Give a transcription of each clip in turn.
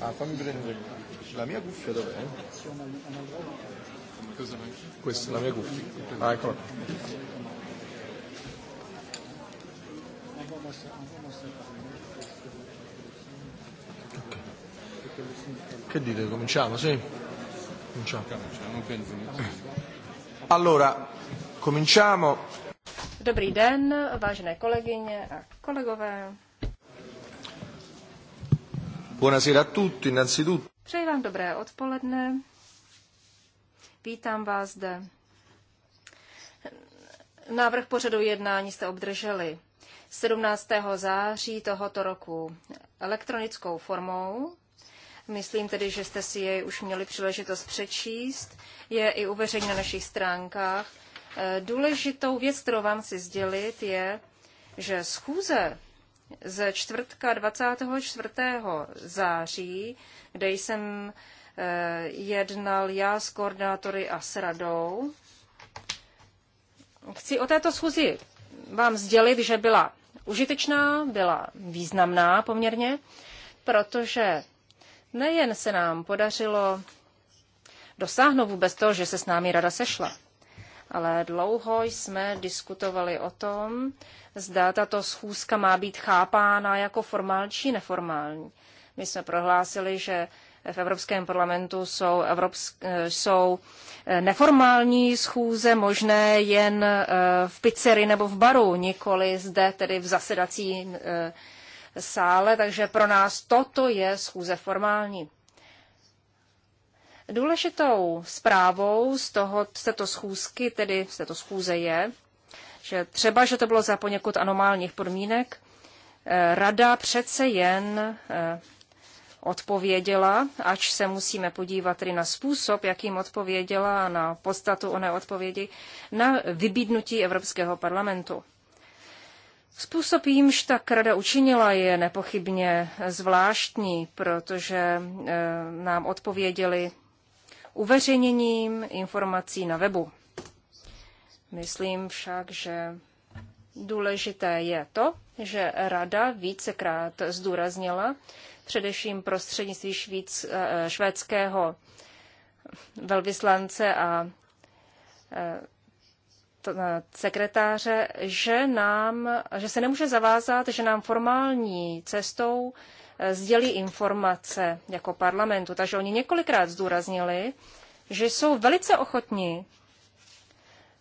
Ah, fammi prendere la mia cuffia dov'è? Questa è la mia cuffia. Ah, eccola Che dite, cominciamo, sì? Cominciamo. Allora, cominciamo. Dobrý den, vážené kolegyně a kolegové. Buonasera a tutti, innanzitutto. Přeji vám dobré odpoledne. Vítám vás zde. Návrh pořadu jednání jste obdrželi 17. září tohoto roku elektronickou formou. Myslím tedy, že jste si jej už měli příležitost přečíst. Je i uveřejněn na našich stránkách. Důležitou věc, kterou vám chci sdělit, je, že schůze ze čtvrtka 24. září, kde jsem eh, jednal já s koordinátory a s radou. Chci o této schůzi vám sdělit, že byla užitečná, byla významná poměrně, protože nejen se nám podařilo dosáhnout vůbec toho, že se s námi rada sešla, ale dlouho jsme diskutovali o tom, zda tato schůzka má být chápána jako formální či neformální. My jsme prohlásili, že v Evropském parlamentu jsou, evropsk, jsou eh, neformální schůze možné jen eh, v pizzerii nebo v baru, nikoli zde tedy v zasedací eh, sále, takže pro nás toto je schůze formální. Důležitou zprávou z, toho, z této schůzky, tedy z této schůze je, že třeba, že to bylo za poněkud anomálních podmínek, eh, rada přece jen eh, odpověděla, ač se musíme podívat tedy na způsob, jakým odpověděla a na podstatu oné odpovědi, na vybídnutí Evropského parlamentu. Způsob, jímž tak rada učinila, je nepochybně zvláštní, protože eh, nám odpověděli uveřejněním informací na webu. Myslím však, že důležité je to, že Rada vícekrát zdůraznila, především prostřednictvím švíc, eh, švédského velvyslance a eh, eh, sekretáře, že, nám, že se nemůže zavázat, že nám formální cestou sdělí informace jako parlamentu. Takže oni několikrát zdůraznili, že jsou velice ochotní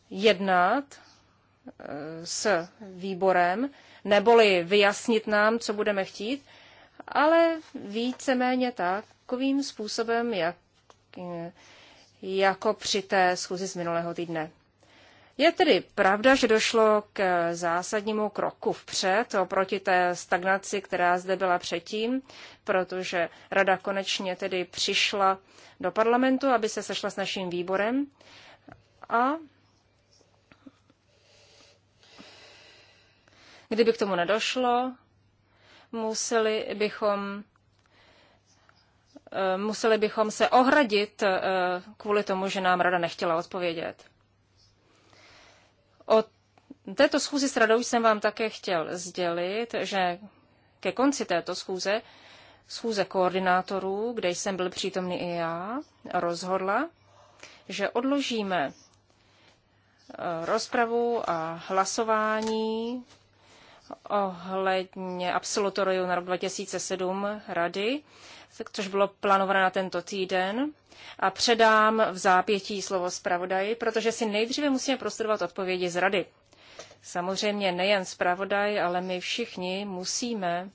jednat e, s výborem, neboli vyjasnit nám, co budeme chtít, ale víceméně takovým způsobem, jak, e, jako při té schůzi z minulého týdne. Je tedy pravda, že došlo k zásadnímu kroku vpřed oproti té stagnaci, která zde byla předtím, protože rada konečně tedy přišla do parlamentu, aby se sešla s naším výborem a kdyby k tomu nedošlo, museli bychom eh, museli bychom se ohradit eh, kvůli tomu, že nám rada nechtěla odpovědět. O této schůzi s radou jsem vám také chtěl sdělit, že ke konci této schůze, schůze koordinátorů, kde jsem byl přítomný i já, rozhodla, že odložíme e, rozpravu a hlasování ohledně absolutoriu na rok 2007 rady což bylo plánované na tento týden. A předám v zápětí slovo zpravodaji, protože si nejdříve musíme prostudovat odpovědi z rady. Samozřejmě nejen zpravodaj, ale my všichni musíme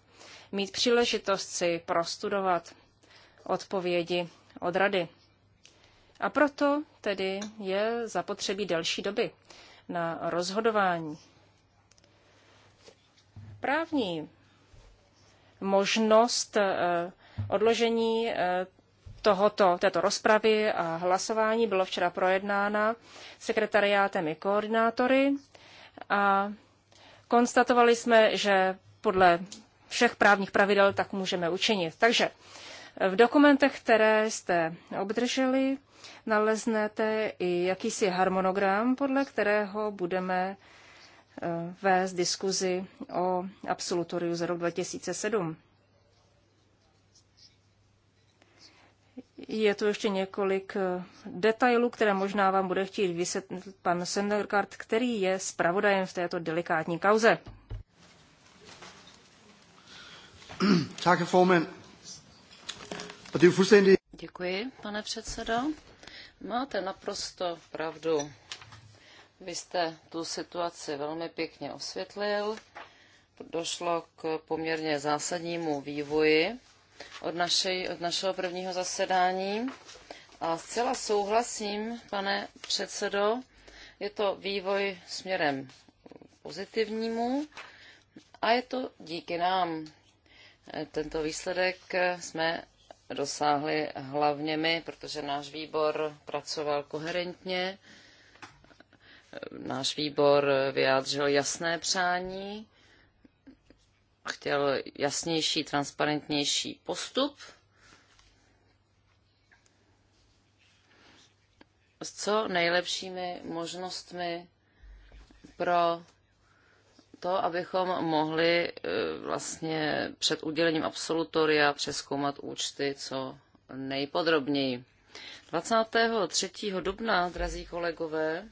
mít příležitost si prostudovat odpovědi od rady. A proto tedy je zapotřebí delší doby na rozhodování. Právní možnost eh, Odložení eh, tohoto, této rozpravy a hlasování bylo včera projednána sekretariátem i koordinátory a konstatovali jsme, že podle všech právních pravidel tak můžeme učinit. Takže eh, v dokumentech, které jste obdrželi, naleznete i jakýsi harmonogram, podle kterého budeme eh, vést diskuzi o absolutoriu za rok 2007. Je tu ještě několik eh, detailů, které možná vám bude chtít vysvětlit pan Sendergaard, který je zpravodajem v této delikátní kauze. Er Děkuji, pane předsedo. Máte naprosto pravdu. Vy jste tu situaci velmi pěkně osvětlil. Došlo k poměrně zásadnímu vývoji od, našej, od našeho prvního zasedání. A zcela souhlasím, pane předsedo, je to vývoj směrem pozitivnímu a je to díky nám. Tento výsledek jsme dosáhli hlavně my, protože náš výbor pracoval koherentně, náš výbor vyjádřil jasné přání chtěl jasnější, transparentnější postup. S co nejlepšími možnostmi pro to, abychom mohli e, vlastně před udělením absolutoria přeskoumat účty co nejpodrobněji. 23. dubna, drazí kolegové,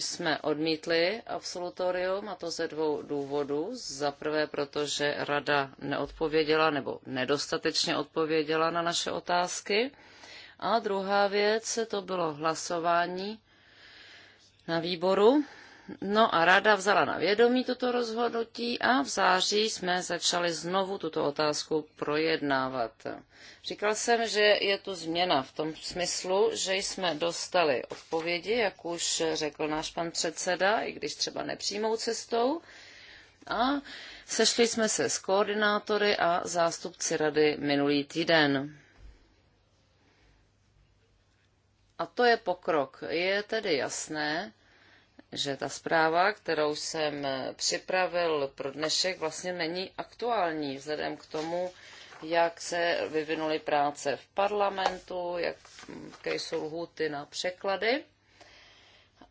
jsme odmítli absolutorium a to ze dvou důvodů. Za prvé, protože rada neodpověděla nebo nedostatečně odpověděla na naše otázky. A druhá věc, to bylo hlasování na výboru No a rada vzala na vědomí toto rozhodnutí a v září jsme začali znovu tuto otázku projednávat. Říkal jsem, že je tu změna v tom smyslu, že jsme dostali odpovědi, jak už řekl náš pan předseda, i když třeba nepřímou cestou. A sešli jsme se s koordinátory a zástupci rady minulý týden. A to je pokrok. Je tedy jasné, že ta zpráva, kterou jsem připravil pro dnešek, vlastně není aktuální vzhledem k tomu, jak se vyvinuly práce v parlamentu, jaké jsou lhuty na překlady.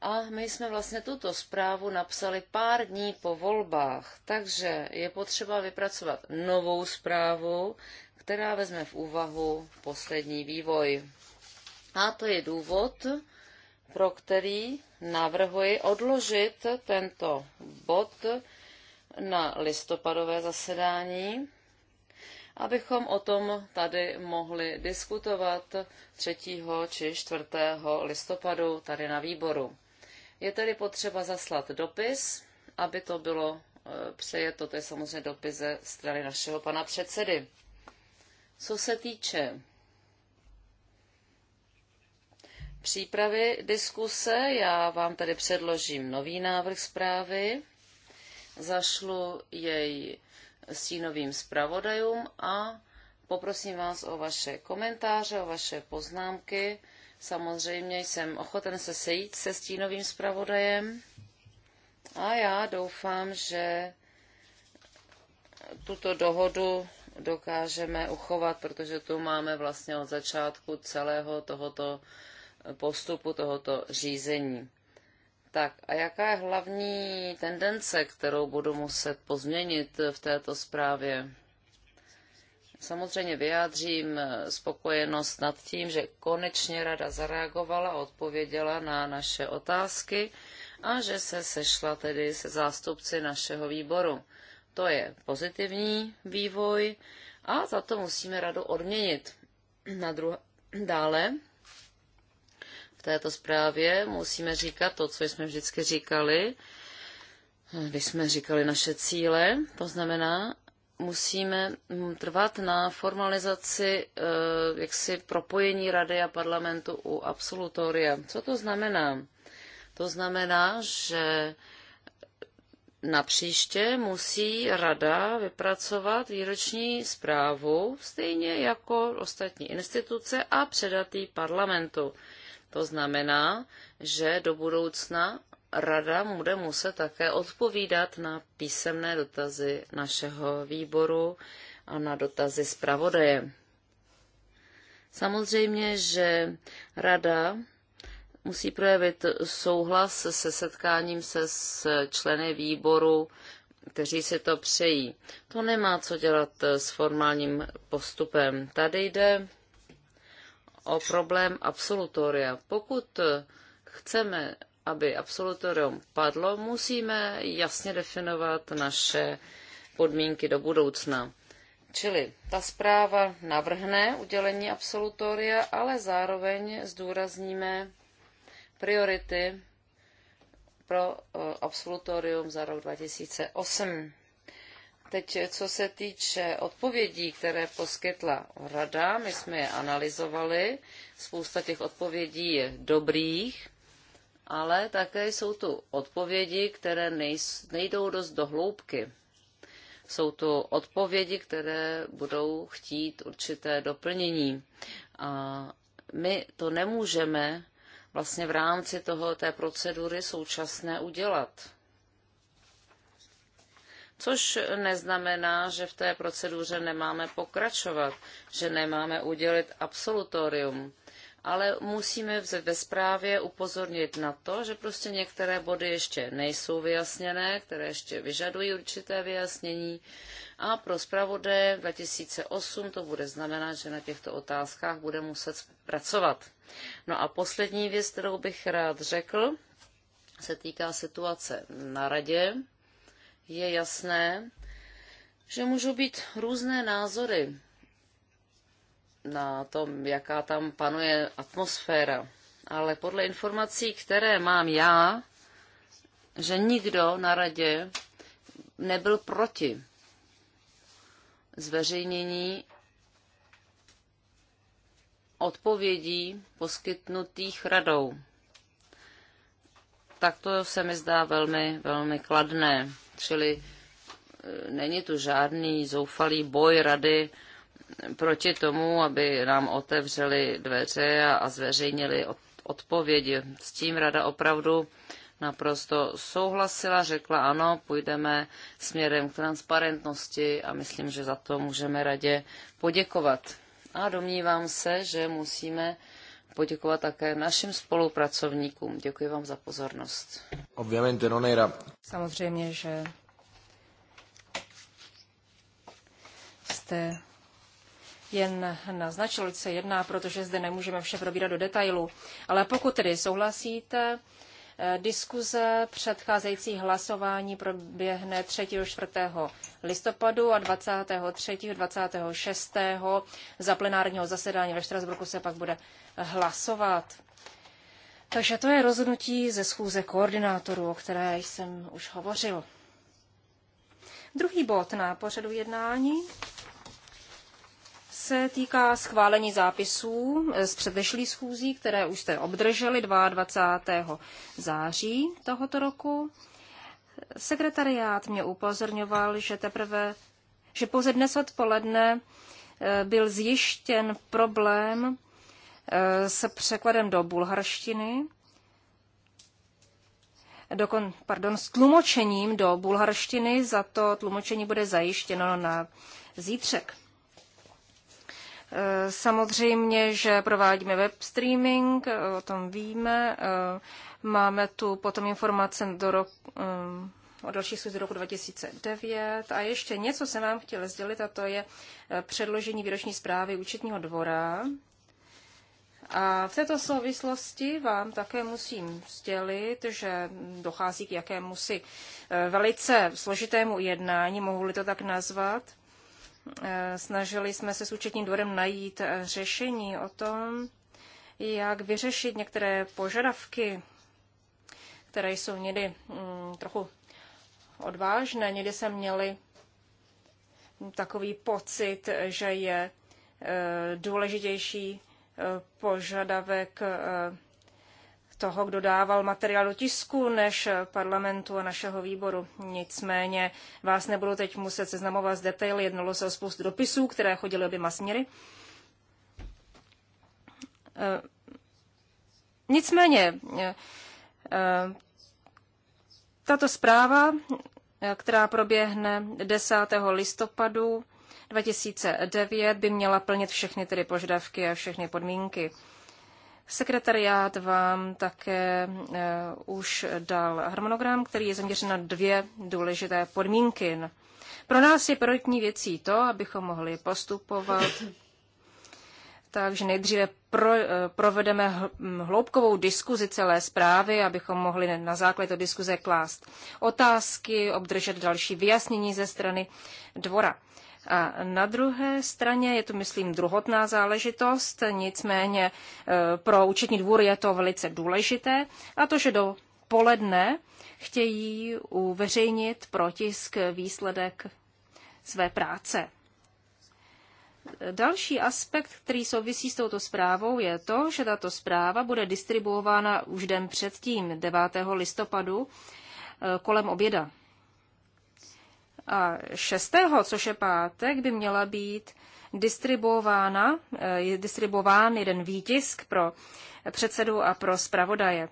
A my jsme vlastně tuto zprávu napsali pár dní po volbách, takže je potřeba vypracovat novou zprávu, která vezme v úvahu poslední vývoj. A to je důvod, pro který navrhuji odložit tento bod na listopadové zasedání, abychom o tom tady mohli diskutovat 3. či 4. listopadu tady na výboru. Je tedy potřeba zaslat dopis, aby to bylo eh, přejeto, to je samozřejmě dopis ze strany našeho pana předsedy. Co se týče přípravy diskuse. Já vám tedy předložím nový návrh zprávy, zašlu jej stínovým zpravodajům a poprosím vás o vaše komentáře, o vaše poznámky. Samozřejmě jsem ochoten se sejít se stínovým zpravodajem a já doufám, že tuto dohodu dokážeme uchovat, protože tu máme vlastně od začátku celého tohoto postupu tohoto řízení. Tak a jaká je hlavní tendence, kterou budu muset pozměnit v této zprávě? Samozřejmě vyjádřím spokojenost nad tím, že konečně rada zareagovala a odpověděla na naše otázky a že se sešla tedy se zástupci našeho výboru. To je pozitivní vývoj a za to musíme radu odměnit. Na druhé, dále této zprávě musíme říkat to, co jsme vždycky říkali, když jsme říkali naše cíle, to znamená, musíme trvat na formalizaci eh, jaksi propojení rady a parlamentu u absolutoria. Co to znamená? To znamená, že na příště musí rada vypracovat výroční zprávu, stejně jako ostatní instituce, a předat ji parlamentu. To znamená, že do budoucna Rada bude muset také odpovídat na písemné dotazy našeho výboru a na dotazy zpravodaje. Samozřejmě, že Rada musí projevit souhlas se setkáním se s členy výboru, kteří si to přejí. To nemá co dělat s formálním postupem. Tady jde o problém absolutoria. Pokud chceme, aby absolutorium padlo, musíme jasně definovat naše podmínky do budoucna. Čili ta zpráva navrhne udělení absolutoria, ale zároveň zdůrazníme priority pro eh, absolutorium za rok 2008. Teď, co se týče odpovědí, které poskytla rada, my jsme je analyzovali. Spousta těch odpovědí je dobrých, ale také jsou tu odpovědi, které nejdou dost do hloubky. Jsou tu odpovědi, které budou chtít určité doplnění. A my to nemůžeme vlastně v rámci toho, té procedury současné udělat což neznamená, že v té proceduře nemáme pokračovat, že nemáme udělit absolutorium. Ale musíme ve zprávě upozornit na to, že prostě některé body ještě nejsou vyjasněné, které ještě vyžadují určité vyjasnění. A pro zpravodaje 2008 to bude znamenat, že na těchto otázkách bude muset pracovat. No a poslední věc, kterou bych rád řekl, se týká situace na radě je jasné, že můžou být různé názory na tom, jaká tam panuje atmosféra. Ale podle informací, které mám já, že nikdo na radě nebyl proti zveřejnění odpovědí poskytnutých radou. Tak to se mi zdá velmi, velmi kladné. Čili e, není tu žádný zoufalý boj rady proti tomu, aby nám otevřeli dveře a, zveřejnili odpovědi. S tím rada opravdu naprosto souhlasila, řekla ano, půjdeme směrem k transparentnosti a myslím, že za to můžeme radě poděkovat. A domnívám se, že musíme poděkovat také našim spolupracovníkům. Děkuji vám za pozornost. Obviamente no Samozřejmě, že jste jen naznačil, se jedná, protože zde nemůžeme vše probírat do detailu. Ale pokud tedy souhlasíte, Eh, diskuze předcházející hlasování proběhne 3. 4. listopadu a 23. 26. za plenárního zasedání ve Štrasburku se pak bude hlasovat. Takže to je rozhodnutí ze schůze koordinátorů, o které jsem už hovořil. Druhý bod na pořadu jednání se týká schválení zápisů eh, z předešlý schůzí, které už jste obdrželi 22. září tohoto roku. Sekretariát mě upozorňoval, že teprve, že pouze dnes odpoledne eh, byl zjištěn problém eh, s překladem do bulharštiny, dokon, pardon, s tlumočením do bulharštiny, za to tlumočení bude zajištěno na zítřek. Samozřejmě, že provádíme web streaming, o tom víme. Máme tu potom informace do roku, eh, o další schůzi roku 2009. A ještě něco jsem vám chtěla sdělit, a to je eh, předložení výroční zprávy účetního dvora. A v této souvislosti vám také musím sdělit, že dochází k jakému si eh, velice složitému jednání, mohu-li to tak nazvat, Eh, snažili jsme se s účetním dvorem najít eh, řešení o tom, jak vyřešit některé požadavky, které jsou někdy mm, trochu odvážné. Někdy jsem měli takový pocit, že je eh, důležitější požadavek toho, kdo dával materiál do tisku, než parlamentu a našeho výboru. Nicméně vás nebudu teď muset seznamovat s detaily, jednalo se o spoustu dopisů, které chodily oběma směry. Eh, nicméně, eh, tato zpráva, eh, která proběhne 10. listopadu 2009, by měla plnit všechny tedy požadavky a všechny podmínky. Sekretariát vám také eh, už dal harmonogram, který je zaměřen na dvě důležité podmínky. Pro nás je prioritní věcí to, abychom mohli postupovat. Takže nejdříve pro, eh, provedeme hm, hloubkovou diskuzi celé zprávy, abychom mohli na základě té diskuze klást otázky, obdržet další vyjasnění ze strany dvora. A na druhé straně je to, myslím, druhotná záležitost, nicméně e, pro účetní dvůr je to velice důležité, a to, že do poledne chtějí uveřejnit protisk výsledek své práce. Další aspekt, který souvisí s touto zprávou, je to, že tato zpráva bude distribuována už den předtím, 9. listopadu, e, kolem oběda. A 6. což je pátek, by měla být distribuována, je eh, distribuován jeden výtisk pro předsedu a pro zpravodaje.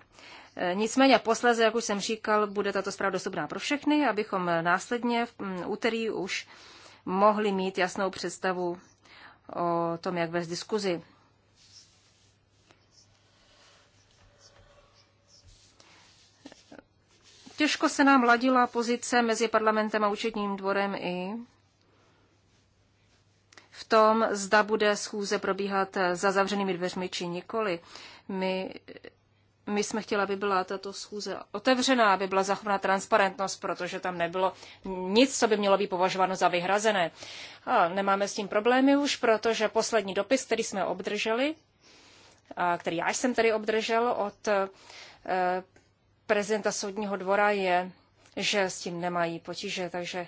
Eh, nicméně posléze, jak už jsem říkal, bude tato zpráva dostupná pro všechny, abychom následně v mm, úterý už mohli mít jasnou představu o tom, jak vést diskuzi Těžko se nám ladila pozice mezi parlamentem a účetním dvorem i v tom, zda bude schůze probíhat za zavřenými dveřmi či nikoli. My, my jsme chtěli, aby byla tato schůze otevřená, aby byla zachována transparentnost, protože tam nebylo nic, co by mělo být považováno za vyhrazené. A nemáme s tím problémy už, protože poslední dopis, který jsme obdrželi, a který já jsem tedy obdržel od eh, prezidenta soudního dvora je, že s tím nemají potíže, takže,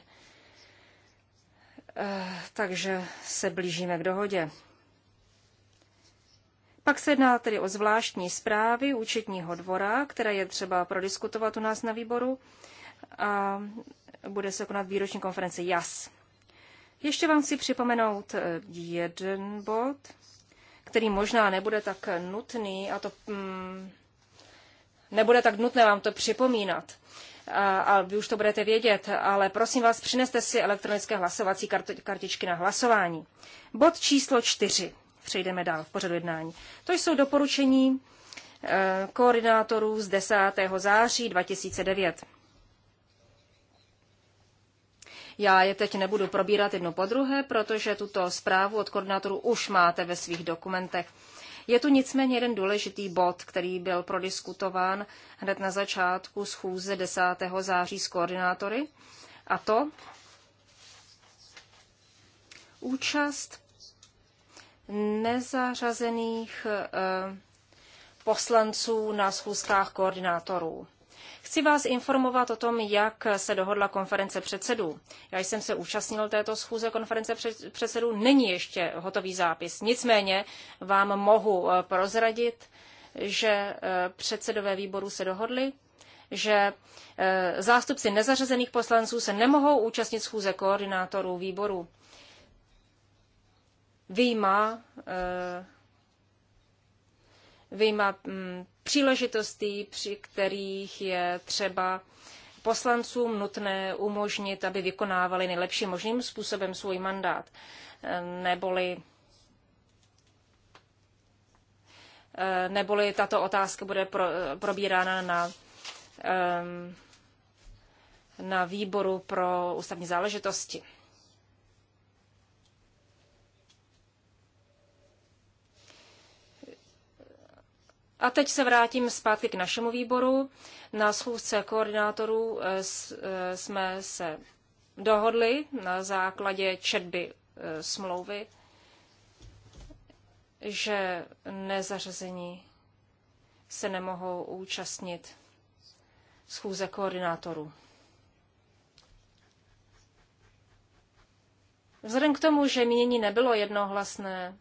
eh, takže se blížíme k dohodě. Pak se jedná tedy o zvláštní zprávy účetního dvora, které je třeba prodiskutovat u nás na výboru a bude se konat výroční konference JAS. Ještě vám chci připomenout eh, jeden bod, který možná nebude tak nutný, a to mm, nebude tak nutné vám to připomínat. A, a vy už to budete vědět, ale prosím vás, přineste si elektronické hlasovací kartičky na hlasování. Bod číslo čtyři. Přejdeme dál v pořadu jednání. To jsou doporučení e, koordinátorů z 10. září 2009. Já je teď nebudu probírat jedno po druhé, protože tuto zprávu od koordinátorů už máte ve svých dokumentech. Je tu nicméně jeden důležitý bod, který byl prodiskutován hned na začátku schůze 10. září s koordinátory, a to účast nezařazených eh, poslanců na schůzkách koordinátorů. Chci vás informovat o tom, jak se dohodla konference předsedů. Já jsem se účastnil této schůze konference předsedů. Není ještě hotový zápis. Nicméně vám mohu eh, prozradit, že eh, předsedové výboru se dohodli, že eh, zástupci nezařazených poslanců se nemohou účastnit schůze koordinátorů výboru. Výjima vyjma mm, příležitostí, při kterých je třeba poslancům nutné umožnit, aby vykonávali nejlepším možným způsobem svůj mandát, eh, neboli eh, neboli tato otázka bude pro, eh, probírána na, na výboru pro ústavní záležitosti. A teď se vrátím zpátky k našemu výboru. Na schůzce koordinátorů eh, eh, jsme se dohodli na základě četby eh, smlouvy, že nezařazení se nemohou účastnit schůze koordinátorů. Vzhledem k tomu, že mínění nebylo jednohlasné,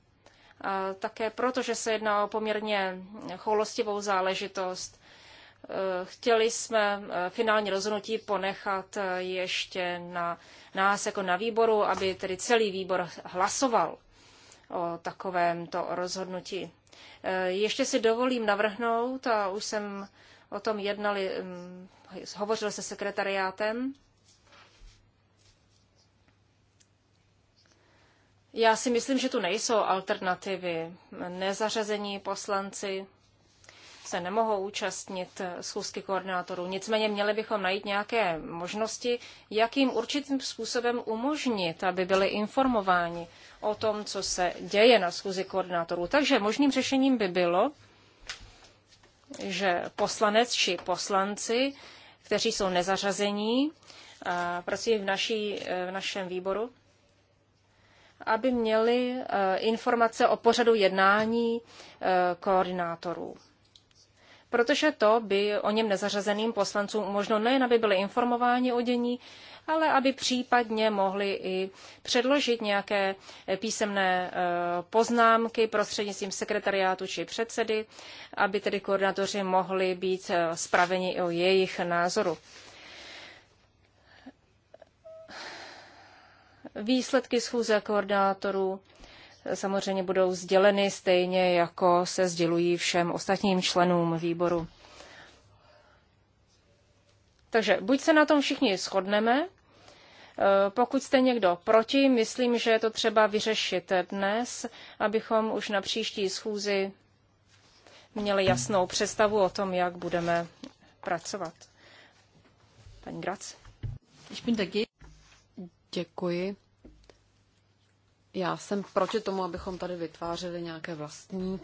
také proto, že se jedná o poměrně choulostivou záležitost. E, chtěli jsme e, finální rozhodnutí ponechat e, ještě na nás jako na výboru, aby tedy celý výbor hlasoval o takovémto rozhodnutí. Ještě si dovolím navrhnout, a už jsem o tom jednali, hovořil se sekretariátem, Já si myslím, že tu nejsou alternativy. Nezařazení poslanci se nemohou účastnit schůzky koordinátorů. Nicméně měli bychom najít nějaké možnosti, jakým určitým způsobem umožnit, aby byli informováni o tom, co se děje na schůzi koordinátorů. Takže možným řešením by bylo, že poslanec či poslanci, kteří jsou nezařazení, prosím v, naší, v našem výboru, aby měli eh, informace o pořadu jednání eh, koordinátorů. Protože to by o něm nezařazeným poslancům možno nejen, aby byli informováni o dění, ale aby případně mohli i předložit nějaké eh, písemné poznámky prostřednictvím sekretariátu či předsedy, aby tedy koordinátoři mohli být spraveni o jejich názoru. Výsledky schůze koordinátorů samozřejmě budou sděleny stejně, jako se sdělují všem ostatním členům výboru. Takže buď se na tom všichni shodneme, e, pokud jste někdo proti, myslím, že je to třeba vyřešit dnes, abychom už na příští schůzi měli jasnou představu o tom, jak budeme pracovat. Paní Grac. Děkuji. Já jsem proti tomu, abychom tady vytvářeli nějaké vlastní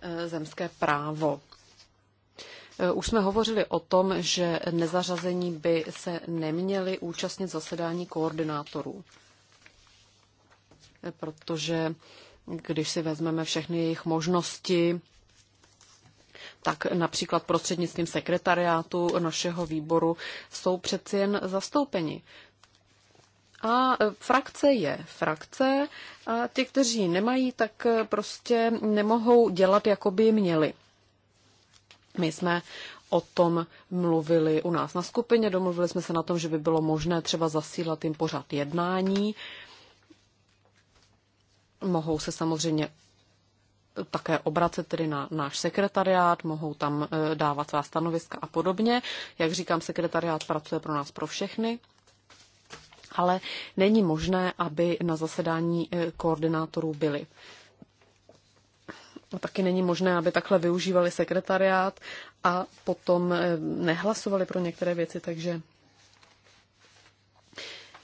eh, zemské právo. Eh, už jsme hovořili o tom, že nezařazení by se neměli účastnit zasedání koordinátorů, eh, protože když si vezmeme všechny jejich možnosti, tak například prostřednictvím sekretariátu našeho výboru jsou přeci jen zastoupeni. A e, frakce je frakce a ty, kteří nemají, tak e, prostě nemohou dělat, jako by měli. My jsme o tom mluvili u nás na skupině, domluvili jsme se na tom, že by bylo možné třeba zasílat jim pořád jednání. Mohou se samozřejmě také obracet tedy na náš sekretariát, mohou tam e, dávat svá stanoviska a podobně. Jak říkám, sekretariát pracuje pro nás pro všechny ale není možné, aby na zasedání e, koordinátorů byli. A taky není možné, aby takhle využívali sekretariát a potom e, nehlasovali pro některé věci, takže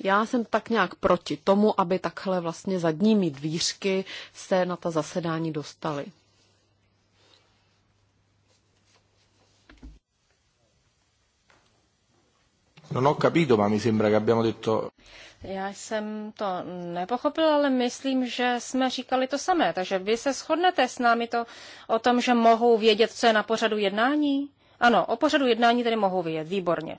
já jsem tak nějak proti tomu, aby takhle vlastně zadními dvířky se na ta zasedání dostali. Non ho capito, ma mi sembra che abbiamo detto... Já jsem to nepochopil, ale myslím, že jsme říkali to samé. Takže vy se shodnete s námi to o tom, že mohou vědět, co je na pořadu jednání? Ano, o pořadu jednání tedy mohou vědět. Výborně.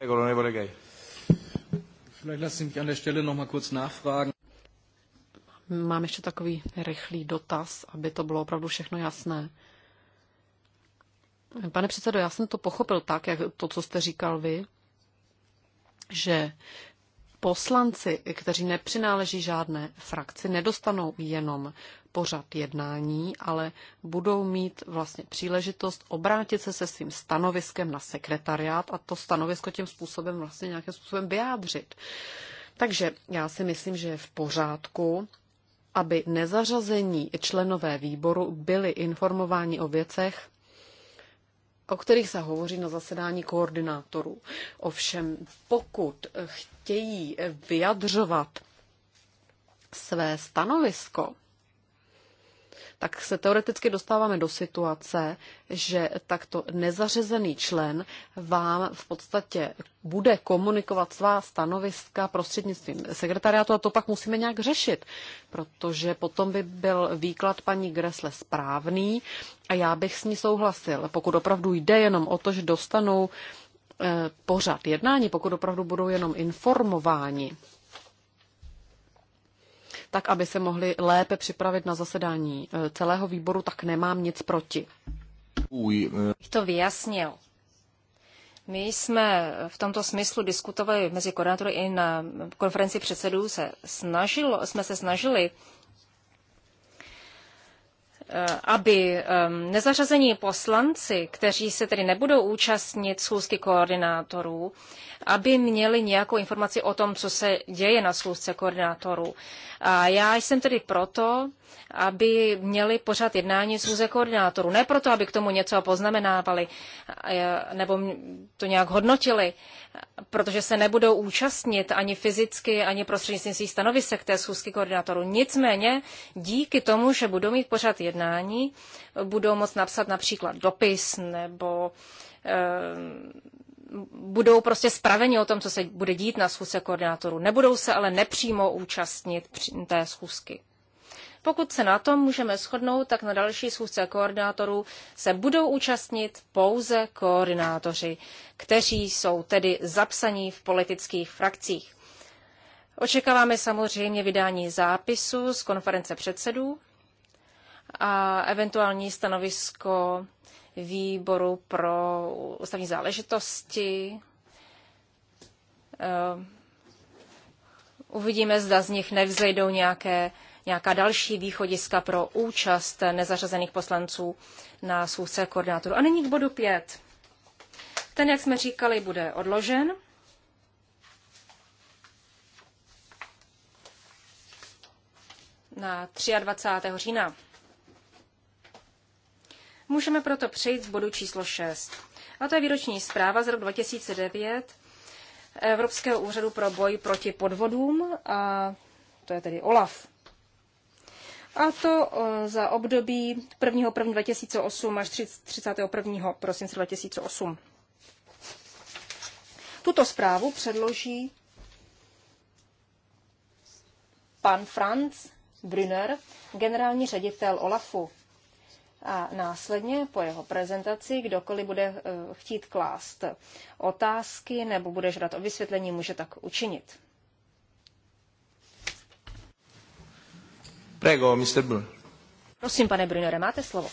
Vielleicht lassen Sie mich an der Stelle noch mal kurz nachfragen. Mám ještě takový rychlý dotaz, aby to bylo opravdu všechno jasné. Pane předsedo, já jsem to pochopil tak, jak to, co jste říkal vy, že poslanci, kteří nepřináleží žádné frakci, nedostanou jenom pořad jednání, ale budou mít vlastně příležitost obrátit se se svým stanoviskem na sekretariát a to stanovisko tím způsobem vlastně nějakým způsobem vyjádřit. Takže já si myslím, že je v pořádku, aby nezařazení členové výboru byli informováni o věcech, o kterých se hovoří na zasedání koordinátorů. Ovšem, pokud chtějí vyjadřovat své stanovisko tak se teoreticky dostáváme do situace, že takto nezařezený člen vám v podstatě bude komunikovat svá stanoviska prostřednictvím sekretariátu a to pak musíme nějak řešit, protože potom by byl výklad paní Gresle správný a já bych s ní souhlasil. Pokud opravdu jde jenom o to, že dostanou eh, pořád jednání, pokud opravdu budou jenom informováni, tak aby se mohli lépe připravit na zasedání eh, celého výboru, tak nemám nic proti. Uj. Eh. To vyjasnil. My jsme v tomto smyslu diskutovali mezi koordinátory i na konferenci předsedů. Se snažilo, jsme se snažili eh, aby ehm, nezařazení poslanci, kteří se tedy nebudou účastnit schůzky koordinátorů, aby měli nějakou informaci o tom, co se děje na schůzce koordinátorů. A já jsem tedy proto, aby měli pořád jednání schůze koordinátorů. Ne proto, aby k tomu něco poznamenávali eh, nebo to nějak hodnotili, protože se nebudou účastnit ani fyzicky, ani prostřednictvím svých stanovisek té schůzky koordinátorů. Nicméně díky tomu, že budou mít pořád jednání, budou moct napsat například dopis nebo eh, budou prostě spraveni o tom, co se bude dít na schůzce koordinátorů. Nebudou se ale nepřímo účastnit té schůzky. Pokud se na tom můžeme shodnout, tak na další schůzce koordinátorů se budou účastnit pouze koordinátoři, kteří jsou tedy zapsaní v politických frakcích. Očekáváme samozřejmě vydání zápisu z konference předsedů a eventuální stanovisko výboru pro ústavní záležitosti. Eh, uvidíme, zda z nich nevzejdou nějaké, nějaká další východiska pro účast nezařazených poslanců na schůzce koordinátoru A nyní k bodu 5. Ten, jak jsme říkali, bude odložen. na 23. října. Můžeme proto přejít k bodu číslo 6. A to je výroční zpráva z roku 2009 Evropského úřadu pro boj proti podvodům, a to je tedy OLAF. A to eh, za období 1. 1. 2008 až 31. prosince 2008. Tuto zprávu předloží pan Franz Brünner, generální ředitel OLAFu a následně po jeho prezentaci kdokoliv bude eh, chtít klást otázky nebo bude žádat o vysvětlení, může tak učinit. Prego, Mr. Brunner. Prosím, pane Brunere, máte slovo.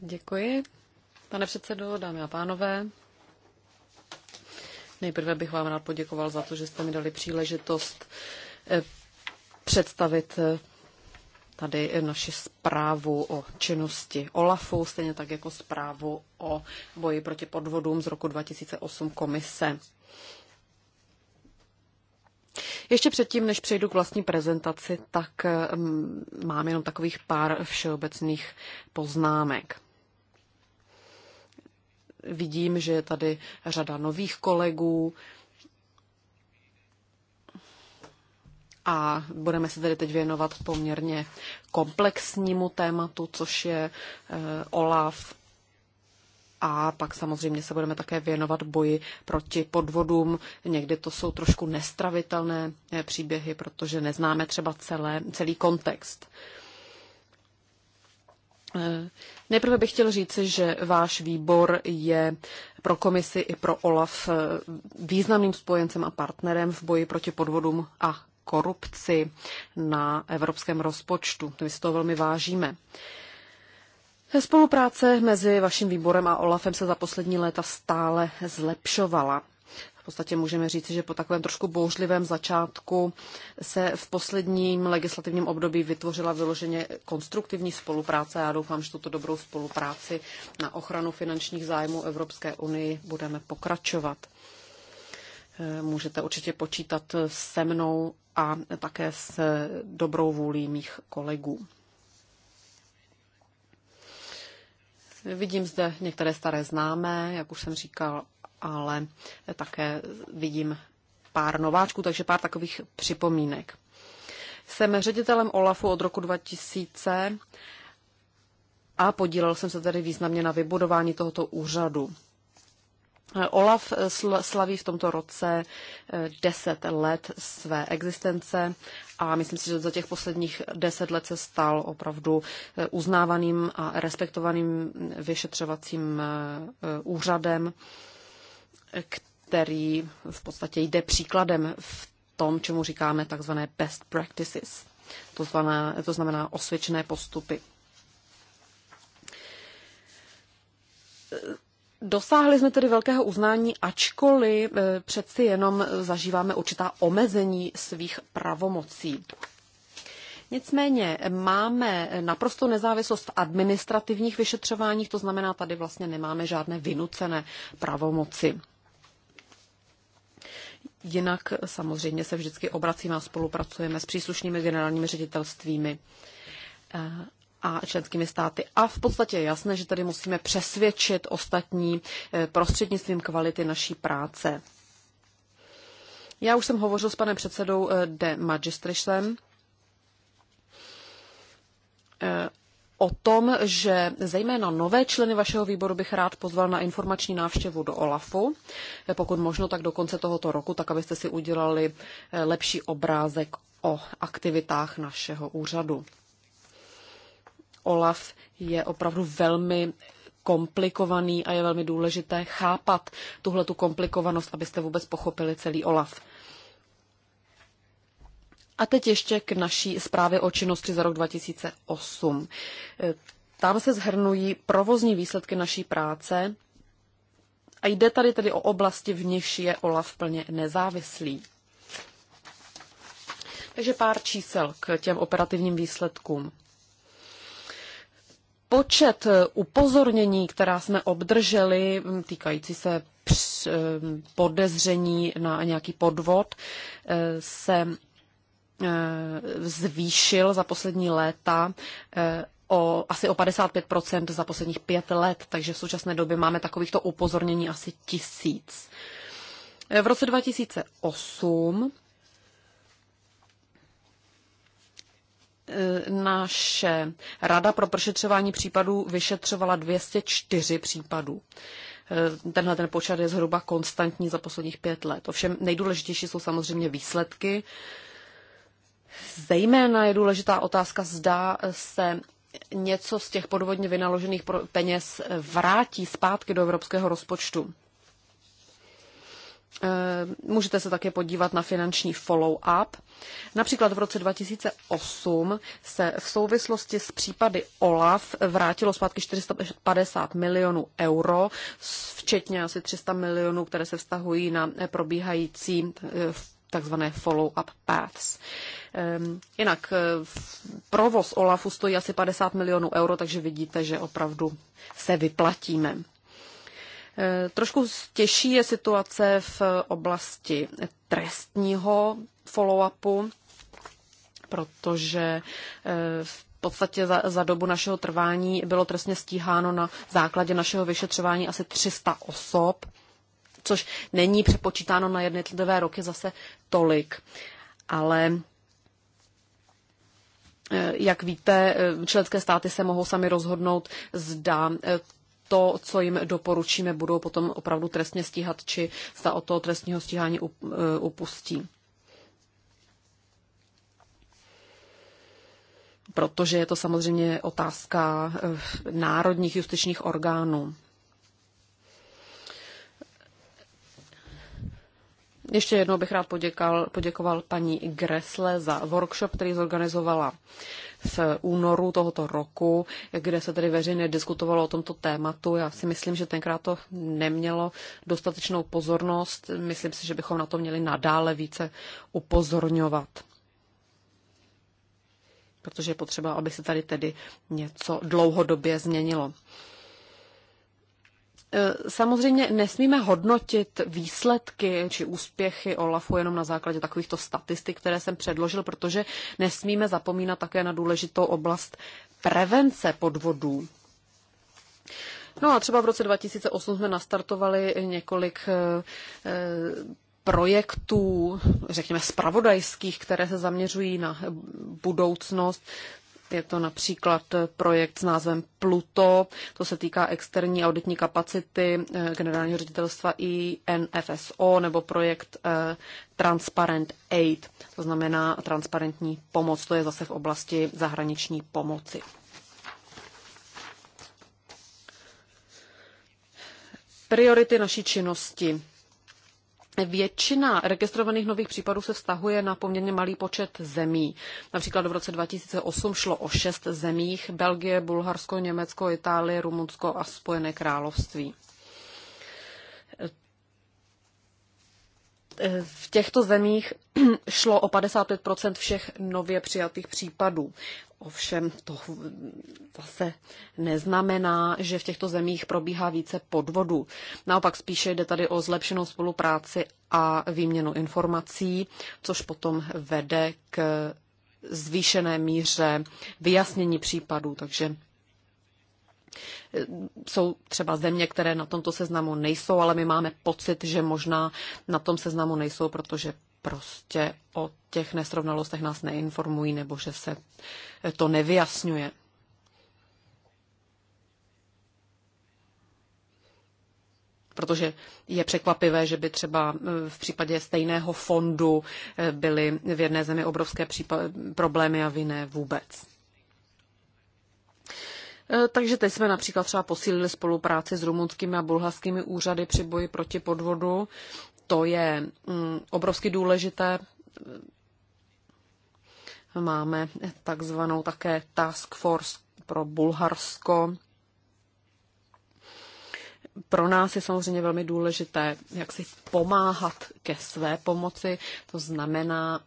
Děkuji. Pane předsedo, dámy a pánové, nejprve bych vám rád poděkoval za to, že jste mi dali příležitost eh, představit eh, tady naši zprávu o činnosti OLAFu, stejně tak jako zprávu o boji proti podvodům z roku 2008 komise. Ještě předtím, než přejdu k vlastní prezentaci, tak eh, mám jenom takových pár všeobecných poznámek. Vidím, že je tady řada nových kolegů, a budeme se tedy teď věnovat poměrně komplexnímu tématu, což je eh, OLAF a pak samozřejmě se budeme také věnovat boji proti podvodům. Někdy to jsou trošku nestravitelné eh, příběhy, protože neznáme třeba celé, celý kontext. Eh, nejprve bych chtěl říci, že váš výbor je pro komisi i pro OLAF významným spojencem a partnerem v boji proti podvodům a korupci na evropském rozpočtu. My si toho velmi vážíme. Spolupráce mezi vaším výborem a OLAFem se za poslední léta stále zlepšovala. V podstatě můžeme říci, že po takovém trošku bouřlivém začátku se v posledním legislativním období vytvořila vyloženě konstruktivní spolupráce. Já doufám, že tuto dobrou spolupráci na ochranu finančních zájmů Evropské unii budeme pokračovat můžete určitě počítat se mnou a také s dobrou vůlí mých kolegů. Vidím zde některé staré známé, jak už jsem říkal, ale také vidím pár nováčků, takže pár takových připomínek. Jsem ředitelem OLAFu od roku 2000 a podílel jsem se tedy významně na vybudování tohoto úřadu. Olaf slaví v tomto roce 10 eh, let své existence a myslím si, že za těch posledních 10 let se stal opravdu eh, uznávaným a respektovaným vyšetřovacím eh, úřadem, který v podstatě jde příkladem v tom, čemu říkáme takzvané best practices, to znamená, to znamená osvědčené postupy Dosáhli jsme tedy velkého uznání, ačkoliv eh, přeci jenom eh, zažíváme určitá omezení svých pravomocí. Nicméně eh, máme naprosto nezávislost v administrativních vyšetřováních, to znamená, tady vlastně nemáme žádné vynucené pravomoci. Jinak samozřejmě se vždycky obracíme a spolupracujeme s příslušnými generálními ředitelstvími a členskými státy. A v podstatě je jasné, že tady musíme přesvědčit ostatní eh, prostřednictvím kvality naší práce. Já už jsem hovořil s panem předsedou eh, de Magistrisem eh, o tom, že zejména nové členy vašeho výboru bych rád pozval na informační návštěvu do OLAFu, pokud možno tak do konce tohoto roku, tak abyste si udělali lepší obrázek o aktivitách našeho úřadu. OLAF je opravdu velmi komplikovaný a je velmi důležité chápat tuhle tu komplikovanost, abyste vůbec pochopili celý OLAF. A teď ještě k naší zprávě o činnosti za rok 2008. Tam se zhrnují provozní výsledky naší práce a jde tady tedy o oblasti, v nichž je OLAF plně nezávislý. Takže pár čísel k těm operativním výsledkům počet eh, upozornění, která jsme obdrželi, mm, týkající se eh, podezření na nějaký podvod, eh, se zvýšil za poslední léta o asi o 55 za posledních pět let, takže v současné době máme takovýchto upozornění asi tisíc. V roce 2008 naše rada pro prošetřování případů vyšetřovala 204 případů. E, tenhle ten počet je zhruba konstantní za posledních pět let. Ovšem nejdůležitější jsou samozřejmě výsledky. Zejména je důležitá otázka, zda se něco z těch podvodně vynaložených peněz vrátí zpátky do evropského rozpočtu. Eh, můžete se také podívat na finanční follow-up. Například v roce 2008 se v souvislosti s případy OLAF vrátilo zpátky 450 milionů euro, včetně asi 300 milionů, které se vztahují na probíhající eh, takzvané follow-up paths. Ehm, jinak eh, provoz OLAFu stojí asi 50 milionů euro, takže vidíte, že opravdu se vyplatíme. Eh, trošku těžší je situace v oblasti trestního follow-upu, protože eh, v podstatě za, za dobu našeho trvání bylo trestně stíháno na základě našeho vyšetřování asi 300 osob, což není přepočítáno na jednotlivé roky zase tolik. Ale eh, jak víte, členské státy se mohou sami rozhodnout, zda to, co jim doporučíme, budou potom opravdu trestně stíhat, či zda od toho trestního stíhání e, upustí. Protože je to samozřejmě otázka e, národních justičních orgánů. Ještě jednou bych rád poděkal, poděkoval paní Gresle za workshop, který zorganizovala v únoru tohoto roku, kde se tedy veřejně diskutovalo o tomto tématu. Já si myslím, že tenkrát to nemělo dostatečnou pozornost. Myslím si, že bychom na to měli nadále více upozorňovat. Protože je potřeba, aby se tady tedy něco dlouhodobě změnilo. E, samozřejmě nesmíme hodnotit výsledky či úspěchy OLAFu jenom na základě takovýchto statistik, které jsem předložil, protože nesmíme zapomínat také na důležitou oblast prevence podvodů. No a třeba v roce 2008 jsme nastartovali několik e, e, projektů, řekněme, spravodajských, které se zaměřují na budoucnost. Je to například projekt s názvem Pluto, to se týká externí auditní kapacity eh, generálního ředitelstva INFSO nebo projekt eh, Transparent Aid, to znamená transparentní pomoc, to je zase v oblasti zahraniční pomoci. Priority naší činnosti Většina registrovaných nových případů se vztahuje na poměrně malý počet zemí. Například v roce 2008 šlo o šest zemích Belgie, Bulharsko, Německo, Itálie, Rumunsko a Spojené království. V těchto zemích šlo o 55 všech nově přijatých případů. Ovšem to zase neznamená, že v těchto zemích probíhá více podvodů. Naopak spíše jde tady o zlepšenou spolupráci a výměnu informací, což potom vede k zvýšené míře vyjasnění případů. Takže eh, jsou třeba země, které na tomto seznamu nejsou, ale my máme pocit, že možná na tom seznamu nejsou, protože prostě o těch nesrovnalostech nás neinformují nebo že se to nevyjasňuje. protože je překvapivé, že by třeba eh, v případě stejného fondu eh, byly v jedné zemi obrovské problémy a v jiné vůbec. Eh, takže teď jsme například třeba posílili spolupráci s rumunskými a bulharskými úřady při boji proti podvodu to je mm, obrovsky důležité. Máme takzvanou také task force pro Bulharsko. Pro nás je samozřejmě velmi důležité, jak si pomáhat ke své pomoci. To znamená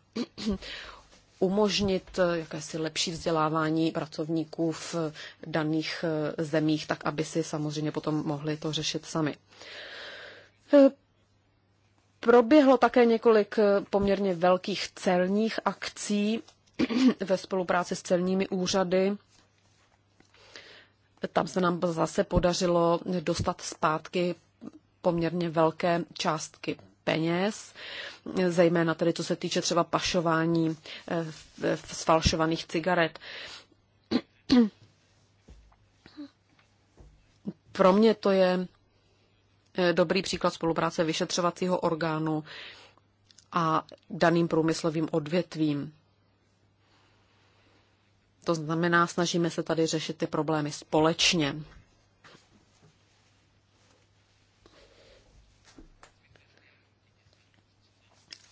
umožnit jakési lepší vzdělávání pracovníků v daných eh, zemích, tak aby si samozřejmě potom mohli to řešit sami. Eh, Proběhlo také několik eh, poměrně velkých celních akcí ve spolupráci s celními úřady. Tam se nám zase podařilo dostat zpátky poměrně velké částky peněz, zejména tedy co se týče třeba pašování eh, sfalšovaných cigaret. Pro mě to je Eh, dobrý příklad spolupráce vyšetřovacího orgánu a daným průmyslovým odvětvím. To znamená, snažíme se tady řešit ty problémy společně.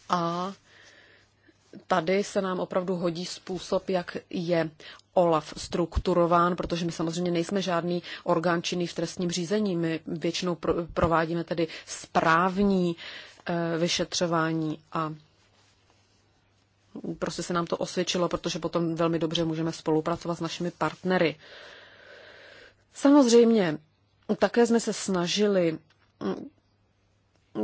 A tady se nám opravdu hodí způsob, jak je OLAF strukturován, protože my samozřejmě nejsme žádný orgán činný v trestním řízení. My většinou provádíme tedy správní eh, vyšetřování a prostě se nám to osvědčilo, protože potom velmi dobře můžeme spolupracovat s našimi partnery. Samozřejmě, také jsme se snažili mm,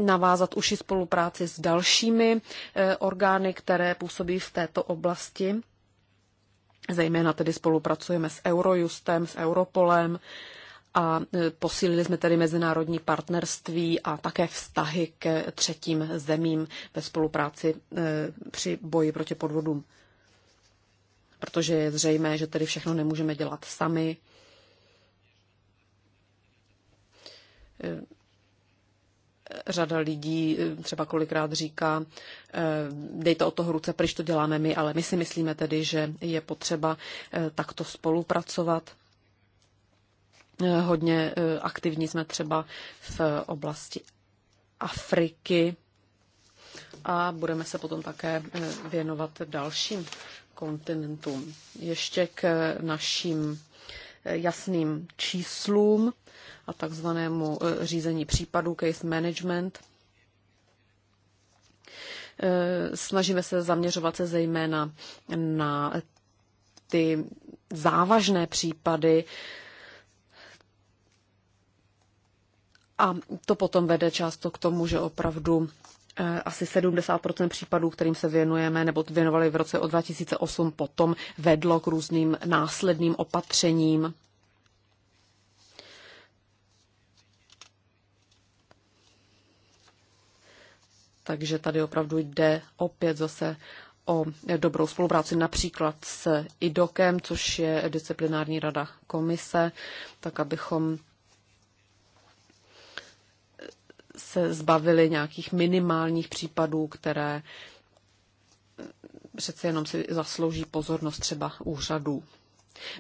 navázat uši spolupráci s dalšími eh, orgány, které působí v této oblasti. Zejména tedy spolupracujeme s Eurojustem, s Europolem a e, posílili jsme tedy mezinárodní partnerství a také vztahy k třetím zemím ve spolupráci e, při boji proti podvodům. Protože je zřejmé, že tedy všechno nemůžeme dělat sami e, řada lidí eh, třeba kolikrát říká, eh, dejte od toho ruce, proč to děláme my, ale my si myslíme tedy, že je potřeba eh, takto spolupracovat. Hodně aktivní jsme třeba v oblasti Afriky a budeme se potom také věnovat dalším kontinentům. Ještě k našim jasným číslům a takzvanému e, řízení případů, case management. E, snažíme se zaměřovat se zejména na ty závažné případy, a to potom vede často k tomu, že opravdu Eh, asi 70% případů, kterým se věnujeme nebo věnovali v roce 2008, potom vedlo k různým následným opatřením. Takže tady opravdu jde opět zase o dobrou spolupráci například s IDOKem, což je disciplinární rada komise, tak abychom se zbavili nějakých minimálních případů, které přece jenom si zaslouží pozornost třeba úřadů.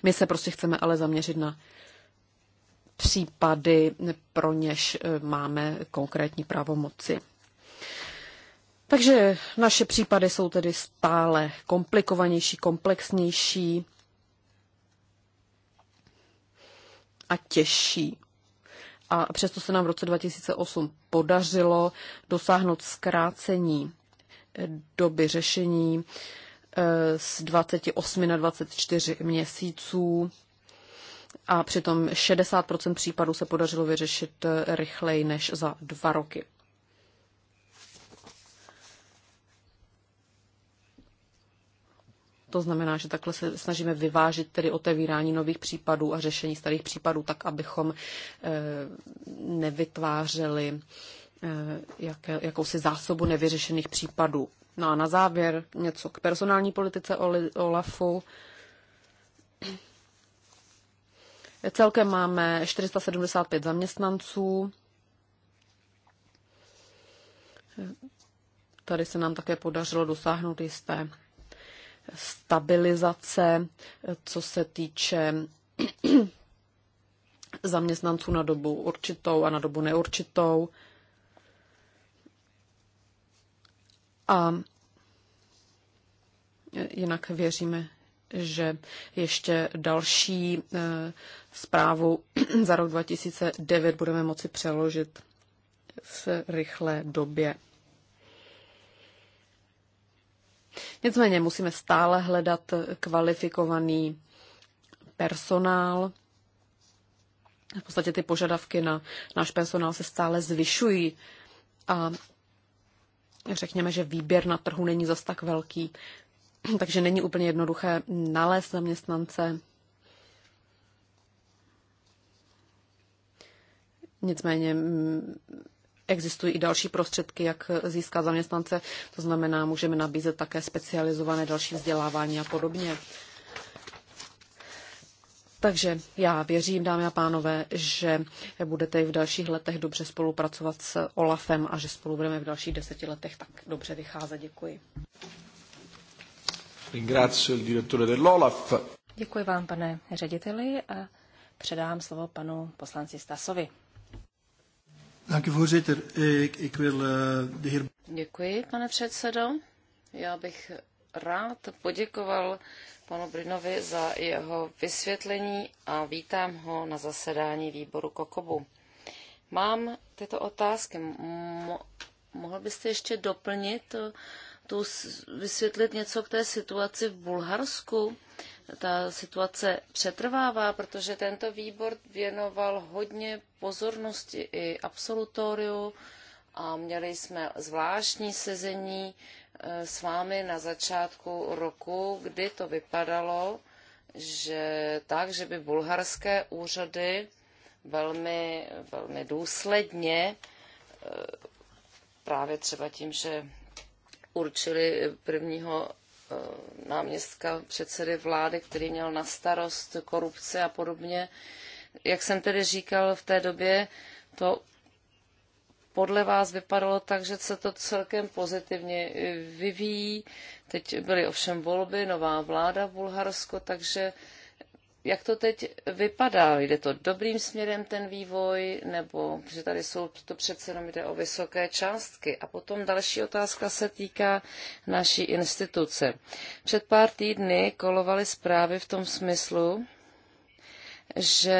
My se prostě chceme ale zaměřit na případy, pro něž eh, máme konkrétní pravomoci. Takže naše případy jsou tedy stále komplikovanější, komplexnější a těžší a přesto se nám v roce 2008 podařilo dosáhnout zkrácení eh, doby řešení eh, z 28 na 24 měsíců a přitom 60 případů se podařilo vyřešit eh, rychleji než za dva roky. To znamená, že takhle se snažíme vyvážit tedy otevírání nových případů a řešení starých případů tak, abychom eh, nevytvářeli eh, jakousi zásobu nevyřešených případů. No a na závěr něco k personální politice OLAFu. Celkem máme 475 zaměstnanců. Tady se nám také podařilo dosáhnout jisté stabilizace, co se týče zaměstnanců na dobu určitou a na dobu neurčitou. A jinak věříme, že ještě další eh, zprávu za rok 2009 budeme moci přeložit v rychlé době. Nicméně musíme stále hledat kvalifikovaný personál. V podstatě ty požadavky na náš personál se stále zvyšují a řekněme, že výběr na trhu není zas tak velký, takže není úplně jednoduché nalézt zaměstnance. Nicméně mm, existují i další prostředky, jak získat zaměstnance, to znamená, můžeme nabízet také specializované další vzdělávání a podobně. Takže já věřím, dámy a pánové, že budete i v dalších letech dobře spolupracovat s OLAFem a že spolu budeme v dalších deseti letech tak dobře vycházet. Děkuji. Děkuji vám, pane řediteli, a předám slovo panu poslanci Stasovi. Eh, Děkuji, pane předsedo. Já bych rád poděkoval panu Brinovi za jeho vysvětlení a vítám ho na zasedání výboru Kokobu. Mám tyto otázky. Mohl byste ještě doplnit tu vysvětlit něco k té situaci v Bulharsku. Ta situace přetrvává, protože tento výbor věnoval hodně pozornosti i absolutoriu a měli jsme zvláštní sezení eh, s vámi na začátku roku, kdy to vypadalo, že tak, že by bulharské úřady velmi, velmi důsledně eh, právě třeba tím, že určili prvního eh, náměstka předsedy vlády, který měl na starost korupce a podobně. Jak jsem tedy říkal v té době, to podle vás vypadalo tak, že se to celkem pozitivně vyvíjí. Teď byly ovšem volby, nová vláda v Bulharsku, takže jak to teď vypadá? Jde to dobrým směrem ten vývoj, nebo že tady jsou to přece jenom jde o vysoké částky? A potom další otázka se týká naší instituce. Před pár týdny kolovaly zprávy v tom smyslu, že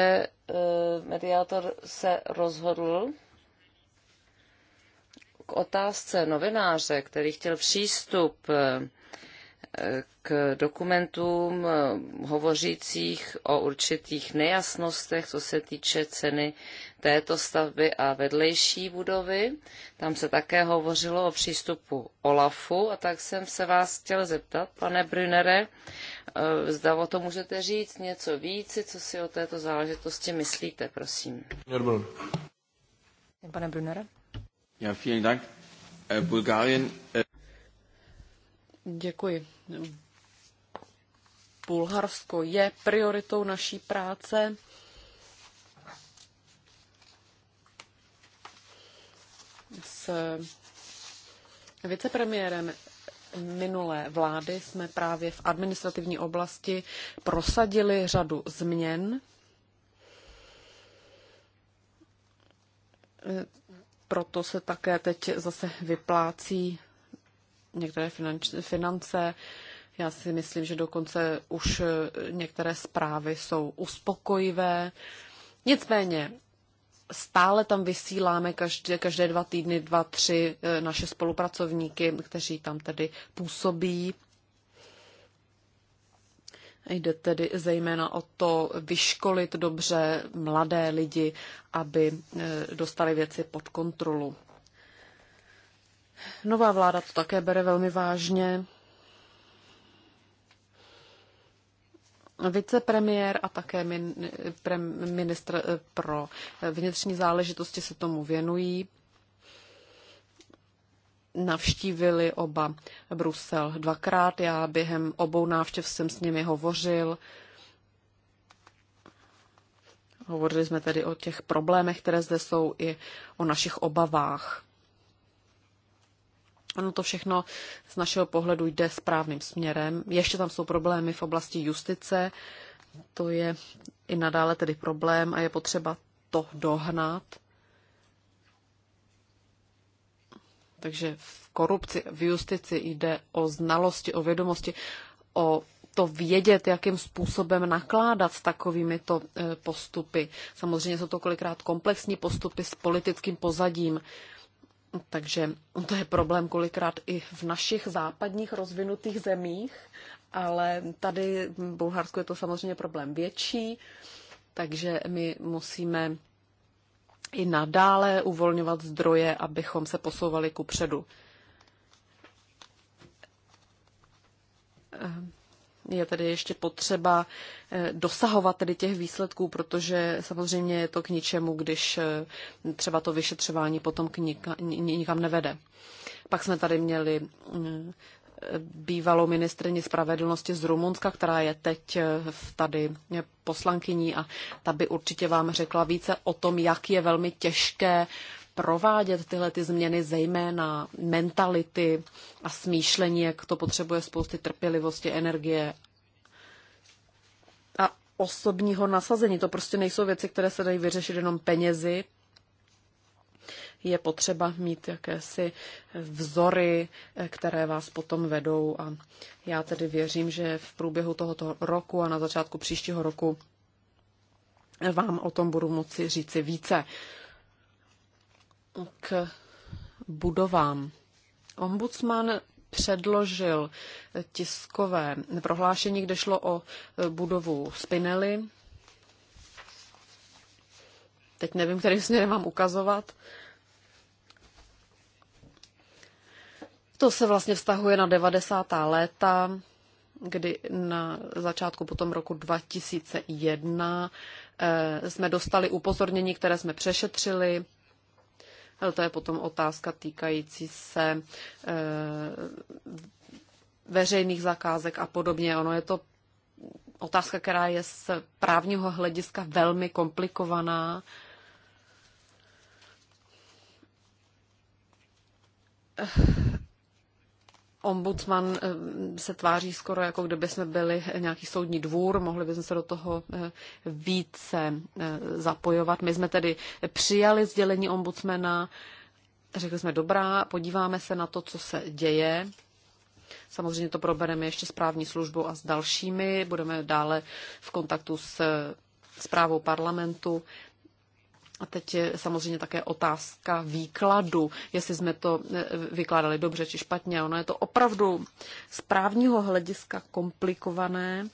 eh, mediátor se rozhodl k otázce novináře, který chtěl přístup eh, k dokumentům hovořících o určitých nejasnostech, co se týče ceny této stavby a vedlejší budovy. Tam se také hovořilo o přístupu OLAFu a tak jsem se vás chtěl zeptat, pane Brunere, eh, zda o to můžete říct něco víc, co si o této záležitosti myslíte, prosím. Pane Brunere. Ja, vielen Dank. Äh, Bulgarien, äh, Děkuji. Bulharsko je prioritou naší práce. S vicepremiérem minulé vlády jsme právě v administrativní oblasti prosadili řadu změn. Proto se také teď zase vyplácí některé finanč, finance. Já si myslím, že dokonce už eh, některé zprávy jsou uspokojivé. Nicméně stále tam vysíláme každé, každé dva týdny, dva, tři eh, naše spolupracovníky, kteří tam tedy působí. Jde tedy zejména o to vyškolit dobře mladé lidi, aby eh, dostali věci pod kontrolu. Nová vláda to také bere velmi vážně. Vicepremiér a také ministr eh, pro eh, vnitřní záležitosti se tomu věnují. Navštívili oba Brusel dvakrát. Já během obou návštěv jsem s nimi hovořil. Hovořili jsme tedy o těch problémech, které zde jsou, i o našich obavách. Ono to všechno z našeho pohledu jde správným směrem. Ještě tam jsou problémy v oblasti justice, to je i nadále tedy problém a je potřeba to dohnat. Takže v korupci, v justici jde o znalosti, o vědomosti, o to vědět, jakým způsobem nakládat s takovými to e, postupy. Samozřejmě jsou to kolikrát komplexní postupy s politickým pozadím. Takže to je problém kolikrát i v našich západních rozvinutých zemích, ale tady v Bulharsku je to samozřejmě problém větší, takže my musíme i nadále uvolňovat zdroje, abychom se posouvali ku předu je tedy ještě potřeba eh, dosahovat tedy těch výsledků, protože samozřejmě je to k ničemu, když eh, třeba to vyšetřování potom k nikam nevede. Pak jsme tady měli mm, eh, bývalou ministrině spravedlnosti z Rumunska, která je teď tady poslankyní a ta by určitě vám řekla více o tom, jak je velmi těžké provádět tyhle ty změny, zejména mentality a smýšlení, jak to potřebuje spousty trpělivosti, energie a osobního nasazení. To prostě nejsou věci, které se dají vyřešit jenom penězi. Je potřeba mít jakési vzory, které vás potom vedou a já tedy věřím, že v průběhu tohoto roku a na začátku příštího roku vám o tom budu moci říci více k budovám. Ombudsman předložil tiskové prohlášení, kde šlo o e, budovu Spinelli. Teď nevím, který směrem mám ukazovat. To se vlastně vztahuje na 90. léta, kdy na začátku potom roku 2001 e, jsme dostali upozornění, které jsme přešetřili ale to je potom otázka týkající se eh, veřejných zakázek a podobně. Ono je to otázka, která je z právního hlediska velmi komplikovaná. Ech ombudsman eh, se tváří skoro, jako kdyby jsme byli eh, nějaký soudní dvůr, mohli bychom se do toho eh, více zapojovat. My jsme tedy přijali sdělení ombudsmana, řekli jsme dobrá, podíváme se na to, co se děje. Samozřejmě to probereme ještě s právní službou a s dalšími. Budeme dále v kontaktu s zprávou parlamentu. A teď je samozřejmě také otázka výkladu, jestli jsme to eh, vykládali dobře či špatně. Ono je to opravdu z právního hlediska komplikované,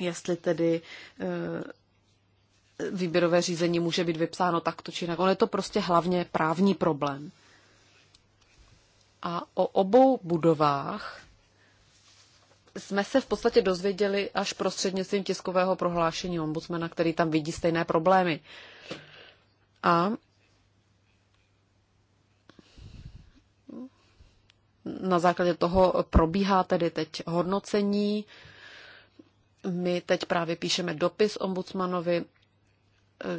jestli tedy eh, výběrové řízení může být vypsáno takto či jinak. Ono je to prostě hlavně právní problém. A o obou budovách jsme se v podstatě dozvěděli až prostřednictvím tiskového prohlášení ombudsmana, který tam vidí stejné problémy. A na základě toho probíhá tedy teď hodnocení. My teď právě píšeme dopis ombudsmanovi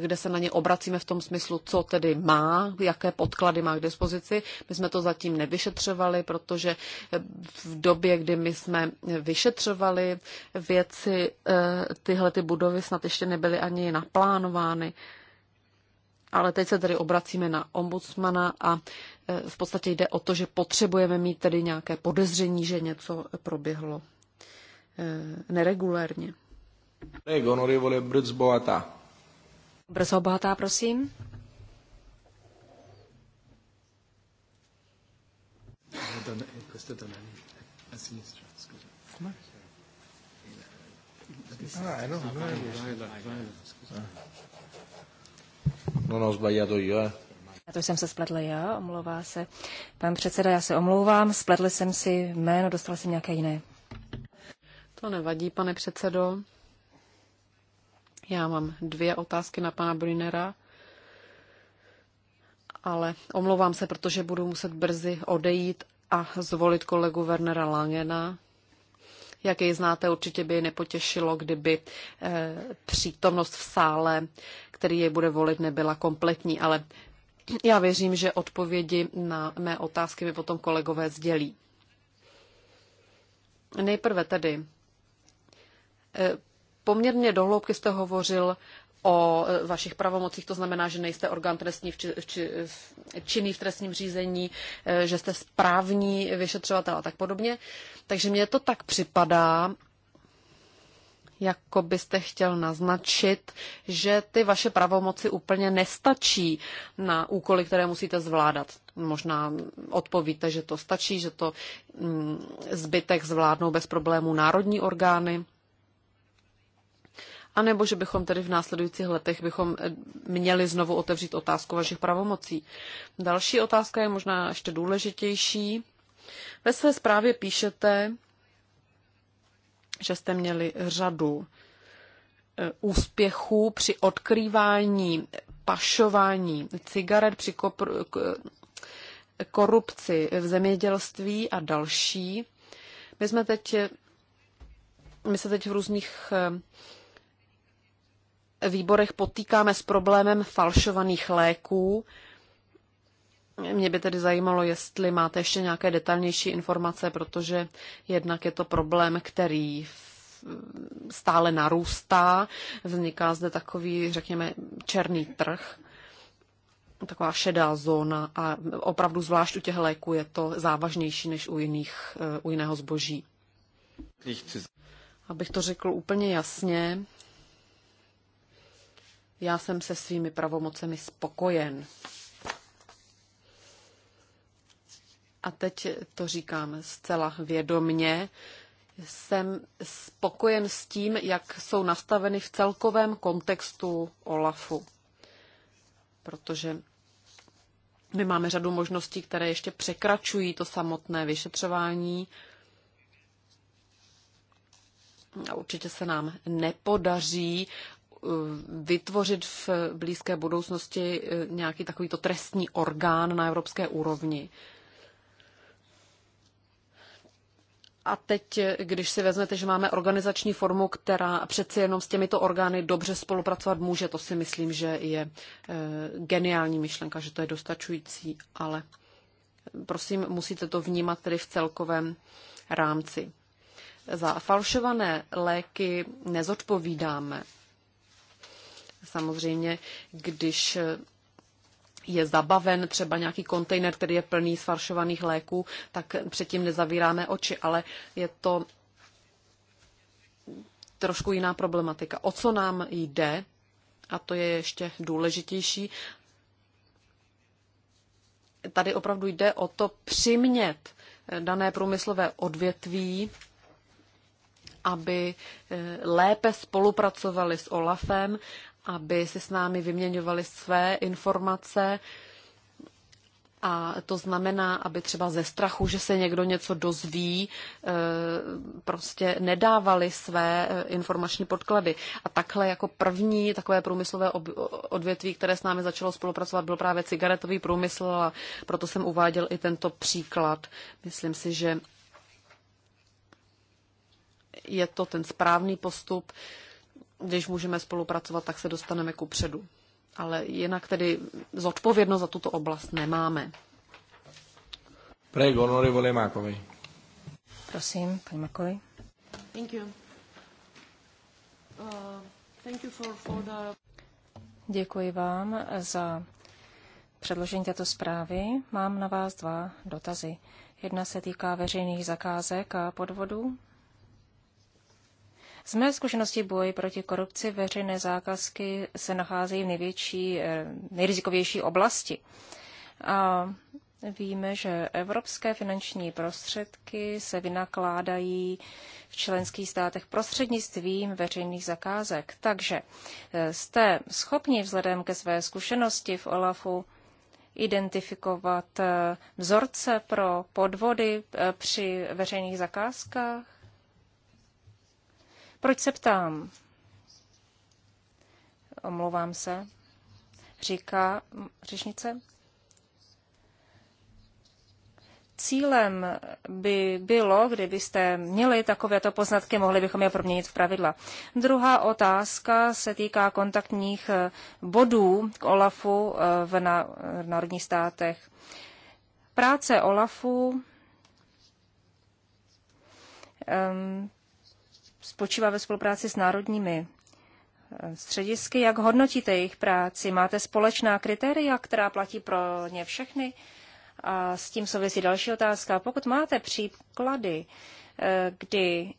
kde se na ně obracíme v tom smyslu, co tedy má, jaké podklady má k dispozici. My jsme to zatím nevyšetřovali, protože v době, kdy my jsme vyšetřovali věci, eh, tyhle ty budovy snad ještě nebyly ani naplánovány. Ale teď se tedy obracíme na ombudsmana a eh, v podstatě jde o to, že potřebujeme mít tedy nějaké podezření, že něco proběhlo eh, neregulérně. Prego, onorevole Brzboata. Brzo bohatá, prosím. No, no, to io, Já to jsem se spletl já, omlouvá se pan předseda, já se omlouvám, spletl jsem si jméno, dostal jsem nějaké jiné. To nevadí, pane předsedo. Já mám dvě otázky na pana Brunera, ale omlouvám se, protože budu muset brzy odejít a zvolit kolegu Wernera Langena. Jak jej znáte, určitě by nepotěšilo, kdyby e, přítomnost v sále, který jej bude volit, nebyla kompletní, ale já věřím, že odpovědi na mé otázky mi potom kolegové sdělí. Nejprve tedy eh, poměrně dohloubky jste hovořil o e, vašich pravomocích, to znamená, že nejste orgán trestní v či, či, činný v trestním řízení, e, že jste správní vyšetřovatel a tak podobně. Takže mně to tak připadá, jako byste chtěl naznačit, že ty vaše pravomoci úplně nestačí na úkoly, které musíte zvládat. Možná odpovíte, že to stačí, že to mm, zbytek zvládnou bez problémů národní orgány anebo že bychom tedy v následujících letech bychom eh, měli znovu otevřít otázku vašich pravomocí. Další otázka je možná ještě důležitější. Ve své zprávě píšete, že jste měli řadu eh, úspěchů při odkrývání pašování cigaret, při eh, korupci v zemědělství a další. My jsme teď, my se teď v různých výborech potýkáme s problémem falšovaných léků. Mě by tedy zajímalo, jestli máte ještě nějaké detailnější informace, protože jednak je to problém, který stále narůstá, vzniká zde takový, řekněme, černý trh, taková šedá zóna a opravdu zvlášť u těch léků je to závažnější než u, jiných, eh, u jiného zboží. Abych to řekl úplně jasně, já jsem se svými pravomocemi spokojen. A teď to říkám zcela vědomně. Jsem spokojen s tím, jak jsou nastaveny v celkovém kontextu OLAFu. Protože my máme řadu možností, které ještě překračují to samotné vyšetřování. A určitě se nám nepodaří Eh, vytvořit v blízké budoucnosti eh, nějaký takovýto trestní orgán na evropské úrovni. A teď, eh, když si vezmete, že máme organizační formu, která přeci jenom s těmito orgány dobře spolupracovat může, to si myslím, že je geniální myšlenka, že to je dostačující, ale prosím, musíte to vnímat tedy v celkovém rámci. Za falšované léky nezodpovídáme. Samozřejmě, když je zabaven třeba nějaký kontejner, který je plný sfaršovaných léků, tak předtím nezavíráme oči, ale je to trošku jiná problematika. O co nám jde, a to je ještě důležitější, tady opravdu jde o to přimět dané průmyslové odvětví, aby eh, lépe spolupracovali s OLAFem aby si s námi vyměňovali své informace. A to znamená, aby třeba ze strachu, že se někdo něco dozví, e, prostě nedávali své e, informační podklady. A takhle jako první takové průmyslové odvětví, které s námi začalo spolupracovat, byl právě cigaretový průmysl a proto jsem uváděl i tento příklad. Myslím si, že je to ten správný postup když můžeme spolupracovat, tak se dostaneme ku předu. Ale jinak tedy zodpovědnost za tuto oblast nemáme. Prego, onorevole Makovi. Prosím, paní Makovi. Thank you. Uh, thank you for, for the... Děkuji vám za předložení této zprávy. Mám na vás dva dotazy. Jedna se týká veřejných zakázek a podvodů z mé zkušenosti boj proti korupci veřejné zákazky se nacházejí v největší, eh, nejrizikovější oblasti. A Víme, že evropské finanční prostředky se vynakládají v členských státech prostřednictvím veřejných zakázek. Takže eh, jste schopni vzhledem ke své zkušenosti v OLAFu identifikovat eh, vzorce pro podvody při veřejných zakázkách? Proč se ptám? Omlouvám se, říká řešnice. Cílem by bylo, kdybyste měli takovéto poznatky, mohli bychom je proměnit v pravidla. Druhá otázka se týká kontaktních bodů k OLAFu eh, v, národních státech. Práce OLAFu ehm, spočívá ve spolupráci s národními eh, středisky. Jak hodnotíte jejich práci? Máte společná kritéria, která platí pro ně všechny? A s tím souvisí další otázka. Pokud máte příklady, eh, kdy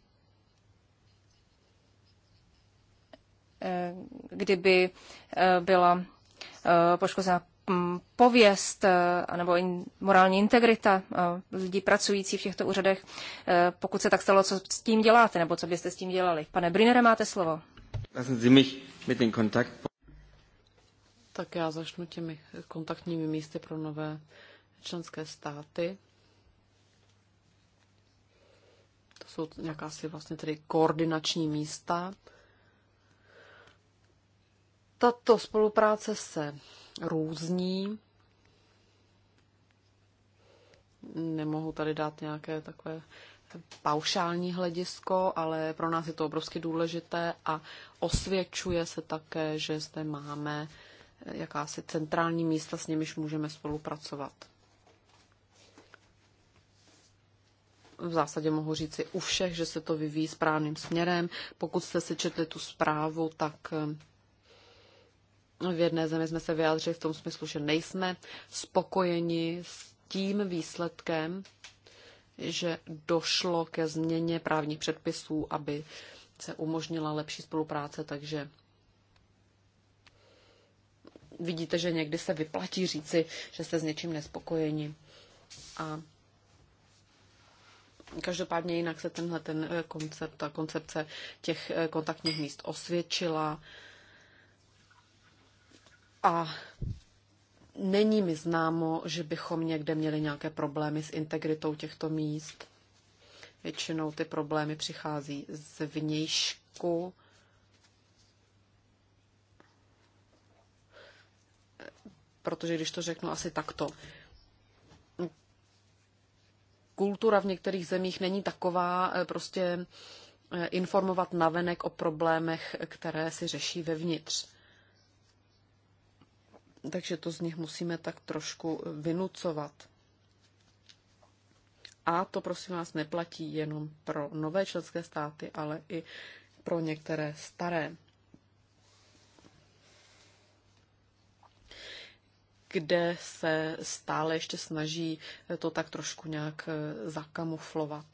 eh, kdyby byla poškozena pověst e, nebo in, morální integrita e, lidí pracující v těchto úřadech, e, pokud se tak stalo, co s tím děláte, nebo co byste s tím dělali. Pane Brinere, máte slovo. Tak já začnu těmi kontaktními místy pro nové členské státy. To jsou si vlastně tedy koordinační místa. Tato spolupráce se různí. Nemohu tady dát nějaké takové paušální hledisko, ale pro nás je to obrovsky důležité a osvědčuje se také, že zde máme eh, jakási centrální místa, s nimiž můžeme spolupracovat. v zásadě mohu říci u všech, že se to vyvíjí správným směrem. Pokud jste si četli tu zprávu, tak eh, v jedné zemi jsme se vyjádřili v tom smyslu, že nejsme spokojeni s tím výsledkem, že došlo ke změně právních předpisů, aby se umožnila lepší spolupráce, takže vidíte, že někdy se vyplatí říci, že jste s něčím nespokojeni. A každopádně jinak se tenhle ten eh, koncept, a koncepce těch eh, kontaktních míst osvědčila. A není mi známo, že bychom někde měli nějaké problémy s integritou těchto míst. Většinou ty problémy přichází z vnějšku. Protože když to řeknu asi takto, kultura v některých zemích není taková, eh, prostě eh, informovat navenek o problémech, které si řeší vevnitř takže to z nich musíme tak trošku vynucovat. A to prosím vás neplatí jenom pro nové členské státy, ale i pro některé staré. kde se stále ještě snaží to tak trošku nějak zakamuflovat.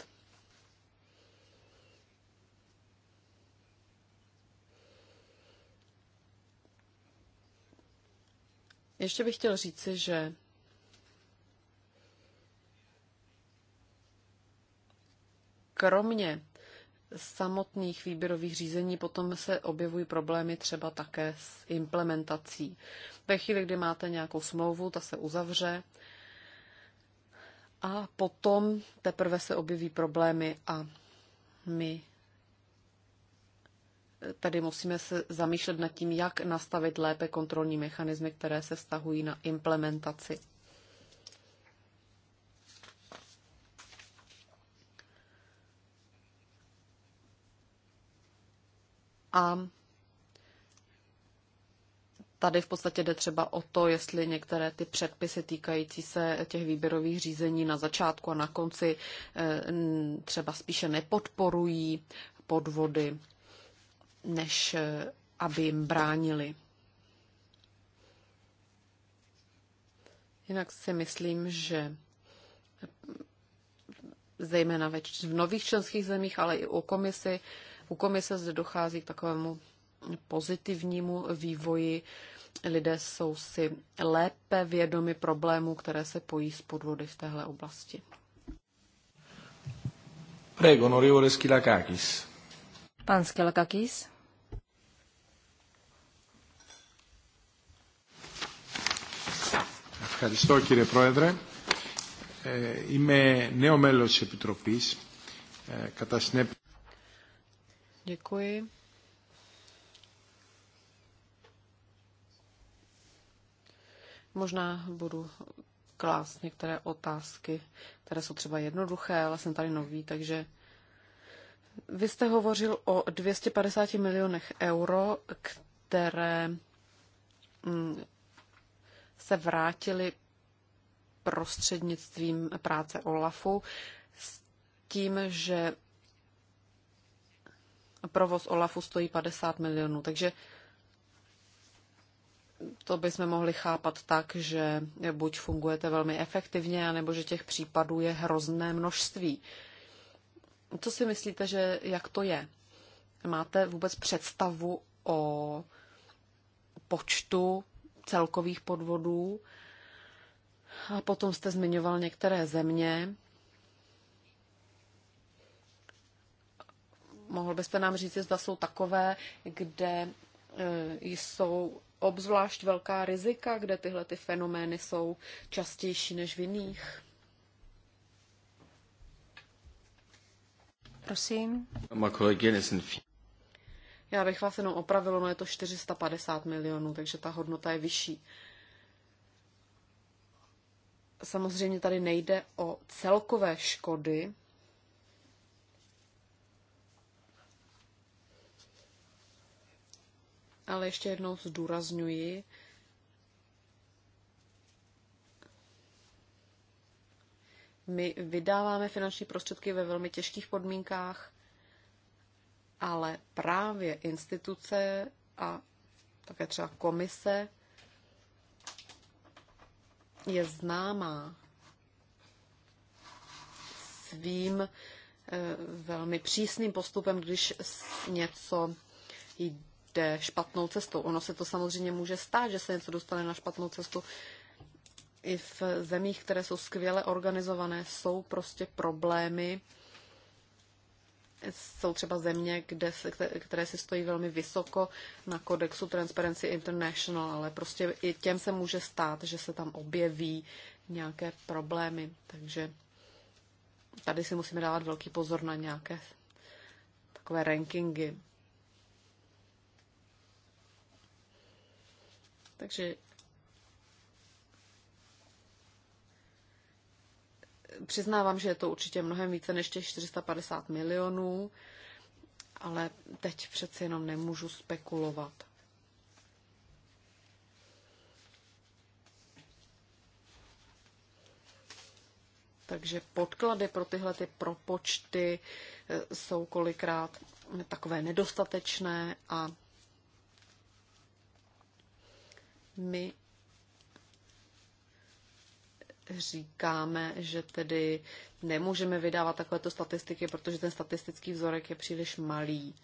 Ještě bych chtěl říci, že kromě samotných výběrových řízení potom se objevují problémy třeba také s implementací. Ve chvíli, kdy máte nějakou smlouvu, ta se uzavře a potom teprve se objeví problémy a my Tady musíme se zamýšlet nad tím, jak nastavit lépe kontrolní mechanismy, které se vztahují na implementaci. A tady v podstatě jde třeba o to, jestli některé ty předpisy týkající se těch výběrových řízení na začátku a na konci eh, třeba spíše nepodporují podvody než eh, aby jim bránili. Jinak si myslím, že zejména ve, v nových členských zemích, ale i u komisy, u komise zde dochází k takovému pozitivnímu vývoji. Lidé jsou si lépe vědomi problémů, které se pojí z podvody v téhle oblasti. Prego, onorevole Skilakakis. Pan Skilakakis. Ευχαριστώ κύριε Πρόεδρε. Ε, είμαι νέο μέλος της Επιτροπής. Ε, κατά συνέπεια... Děkuji. Možná budu klást některé otázky, které jsou třeba jednoduché, ale jsem tady nový, takže vy jste hovořil o 250 milionech euro, které mm, se vrátili prostřednictvím práce OLAFu s tím, že provoz OLAFu stojí 50 milionů. Takže to bychom mohli chápat tak, že buď fungujete velmi efektivně, anebo že těch případů je hrozné množství. Co si myslíte, že jak to je? Máte vůbec představu o počtu celkových podvodů. A potom jste zmiňoval některé země. Mohl byste nám říct, zda jsou takové, kde e, jsou obzvlášť velká rizika, kde tyhle ty fenomény jsou častější než v jiných? Prosím. Já bych vás jenom opravila, no je to 450 milionů, takže ta hodnota je vyšší. Samozřejmě tady nejde o celkové škody, ale ještě jednou zdůrazňuji, My vydáváme finanční prostředky ve velmi těžkých podmínkách ale právě instituce a také třeba komise je známá svým eh, velmi přísným postupem, když něco jde špatnou cestou. Ono se to samozřejmě může stát, že se něco dostane na špatnou cestu. I v zemích, které jsou skvěle organizované, jsou prostě problémy, jsou třeba země, kde, které si stojí velmi vysoko na kodexu Transparency International, ale prostě i těm se může stát, že se tam objeví nějaké problémy. Takže tady si musíme dávat velký pozor na nějaké takové rankingy. Takže Přiznávám, že je to určitě mnohem více než těch 450 milionů, ale teď přeci jenom nemůžu spekulovat. Takže podklady pro tyhle ty propočty eh, jsou kolikrát takové nedostatečné a my říkáme, že tedy nemůžeme vydávat takovéto statistiky, protože ten statistický vzorek je příliš malý.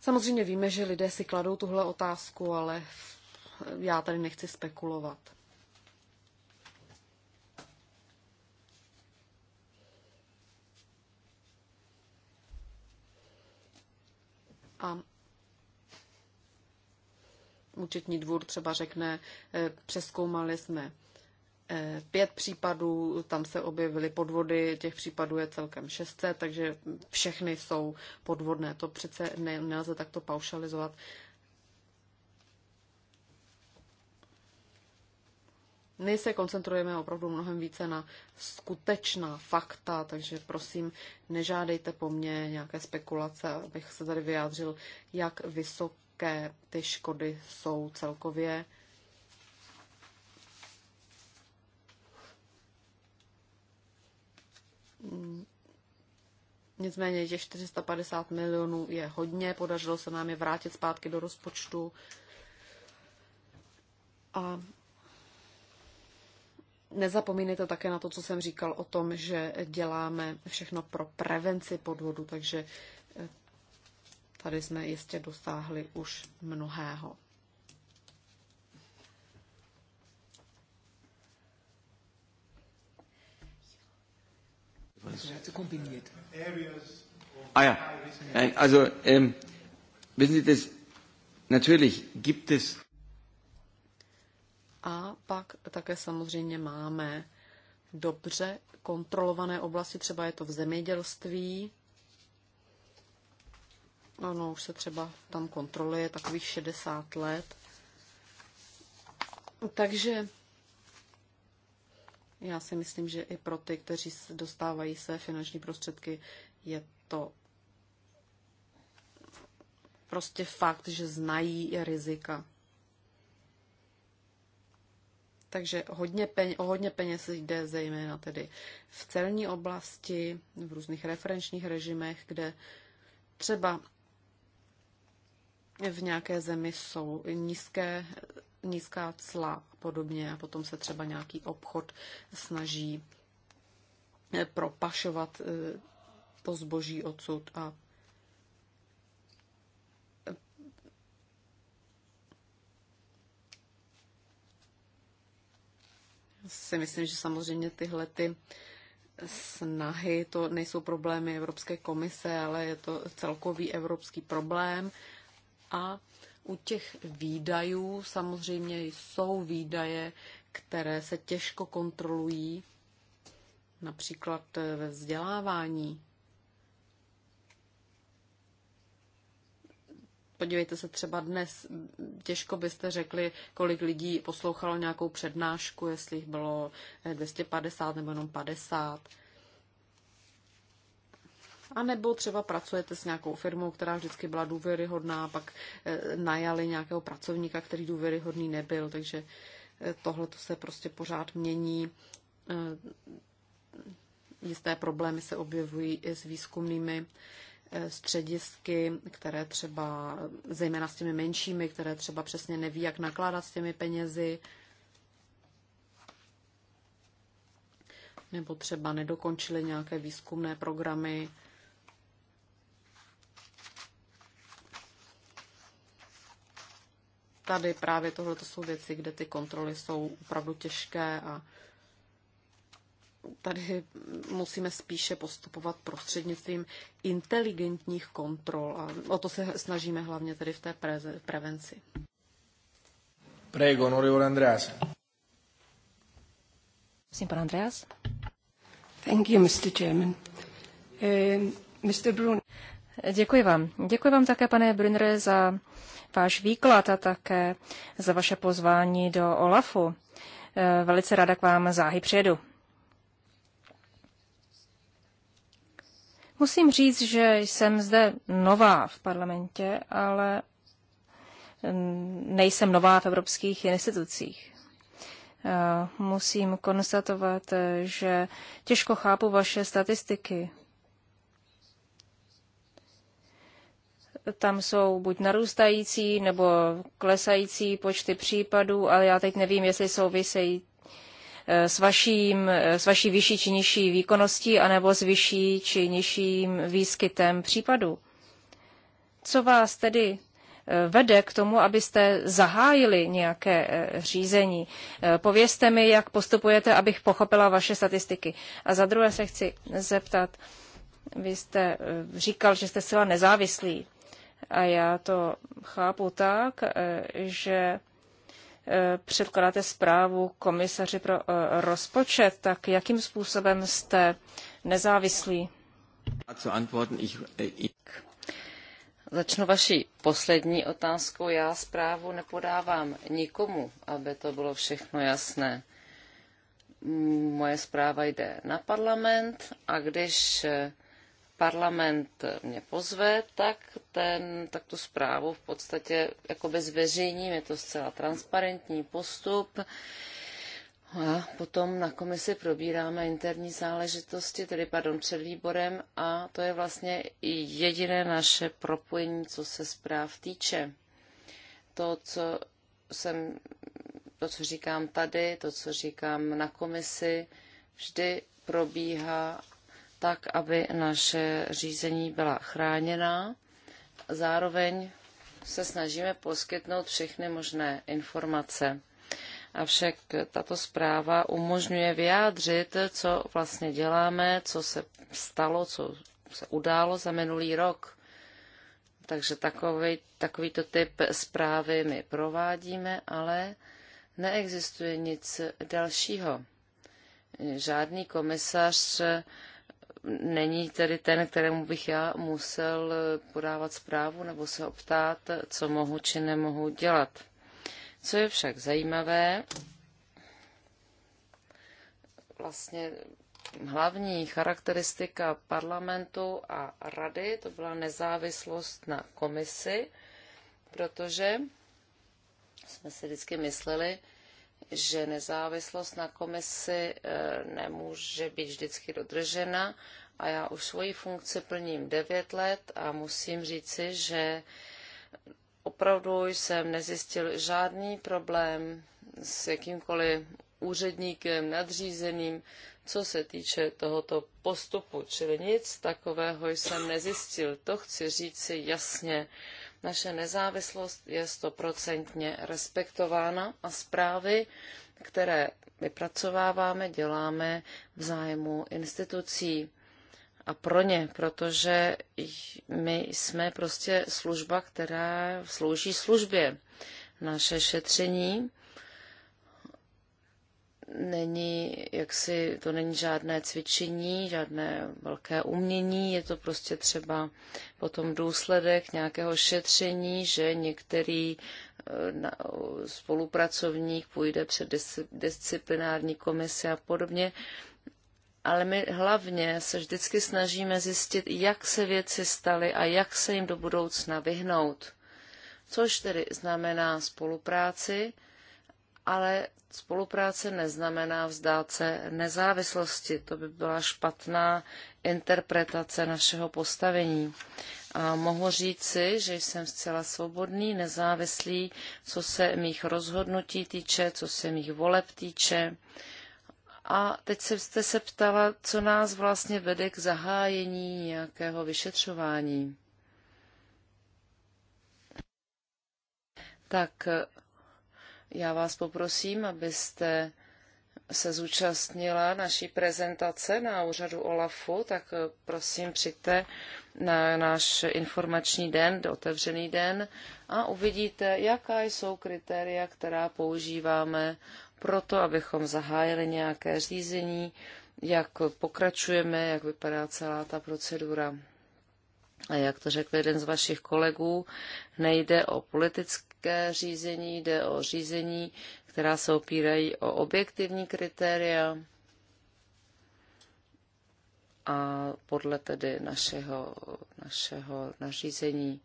Samozřejmě víme, že lidé si kladou tuhle otázku, ale já tady nechci spekulovat. A účetní dvůr třeba řekne, eh, přeskoumali jsme Eh, pět případů, tam se objevily podvody, těch případů je celkem 600, takže všechny jsou podvodné. To přece ne, nelze takto paušalizovat. My se koncentrujeme opravdu mnohem více na skutečná fakta, takže prosím, nežádejte po mně nějaké spekulace, abych se tady vyjádřil, jak vysoké ty škody jsou celkově. Mm. Nicméně těch 450 milionů je hodně, podařilo se nám je vrátit zpátky do rozpočtu. A nezapomínejte také na to, co jsem říkal o tom, že děláme všechno pro prevenci podvodu, takže eh, tady jsme jistě dosáhli už mnohého. Ah ja, äh, also ähm, wissen Sie, das, natürlich gibt es. A pak také samozřejmě máme dobře kontrolované oblasti, třeba je to v zemědělství. Ano, už se třeba tam kontroluje takových 60 let. Takže já si myslím, že i pro ty, kteří dostávají své finanční prostředky, je to prostě fakt, že znají rizika. Takže hodně peněz, o hodně peněz jde zejména tedy v celní oblasti, v různých referenčních režimech, kde třeba v nějaké zemi jsou nízké, nízká cla a podobně a potom se třeba nějaký obchod snaží eh, propašovat eh, to zboží odsud a eh, si myslím, že samozřejmě tyhle ty snahy, to nejsou problémy Evropské komise, ale je to celkový evropský problém. A u těch výdajů samozřejmě jsou výdaje, které se těžko kontrolují, například ve vzdělávání. Podívejte se třeba dnes, těžko byste řekli, kolik lidí poslouchalo nějakou přednášku, jestli jich bylo eh, 250 nebo jenom 50. A nebo třeba pracujete s nějakou firmou, která vždycky byla důvěryhodná, pak eh, najali nějakého pracovníka, který důvěryhodný nebyl, takže eh, tohle to se prostě pořád mění. Eh, jisté problémy se objevují i s výzkumnými středisky, které třeba, zejména s těmi menšími, které třeba přesně neví, jak nakládat s těmi penězi, nebo třeba nedokončili nějaké výzkumné programy, tady právě tohle jsou věci, kde ty kontroly jsou opravdu těžké a tady musíme spíše postupovat prostřednictvím inteligentních kontrol a o to se snažíme hlavně tady v té prevenci. Prego, onorevole Andreas. Prosím, pan Andreas. Thank you, Mr. Chairman. Uh, eh, Mr. Brun. Děkuji vám. Děkuji vám také, pane Brunner, za váš výklad a také za vaše pozvání do OLAFu. E, velice ráda k vám záhy přijedu. Musím říct, že jsem zde nová v parlamentě, ale nejsem nová v evropských institucích. E, musím konstatovat, že těžko chápu vaše statistiky. tam jsou buď narůstající nebo klesající počty případů, ale já teď nevím, jestli souvisejí eh, s, vaším, eh, s vaší vyšší či nižší výkonností, anebo s vyšší či nižším výskytem případů. Co vás tedy eh, vede k tomu, abyste zahájili nějaké řízení. Povězte mi, jak postupujete, abych pochopila vaše statistiky. A za druhé se chci zeptat, vy jste říkal, že jste zcela nezávislý. A já to chápu tak, eh, že eh, předkládáte zprávu komisaři pro eh, rozpočet, tak jakým způsobem jste nezávislí? Začnu vaší poslední otázkou. Já zprávu nepodávám nikomu, aby to bylo všechno jasné. Moje zpráva jde na parlament a když parlament mě pozve, tak, ten, tak tu zprávu v podstatě jako bez zveřejním, je to zcela transparentní postup. A potom na komisi probíráme interní záležitosti, tedy pardon, před výborem a to je vlastně jediné naše propojení, co se zpráv týče. To, co jsem, to, co říkám tady, to, co říkám na komisi, vždy probíhá tak, aby naše řízení byla chráněná. Zároveň se snažíme poskytnout všechny možné informace. Avšak tato zpráva umožňuje vyjádřit, co vlastně děláme, co se stalo, co se událo za minulý rok. Takže takový, takovýto typ zprávy my provádíme, ale neexistuje nic dalšího. Žádný komisař není tedy ten, kterému bych já musel eh, podávat zprávu nebo se optát, co mohu či nemohu dělat. Co je však zajímavé, vlastně hlavní charakteristika parlamentu a rady, to byla nezávislost na komisi, protože jsme si vždycky mysleli, že nezávislost na komisi eh, nemůže být vždycky dodržena a já už svoji funkci plním 9 let a musím říci, že opravdu jsem nezjistil žádný problém s jakýmkoliv úředníkem, nadřízeným, co se týče tohoto postupu. Čili nic takového jsem nezjistil. To chci říci jasně. Uh, naše nezávislost je stoprocentně respektována a zprávy, které vypracováváme, děláme v zájmu institucí a pro ně, protože my jsme prostě služba, která slouží službě. Naše šetření není, jaksi to není žádné cvičení, žádné velké umění, je to prostě třeba potom důsledek nějakého šetření, že některý eh, spolupracovník půjde před disciplinární komisi a podobně. Ale my hlavně se vždycky snažíme zjistit, jak se věci staly a jak se jim do budoucna vyhnout. Což tedy znamená spolupráci, ale spolupráce neznamená vzdát se nezávislosti. To by byla špatná interpretace našeho postavení. A mohu říci, že jsem zcela svobodný, nezávislý, co se mých rozhodnutí týče, co se mých voleb týče. A teď jste se ptala, co nás vlastně vede k zahájení nějakého vyšetřování. Tak já vás poprosím, abyste se zúčastnila naší prezentace na úřadu OLAFu, tak eh, prosím přijďte na náš informační den, otevřený den a uvidíte, jaká jsou kritéria, která používáme pro to, abychom zahájili nějaké řízení, jak pokračujeme, jak vypadá celá ta procedura. A jak to řekl jeden z vašich kolegů, nejde o politický politické řízení, jde o řízení, která se opírají o objektivní kritéria a podle tedy našeho, našeho nařízení,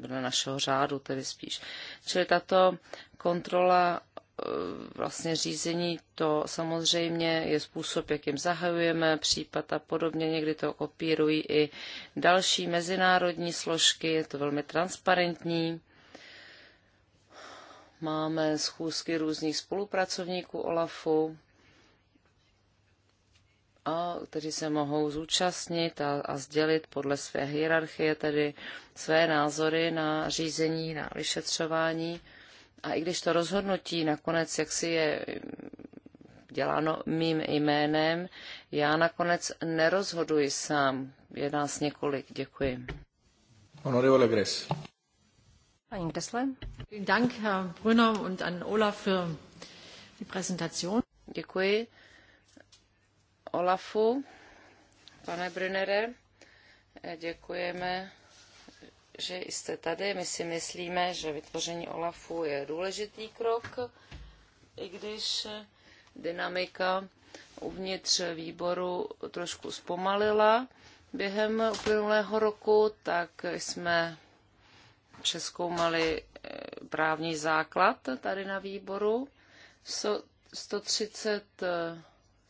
podle našeho řádu tedy spíš. Čili tato kontrola Eh, vlastně řízení, to samozřejmě je způsob, jakým zahajujeme případ a podobně. Někdy to kopírují i další mezinárodní složky, je to velmi transparentní. Máme schůzky různých spolupracovníků OLAFu, a kteří se mohou zúčastnit a, a sdělit podle své hierarchie tedy své názory na řízení, na vyšetřování. A i když to rozhodnutí nakonec jaksi je děláno mým jménem, já nakonec nerozhoduji sám. Je nás několik. Děkuji. Honorable Gress. Paní Gressle. Dank, Herr Brunner und an Olaf für die Präsentation. Děkuji. Olafu, pane Brunere, děkujeme že jste tady. My si myslíme, že vytvoření OLAFu je důležitý krok, i když dynamika uvnitř výboru trošku zpomalila během uplynulého roku, tak jsme přeskoumali eh, právní základ tady na výboru. 130 eh,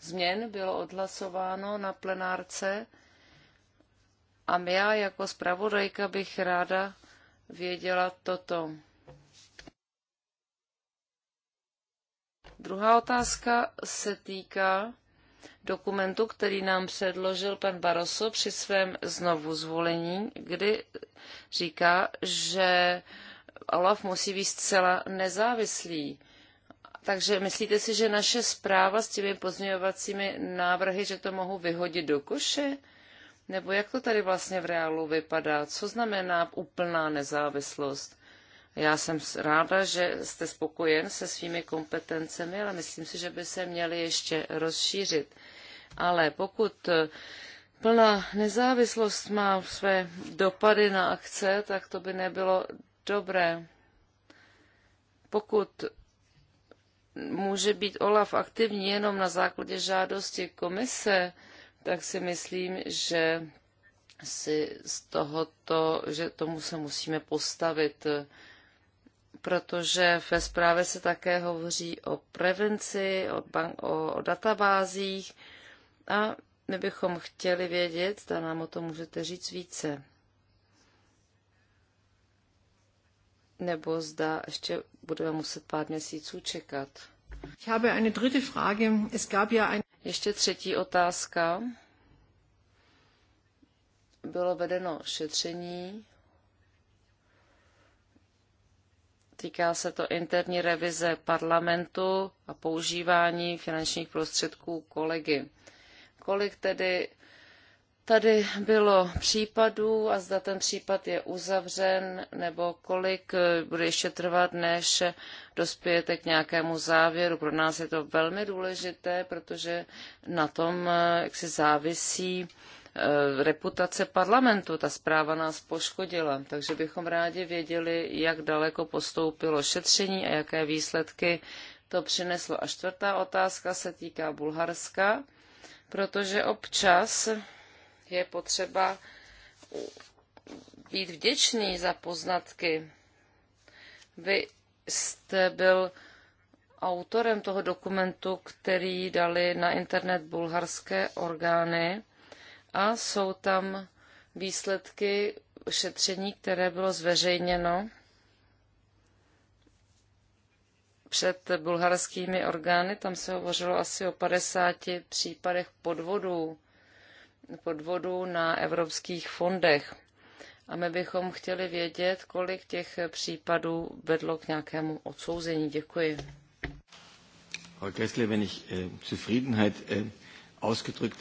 změn bylo odhlasováno na plenárce a já jako zpravodajka bych ráda věděla toto. Druhá otázka se týká dokumentu, který nám předložil pan Baroso při svém znovu zvolení, kdy říká, že Olaf musí být zcela nezávislý. Takže myslíte si, že naše zpráva s těmi pozměňovacími návrhy, že to mohu vyhodit do koše? Nebo jak to tady vlastně v reálu vypadá? Co znamená úplná nezávislost? Já jsem ráda, že jste spokojen se svými kompetencemi, ale myslím si, že by se měly ještě rozšířit. Ale pokud eh, plná nezávislost má své dopady na akce, tak to by nebylo dobré. Pokud může být OLAF aktivní jenom na základě žádosti komise, tak si myslím, že si z tohoto, že tomu se musíme postavit, protože ve zprávě se také hovoří o prevenci, o, bank, o, o databázích a my bychom chtěli vědět, zda nám o tom můžete říct více. Nebo zda ještě budeme muset pár měsíců čekat. Ich habe eine dritte Frage. Es gab ja ein ještě třetí otázka. Bylo vedeno šetření. Týká se to interní revize parlamentu a používání finančních prostředků kolegy. Kolik tedy tady bylo případů a zda ten případ je uzavřen nebo kolik eh, bude ještě trvat, než dospějete k nějakému závěru. Pro nás je to velmi důležité, protože na tom eh, jak závisí eh, reputace parlamentu. Ta zpráva nás poškodila, takže bychom rádi věděli, jak daleko postoupilo šetření a jaké výsledky to přineslo. A čtvrtá otázka se týká Bulharska, protože občas je potřeba být vděčný za poznatky. Vy jste byl autorem toho dokumentu, který dali na internet bulharské orgány a jsou tam výsledky šetření, které bylo zveřejněno před bulharskými orgány. Tam se hovořilo asi o 50 případech podvodů podvodů na evropských fondech. A my bychom chtěli vědět, kolik těch případů vedlo k nějakému odsouzení. Děkuji. Frau Gessler, äh,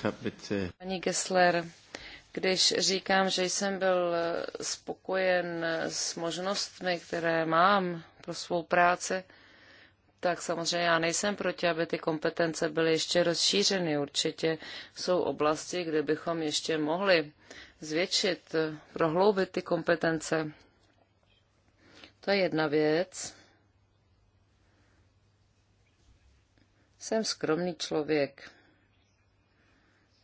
äh, äh, když říkám, že jsem byl spokojen s možnostmi, které mám pro svou práci, tak samozřejmě já nejsem proti, aby ty kompetence byly ještě rozšířeny. Určitě jsou oblasti, kde bychom ještě mohli zvětšit, prohloubit ty kompetence. To je jedna věc. Jsem skromný člověk,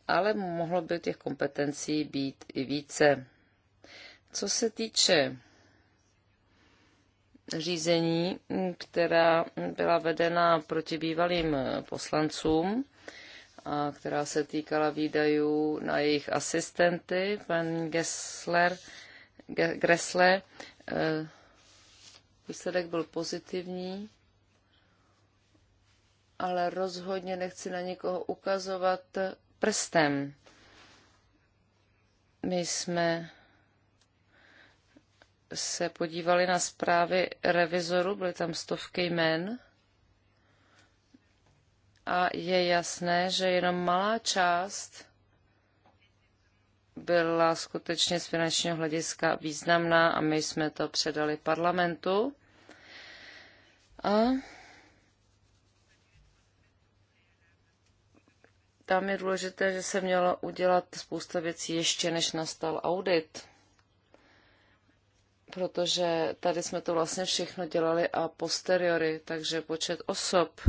ale mohlo by těch kompetencí být i více. Co se týče řízení, která byla vedena proti bývalým poslancům, a která se týkala výdajů na jejich asistenty, pan Gessler, Gressle. Eh, výsledek byl pozitivní, ale rozhodně nechci na někoho ukazovat prstem. My jsme se podívali na zprávy revizoru, byly tam stovky jmen, a je jasné, že jenom malá část byla skutečně z finančního hlediska významná a my jsme to předali parlamentu. A tam je důležité, že se mělo udělat spousta věcí ještě, než nastal audit protože tady jsme to vlastně všechno dělali a posteriori, takže počet osob,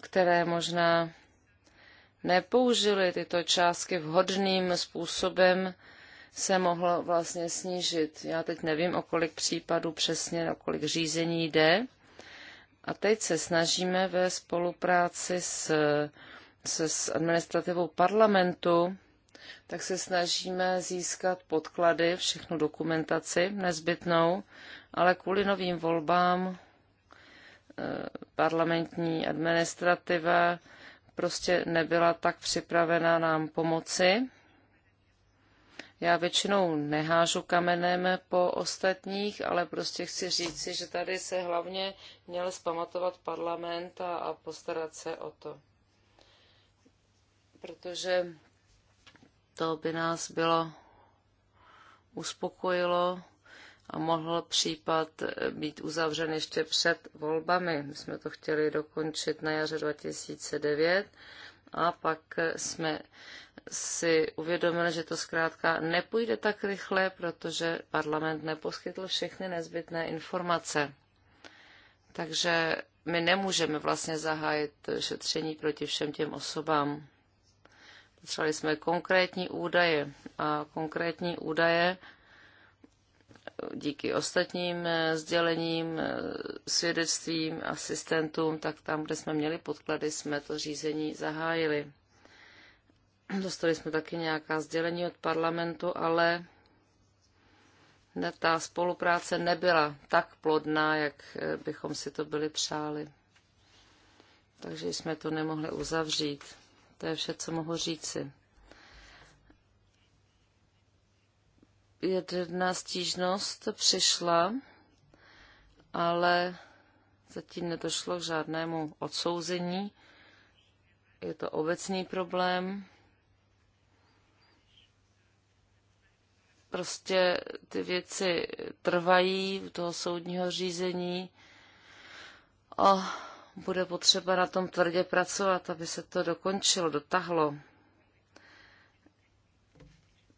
které možná nepoužili tyto částky vhodným způsobem, se mohlo vlastně snížit. Já teď nevím, o kolik případů přesně, o kolik řízení jde. A teď se snažíme ve spolupráci s se s administrativou parlamentu, tak se snažíme získat podklady, všechnu dokumentaci nezbytnou, ale kvůli novým volbám eh, parlamentní administrativa prostě nebyla tak připravena nám pomoci. Já většinou nehážu kamenem po ostatních, ale prostě chci říci, že tady se hlavně měl zpamatovat parlament a, a postarat se o to protože to by nás bylo uspokojilo a mohl případ být uzavřen ještě před volbami. My jsme to chtěli dokončit na jaře 2009 a pak jsme si uvědomili, že to zkrátka nepůjde tak rychle, protože parlament neposkytl všechny nezbytné informace. Takže my nemůžeme vlastně zahájit šetření proti všem těm osobám. Potřebovali jsme konkrétní údaje a konkrétní údaje díky ostatním eh, sdělením, eh, svědectvím, asistentům, tak tam, kde jsme měli podklady, jsme to řízení zahájili. Dostali jsme taky nějaká sdělení od parlamentu, ale ta spolupráce nebyla tak plodná, jak eh, bychom si to byli přáli. Takže jsme to nemohli uzavřít. To je vše, co mohu říci. Jedna stížnost přišla, ale zatím nedošlo k žádnému odsouzení. Je to obecný problém. Prostě ty věci trvají u toho soudního řízení. A bude potřeba na tom tvrdě pracovat, aby se to dokončilo, dotahlo.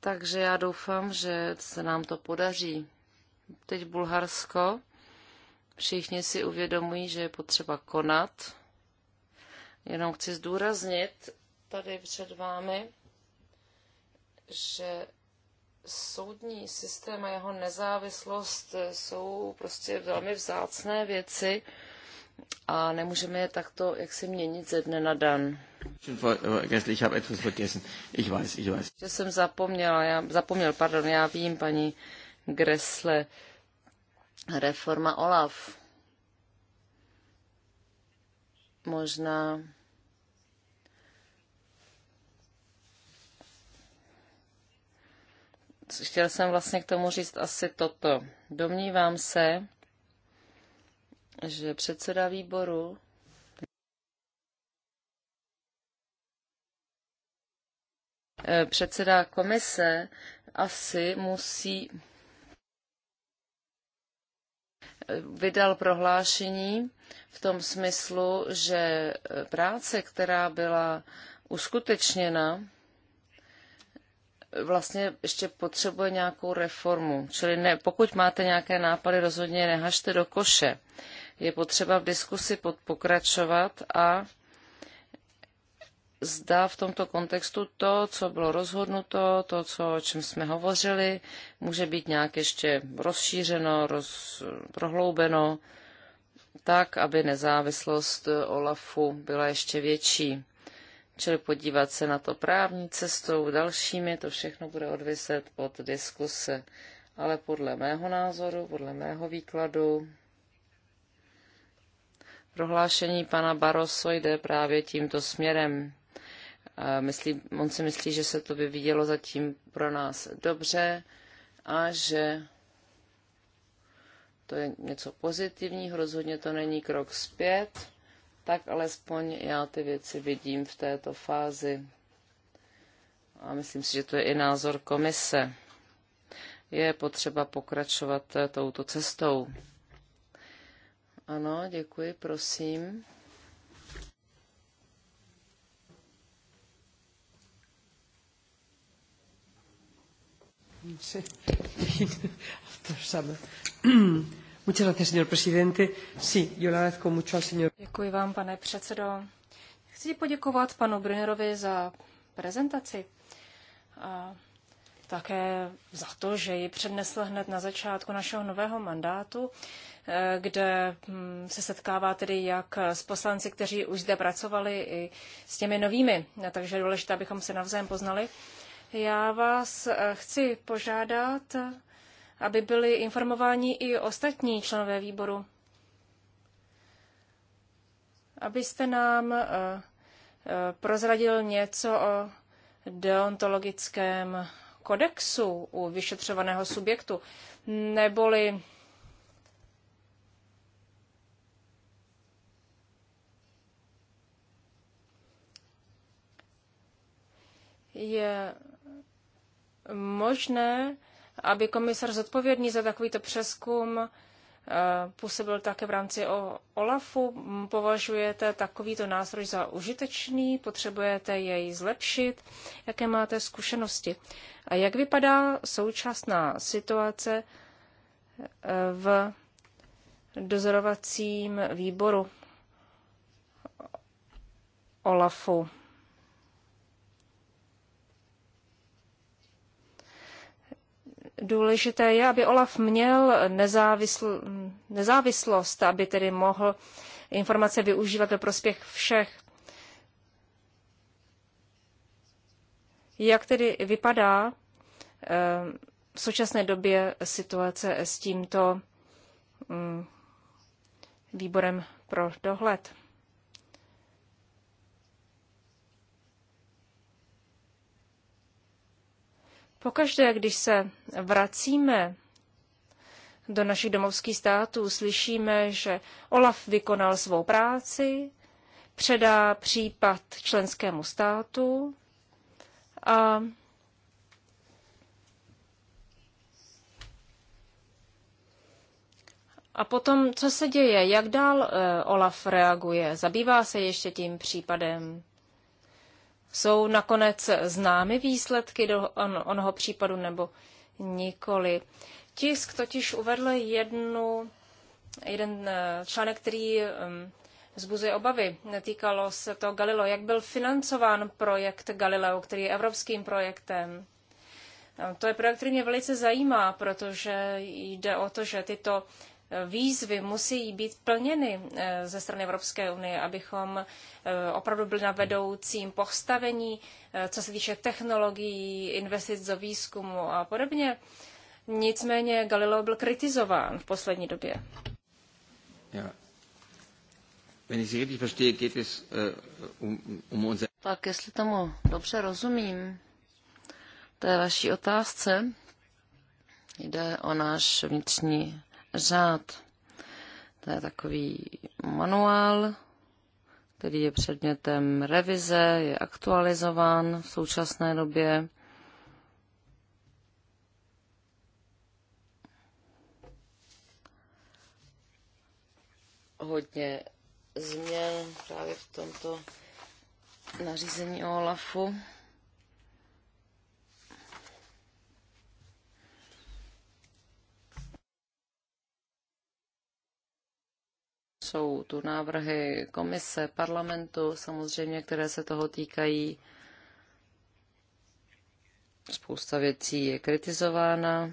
Takže já doufám, že se nám to podaří. Teď Bulharsko. Všichni si uvědomují, že je potřeba konat. Jenom chci zdůraznit tady před vámi, že soudní systém a jeho nezávislost jsou prostě velmi vzácné věci a nemůžeme je takto jak si měnit ze dne na den. Že jsem zapomněla, já, zapomněl, pardon, já vím, paní Gressle, reforma OLAF. Možná chtěl jsem vlastně k tomu říct asi toto. Domnívám se, že předseda výboru předseda komise asi musí vydal prohlášení v tom smyslu, že práce, která byla uskutečněna, vlastně ještě potřebuje nějakou reformu. Čili ne, pokud máte nějaké nápady, rozhodně nehažte do koše je potřeba v diskusi pokračovat a zda v tomto kontextu to, co bylo rozhodnuto, to, co, o čem jsme hovořili, může být nějak ještě rozšířeno, roz, prohloubeno, tak, aby nezávislost eh, OLAFu byla ještě větší. Čili podívat se na to právní cestou, dalšími, to všechno bude odviset od diskuse. Ale podle mého názoru, podle mého výkladu, Prohlášení pana Barroso jde právě tímto směrem. Myslí, on si myslí, že se to vyvíjelo zatím pro nás dobře a že to je něco pozitivního, rozhodně to není krok zpět, tak alespoň já ty věci vidím v této fázi. A myslím si, že to je i názor komise. Je potřeba pokračovat touto cestou. Ano, děkuji, prosím. Děkuji vám, pane předsedo. Chci poděkovat panu Brunerovi za prezentaci. A také za to, že ji přednesl hned na začátku našeho nového mandátu, eh, kde hm, se setkává tedy jak s poslanci, kteří už zde pracovali, i s těmi novými. Takže je důležité, abychom se navzájem poznali. Já vás eh, chci požádat, aby byli informováni i ostatní členové výboru, abyste nám eh, prozradil něco o deontologickém kodexu u vyšetřovaného subjektu, neboli je možné, aby komisar zodpovědný za takovýto přeskum Eh, působil také v rámci OLAFu. Považujete takovýto nástroj za užitečný? Potřebujete jej zlepšit? Jaké máte zkušenosti? A jak vypadá současná situace eh, v dozorovacím výboru OLAFu? důležité je, aby Olaf měl nezávisl, nezávislost, aby tedy mohl informace využívat ve prospěch všech. Jak tedy vypadá eh, v současné době situace s tímto mm, výborem pro dohled? Pokaždé, když se vracíme do našich domovských států, slyšíme, že Olaf vykonal svou práci, předá případ členskému státu a A potom, co se děje? Jak dál eh, Olaf reaguje? Zabývá se ještě tím případem? Jsou nakonec známy výsledky do on, onoho případu nebo nikoli? Tisk totiž uvedl jednu, jeden eh, článek, který zbuzuje obavy. Netýkalo se to Galileo. Jak byl financován projekt Galileo, který je evropským projektem? To je projekt, který mě velice zajímá, protože jde o to, že tyto výzvy musí být plněny eh, ze strany Evropské unie, abychom eh, opravdu byli na vedoucím postavení, eh, co se týče technologií, investic do výzkumu a podobně. Nicméně Galileo byl kritizován v poslední době. Ja. Wenn ich Sie richtig verstehe, geht es um, um unser... Tak jestli tomu dobře rozumím, té vaší otázce jde o náš vnitřní řád. To je takový manuál, který je předmětem revize, je aktualizován v současné době. Hodně změn právě v tomto nařízení o OLAFu. Jsou tu návrhy komise, parlamentu samozřejmě, které se toho týkají. Spousta věcí je kritizována.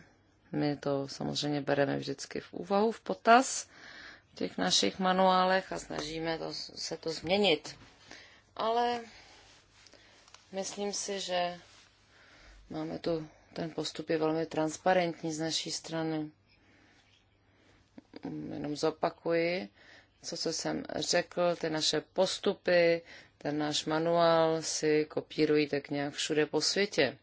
My to samozřejmě bereme vždycky v úvahu, v potaz v těch našich manuálech a snažíme to, se to změnit. Ale myslím si, že máme tu ten postup je velmi transparentní z naší strany. Jenom zopakuji, co, co jsem řekl, ty naše postupy, ten náš manuál si kopírují tak nějak všude po světě.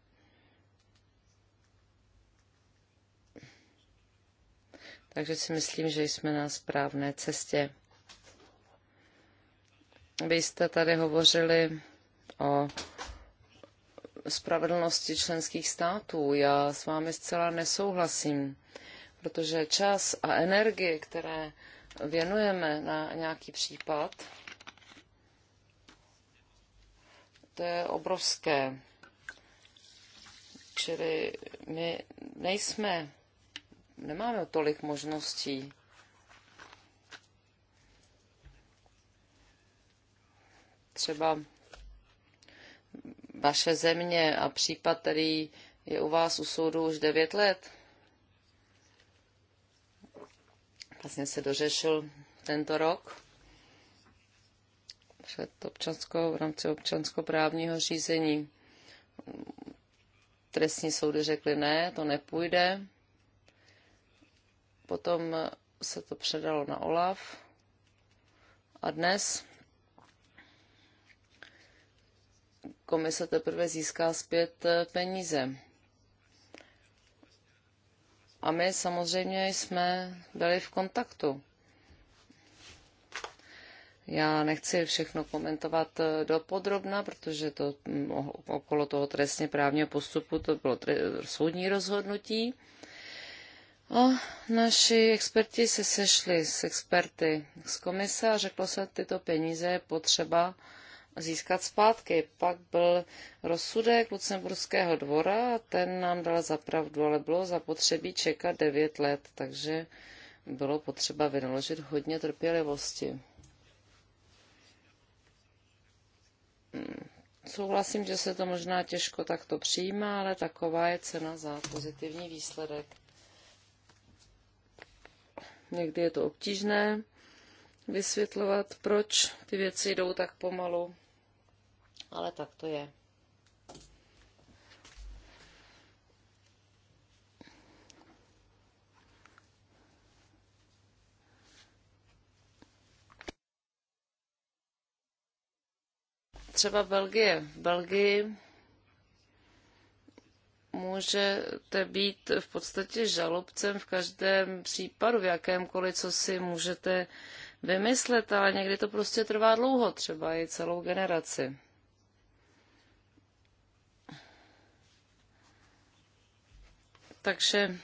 Takže si myslím, že jsme na správné cestě. Vy jste tady hovořili o spravedlnosti členských států. Já s vámi zcela nesouhlasím, protože čas a energie, které věnujeme na nějaký případ, to je obrovské. Čili my nejsme, nemáme tolik možností. Třeba vaše země a případ, který je u vás u soudu už 9 let, vlastně se dořešil tento rok před občanskou, v rámci občanskoprávního řízení. Trestní soudy řekly ne, to nepůjde. Potom se to předalo na OLAF a dnes komise teprve získá zpět peníze. A my samozřejmě jsme byli v kontaktu. Já nechci všechno komentovat eh, dopodrobna, protože to mm, okolo toho trestně právního postupu to bylo soudní rozhodnutí. A naši experti se sešli s experty z komise a řeklo se, tyto peníze je potřeba získat zpátky. Pak byl rozsudek Lucemburského dvora a ten nám dal zapravdu, ale bylo zapotřebí čekat 9 let, takže bylo potřeba vynaložit hodně trpělivosti. Hmm, souhlasím, že se to možná těžko takto přijímá, ale taková je cena za pozitivní výsledek. Někdy je to obtížné vysvětlovat, proč ty věci jdou tak pomalu ale tak to je. Třeba Belgie. V Belgii můžete být v podstatě žalobcem v každém případu, v jakémkoliv, co si můžete vymyslet, ale někdy to prostě trvá dlouho, třeba i celou generaci. Takže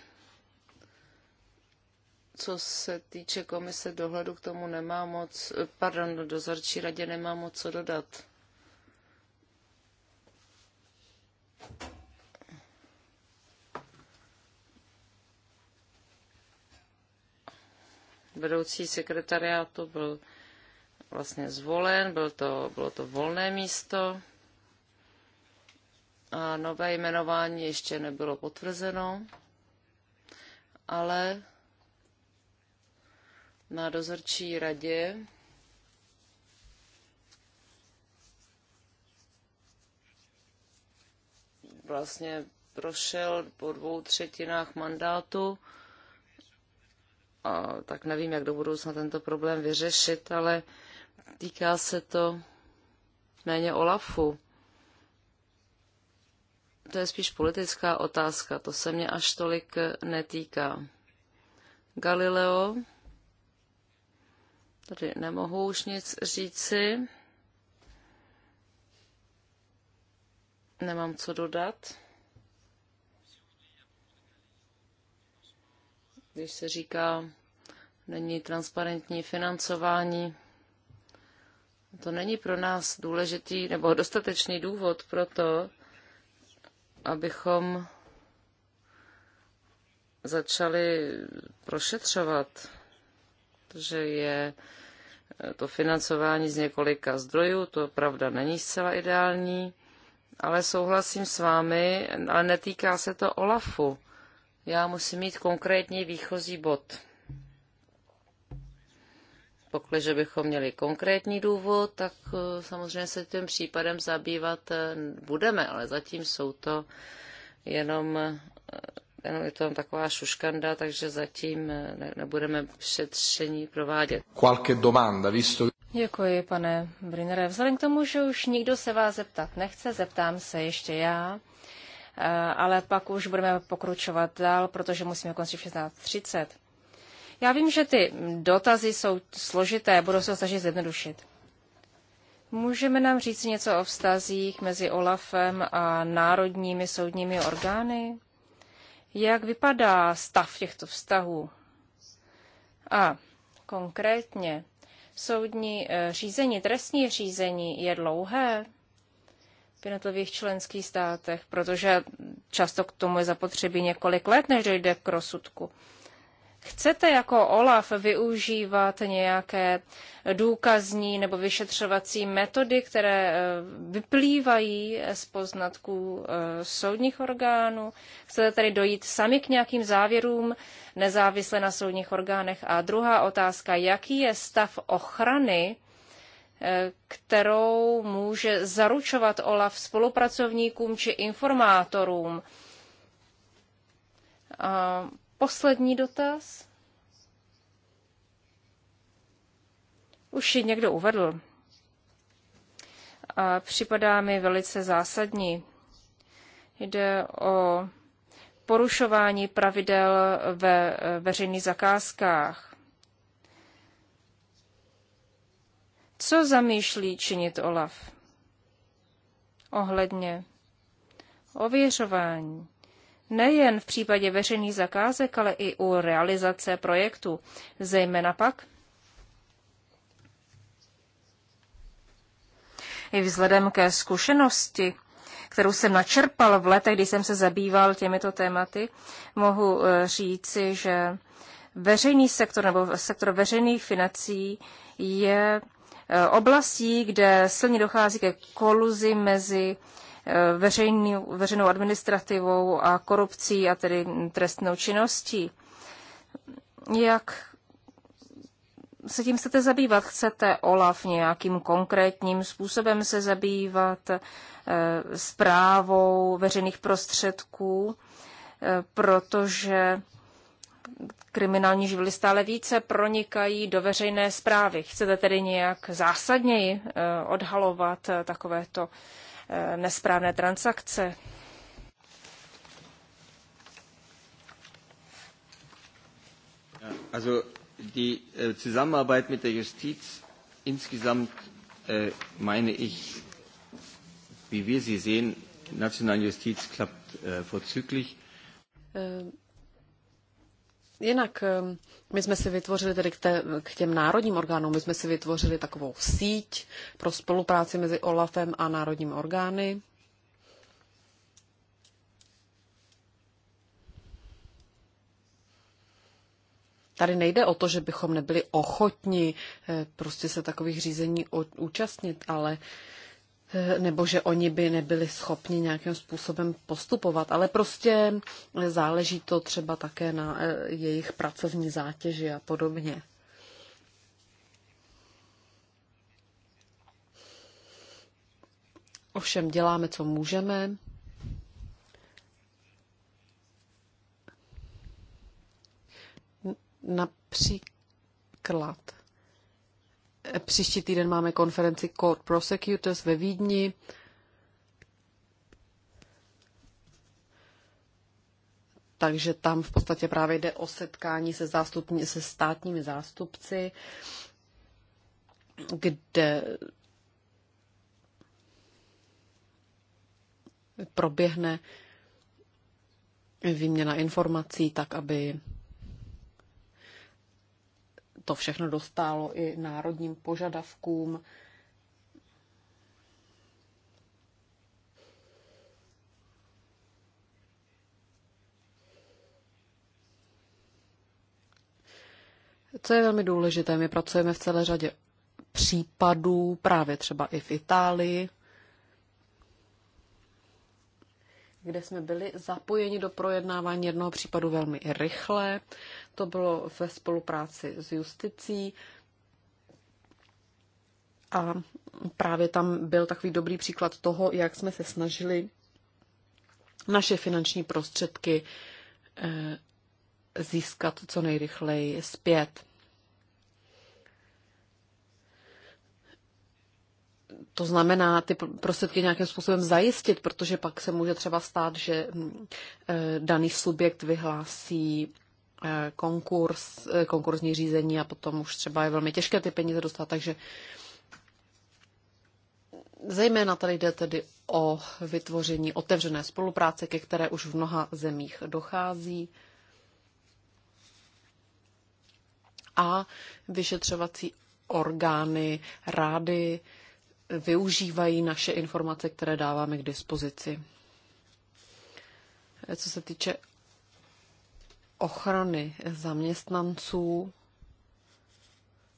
co se týče komise dohledu, k tomu nemá moc, pardon, do dozorčí radě nemá moc co dodat. Vedoucí sekretariátu byl vlastně zvolen, byl to, bylo to volné místo a nové jmenování ještě nebylo potvrzeno, ale na dozorčí radě vlastně prošel po dvou třetinách mandátu. A tak nevím, jak do budoucna tento problém vyřešit, ale týká se to méně Olafu to je spíš politická otázka, to se mě až tolik netýká. Galileo, tady nemohu už nic říci, nemám co dodat. Když se říká, není transparentní financování, to není pro nás důležitý nebo dostatečný důvod pro to, abychom začali prošetřovat, že je eh, to financování z několika zdrojů, to pravda není zcela ideální, ale souhlasím s vámi, ale netýká se to OLAFu. Já musím mít konkrétní výchozí bod. Pokliže bychom měli konkrétní důvod, tak eh, samozřejmě se tím případem zabývat eh, budeme, ale zatím jsou to jenom, eh, jenom je to taková šuškanda, takže zatím nebudeme šetření provádět. Qualche domanda, visto... Děkuji, pane Brinere. Vzhledem k tomu, že už nikdo se vás zeptat nechce, zeptám se ještě já ale pak už budeme pokročovat dál, protože musíme končit v 16.30. Já vím, že ty dotazy jsou složité, budu se snažit zjednodušit. Můžeme nám říct něco o vztazích mezi OLAFem a národními soudními orgány? Jak vypadá stav těchto vztahů? A konkrétně, soudní eh, řízení, trestní řízení je dlouhé v jednotlivých členských státech, protože často k tomu je zapotřebí několik let, než dojde k rozsudku. Chcete jako OLAF využívat nějaké důkazní nebo vyšetřovací metody, které eh, vyplývají z poznatků eh, soudních orgánů? Chcete tedy dojít sami k nějakým závěrům nezávisle na soudních orgánech? A druhá otázka, jaký je stav ochrany eh, kterou může zaručovat OLAF spolupracovníkům či informátorům poslední dotaz. Už ji někdo uvedl. A připadá mi velice zásadní. Jde o porušování pravidel ve veřejných zakázkách. Co zamýšlí činit Olaf? Ohledně ověřování nejen v případě veřejných zakázek, ale i u realizace projektu. Zejména pak i vzhledem ke zkušenosti, kterou jsem načerpal v letech, kdy jsem se zabýval těmito tématy, mohu eh, říci, že veřejný sektor nebo sektor veřejných financí je eh, oblastí, kde silně dochází ke koluzi mezi Eh, veřejnou, veřejnou administrativou a korupcí a tedy trestnou činností. Jak se tím chcete zabývat? Chcete OLAF nějakým konkrétním způsobem se zabývat zprávou eh, veřejných prostředků, eh, protože kriminální živly stále více pronikají do veřejné zprávy. Chcete tedy nějak zásadněji odhalovat takovéto Eh, nesprávné transakce. Also die äh, Zusammenarbeit mit der Justiz insgesamt äh, meine ich, wie wir sie sehen, nationalen Justiz klappt äh, vorzüglich. Ähm, Jinak ehm, my jsme si vytvořili tedy k, té, k těm národním orgánům, my jsme si vytvořili takovou síť pro spolupráci mezi OLAFem a národními orgány. Tady nejde o to, že bychom nebyli ochotni eh, prostě se takových řízení účastnit, ale nebo že oni by nebyli schopni nějakým způsobem postupovat, ale prostě záleží to třeba také na eh, jejich pracovní zátěži a podobně. Ovšem děláme, co můžeme. Například Příští týden máme konferenci Court Prosecutors ve Vídni. takže tam v podstatě právě jde o setkání se, zástupní, se státními zástupci, kde proběhne výměna informací tak, aby to všechno dostálo i národním požadavkům. Co je velmi důležité, my pracujeme v celé řadě případů, právě třeba i v Itálii, kde jsme byli zapojeni do projednávání jednoho případu velmi rychle. To bylo ve spolupráci s justicí. A právě tam byl takový dobrý příklad toho, jak jsme se snažili naše finanční prostředky eh, získat co nejrychleji zpět. to znamená ty prostředky nějakým způsobem zajistit, protože pak se může třeba stát, že mm, eh, daný subjekt vyhlásí eh, konkurs, eh, konkursní řízení a potom už třeba je velmi těžké ty peníze dostat, takže zejména tady jde tedy o vytvoření otevřené spolupráce, ke které už v mnoha zemích dochází. A vyšetřovací orgány, rády, využívají naše informace, které dáváme k dispozici. Co se týče ochrany zaměstnanců,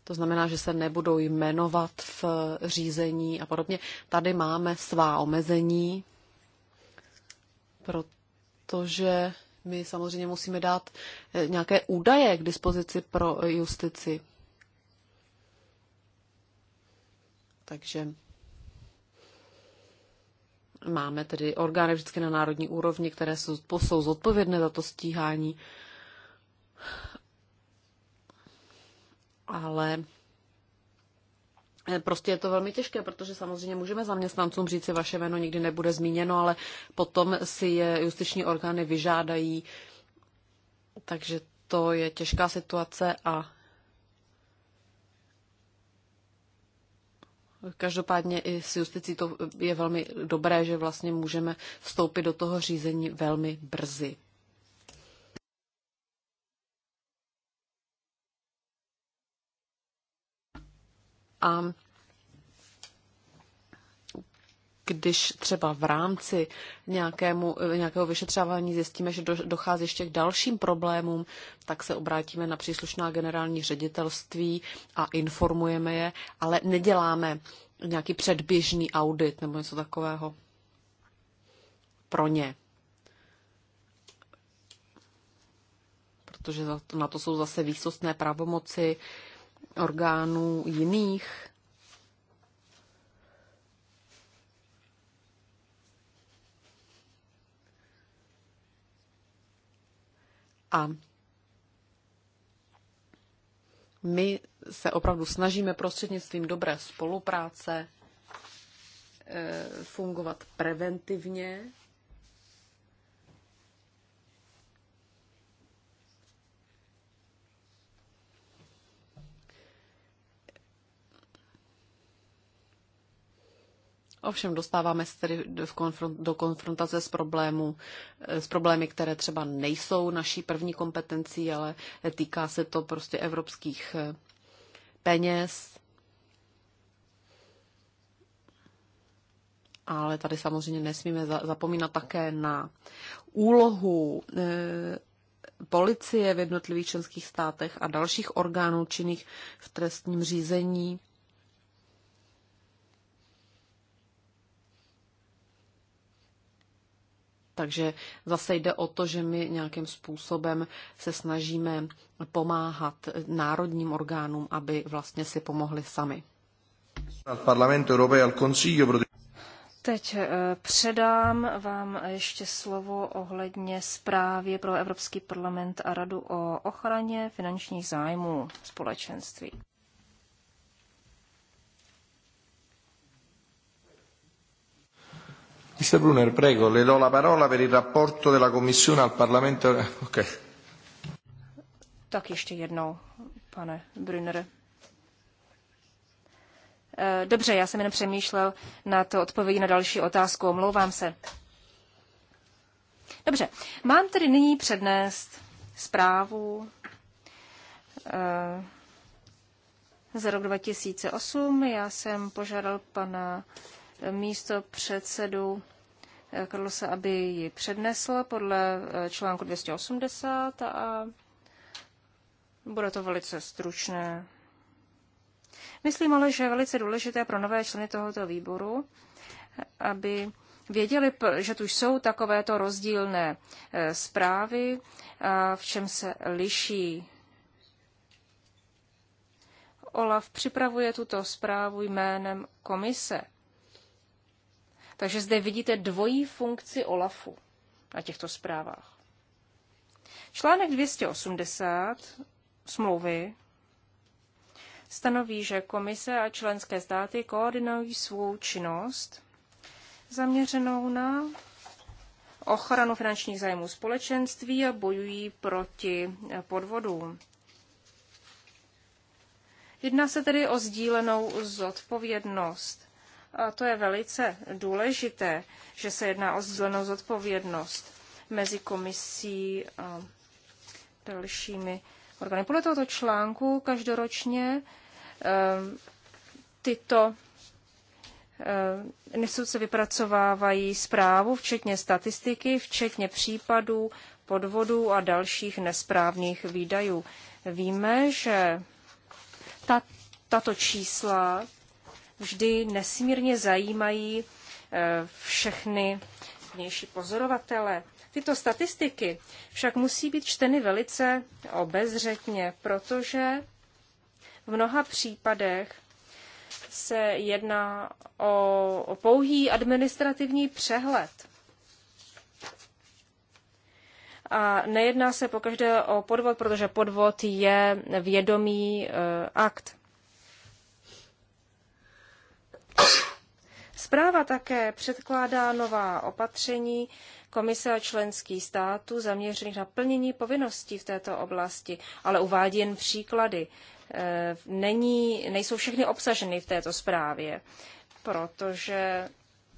to znamená, že se nebudou jmenovat v řízení a podobně. Tady máme svá omezení, protože my samozřejmě musíme dát eh, nějaké údaje k dispozici pro justici. Takže Máme tedy orgány vždycky na národní úrovni, které jsou, jsou zodpovědné za to stíhání. Ale eh, Prostě je to velmi těžké, protože samozřejmě můžeme zaměstnancům říct, že vaše jméno nikdy nebude zmíněno, ale potom si je justiční orgány vyžádají. Takže to je těžká situace a Každopádně i s justicí to je velmi dobré, že vlastně můžeme vstoupit do toho řízení velmi brzy. A když třeba v rámci nějakému, nějakého vyšetřování zjistíme, že dochází ještě k dalším problémům, tak se obrátíme na příslušná generální ředitelství a informujeme je, ale neděláme nějaký předběžný audit nebo něco takového pro ně. Protože na to jsou zase výsostné pravomoci orgánů jiných A my se opravdu snažíme prostřednictvím dobré spolupráce eh, fungovat preventivně Ovšem dostáváme se tedy do konfrontace s, problému, eh, s problémy, které třeba nejsou naší první kompetencí, ale týká se to prostě evropských eh, peněz. Ale tady samozřejmě nesmíme zapomínat také na úlohu eh, policie v jednotlivých členských státech a dalších orgánů činných v trestním řízení Takže zase jde o to, že my nějakým způsobem se snažíme pomáhat národním orgánům, aby vlastně si pomohli sami. Teď eh, předám vám ještě slovo ohledně zprávy pro Evropský parlament a radu o ochraně finančních zájmů společenství. Mr. Brunner, prego, le do la parola per il rapporto della Commissione al Parlamento. Okay. Tak ještě jednou, pane Brunner. Eh, dobře, já jsem jen přemýšlel na to odpovědi na další otázku, omlouvám se. Dobře, mám tedy nyní přednést zprávu za rok 2008. Já jsem požádal pana místo předsedu Karlose, eh, aby ji přednesl podle eh, článku 280 a bude to velice stručné. Myslím ale, že je velice důležité pro nové členy tohoto výboru, eh, aby věděli, že tu jsou takovéto rozdílné zprávy, v čem se liší. Olaf připravuje tuto zprávu jménem komise takže zde vidíte dvojí funkci OLAFu na těchto zprávách. Článek 280 smlouvy stanoví, že komise a členské státy koordinují svou činnost zaměřenou na ochranu finančních zájmů společenství a bojují proti podvodům. Jedná se tedy o sdílenou zodpovědnost. A to je velice důležité, že se jedná o sdílenou zodpovědnost mezi komisí a dalšími orgány. Podle tohoto článku každoročně eh, tyto eh, instituce vypracovávají zprávu, včetně statistiky, včetně případů, podvodů a dalších nesprávných výdajů. Víme, že ta, tato čísla vždy nesmírně zajímají eh, všechny vnější pozorovatele. Tyto statistiky však musí být čteny velice obezřetně, protože v mnoha případech se jedná o pouhý administrativní přehled. A nejedná se pokaždé o podvod, protože podvod je vědomý eh, akt. Zpráva také předkládá nová opatření Komise a členských států zaměřených na plnění povinností v této oblasti, ale uvádí jen příklady. E, není, nejsou všechny obsaženy v této zprávě, protože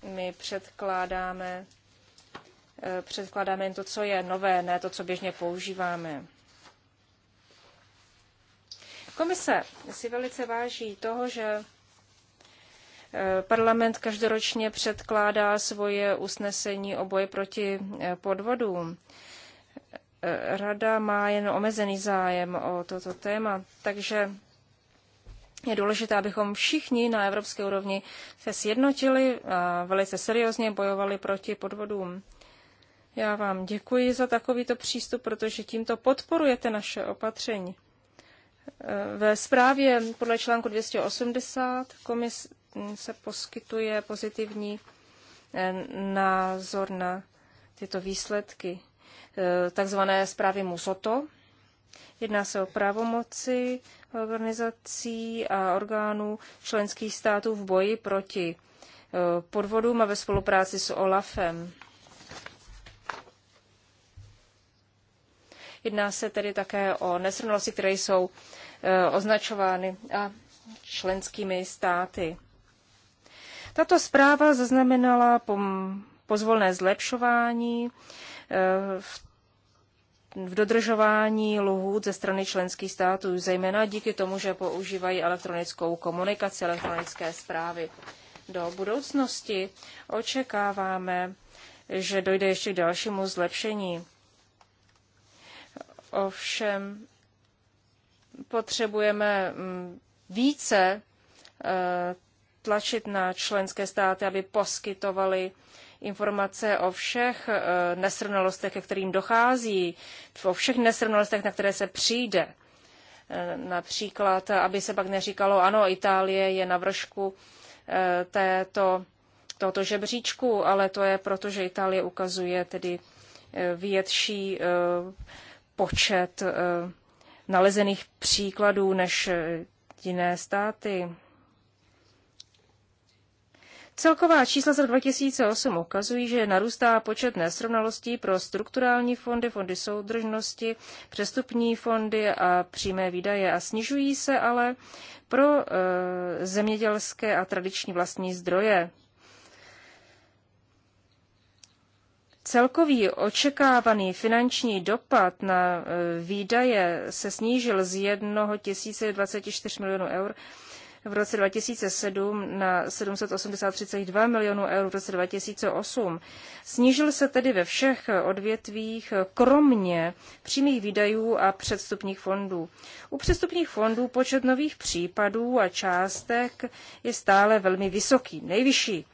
my předkládáme, e, předkládáme jen to, co je nové, ne to, co běžně používáme. Komise si velice váží toho, že Parlament každoročně předkládá svoje usnesení o boji proti eh, podvodům. Eh, Rada má jen omezený zájem o toto téma, takže je důležité, abychom všichni na evropské úrovni se sjednotili a velice seriózně bojovali proti podvodům. Já vám děkuji za takovýto přístup, protože tímto podporujete naše opatření. Eh, Ve zprávě podle článku 280 komis, se poskytuje pozitivní eh, názor na tyto výsledky eh, takzvané zprávy Musoto. Jedná se o pravomoci organizací a orgánů členských států v boji proti eh, podvodům a ve spolupráci s OLAFem. Jedná se tedy také o nesrovnalosti, které jsou označovány a členskými státy. Tato zpráva zaznamenala pozvolné zlepšování eh, v v dodržování lhůt ze strany členských států, zejména díky tomu, že používají elektronickou komunikaci, elektronické zprávy. Do budoucnosti očekáváme, že dojde ještě k dalšímu zlepšení. Ovšem potřebujeme mm, více eh, tlačit na členské státy, aby poskytovali informace o všech eh, nesrovnalostech, ke kterým dochází, o všech nesrovnalostech, na které se přijde. Eh, například, aby se pak neříkalo, ano, Itálie je na vršku eh, této, tohoto žebříčku, ale to je proto, že Itálie ukazuje tedy větší počet nalezených příkladů než jiné státy. Celková čísla z roku 2008 ukazují, že narůstá počet nesrovnalostí pro strukturální fondy, fondy soudržnosti, přestupní fondy a přímé výdaje a snižují se ale pro e, zemědělské a tradiční vlastní zdroje. Celkový očekávaný finanční dopad na e, výdaje se snížil z 1 024 milionů eur v roce 2007 na 783,2 milionů eur v roce 2008. Snížil se tedy ve všech odvětvích, kromě přímých výdajů a předstupních fondů. U předstupních fondů počet nových případů a částek je stále velmi vysoký, nejvyšší.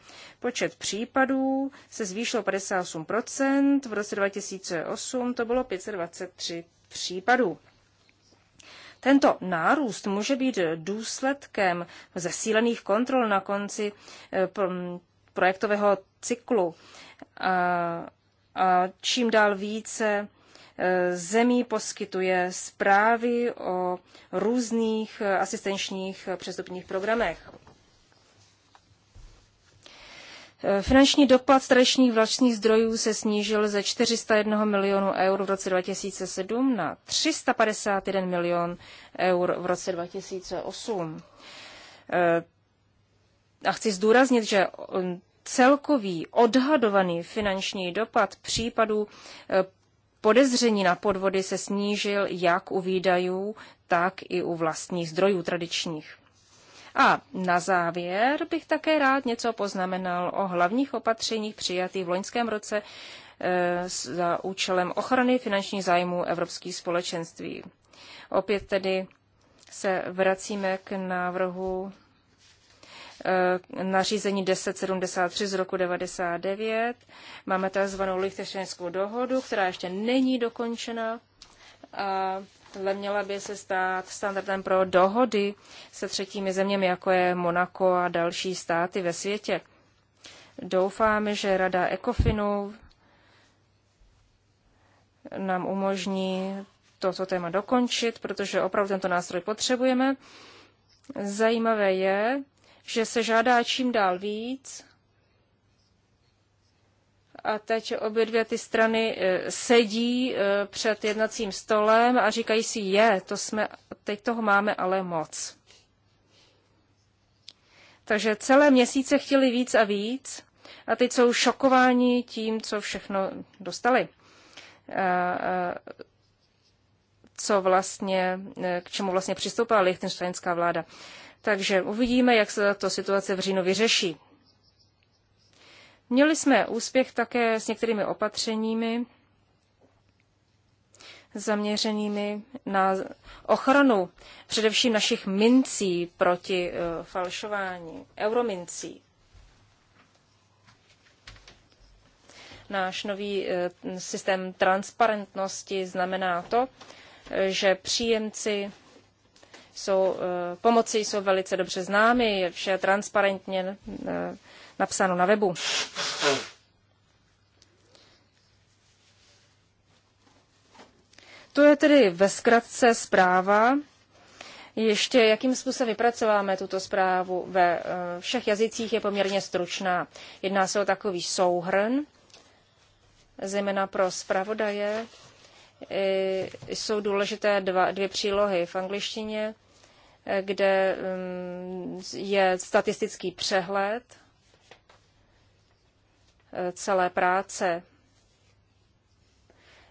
Počet případů se zvýšil 58%, v roce 2008 to bylo 523 případů. Tento nárůst může být důsledkem zesílených kontrol na konci eh, mm, projektového cyklu. A, a čím dál více eh, zemí poskytuje zprávy o různých eh, asistenčních přestupních programech. Finanční dopad z tradičních vlastních zdrojů se snížil ze 401 milionů eur v roce 2007 na 351 milion eur v roce 2008. Eh, a chci zdůraznit, že mm, celkový odhadovaný finanční dopad případů eh, podezření na podvody se snížil jak u výdajů, tak i u vlastních zdrojů tradičních. A na závěr bych také rád něco poznamenal o hlavních opatřeních přijatých v loňském roce e, za účelem ochrany finančních zájmů evropských společenství. Opět tedy se vracíme k návrhu e, nařízení 1073 z roku 99. Máme tzv. lichtenštejnskou dohodu, která ještě není dokončena. A měla by se stát standardem pro dohody se třetími zeměmi, jako je Monako a další státy ve světě. Doufám, že Rada Ekofinu nám umožní toto téma dokončit, protože opravdu tento nástroj potřebujeme. Zajímavé je, že se žádá čím dál víc a teď obě dvě ty strany eh, sedí eh, před jednacím stolem a říkají si, je, to jsme, teď toho máme ale moc. Takže celé měsíce chtěli víc a víc a teď jsou šokováni tím, co všechno dostali. Eh, co vlastně, k čemu vlastně přistoupila lichtensteinská vláda. Takže uvidíme, jak se tato situace v říjnu vyřeší. Měli jsme úspěch také s některými opatřeními zaměřenými na ochranu především našich mincí proti eh, falšování, euromincí. Náš nový eh, systém transparentnosti znamená to, eh, že příjemci jsou, pomoci jsou velice dobře známy, je vše transparentně napsáno na webu. To je tedy ve zkratce zpráva. Ještě jakým způsobem vypracováme tuto zprávu ve eh, všech jazycích je poměrně stručná. Jedná se o takový souhrn, zejména pro zpravodaje. Eh, jsou důležité dva, dvě přílohy v angličtině, eh, kde mm, je statistický přehled celé práce.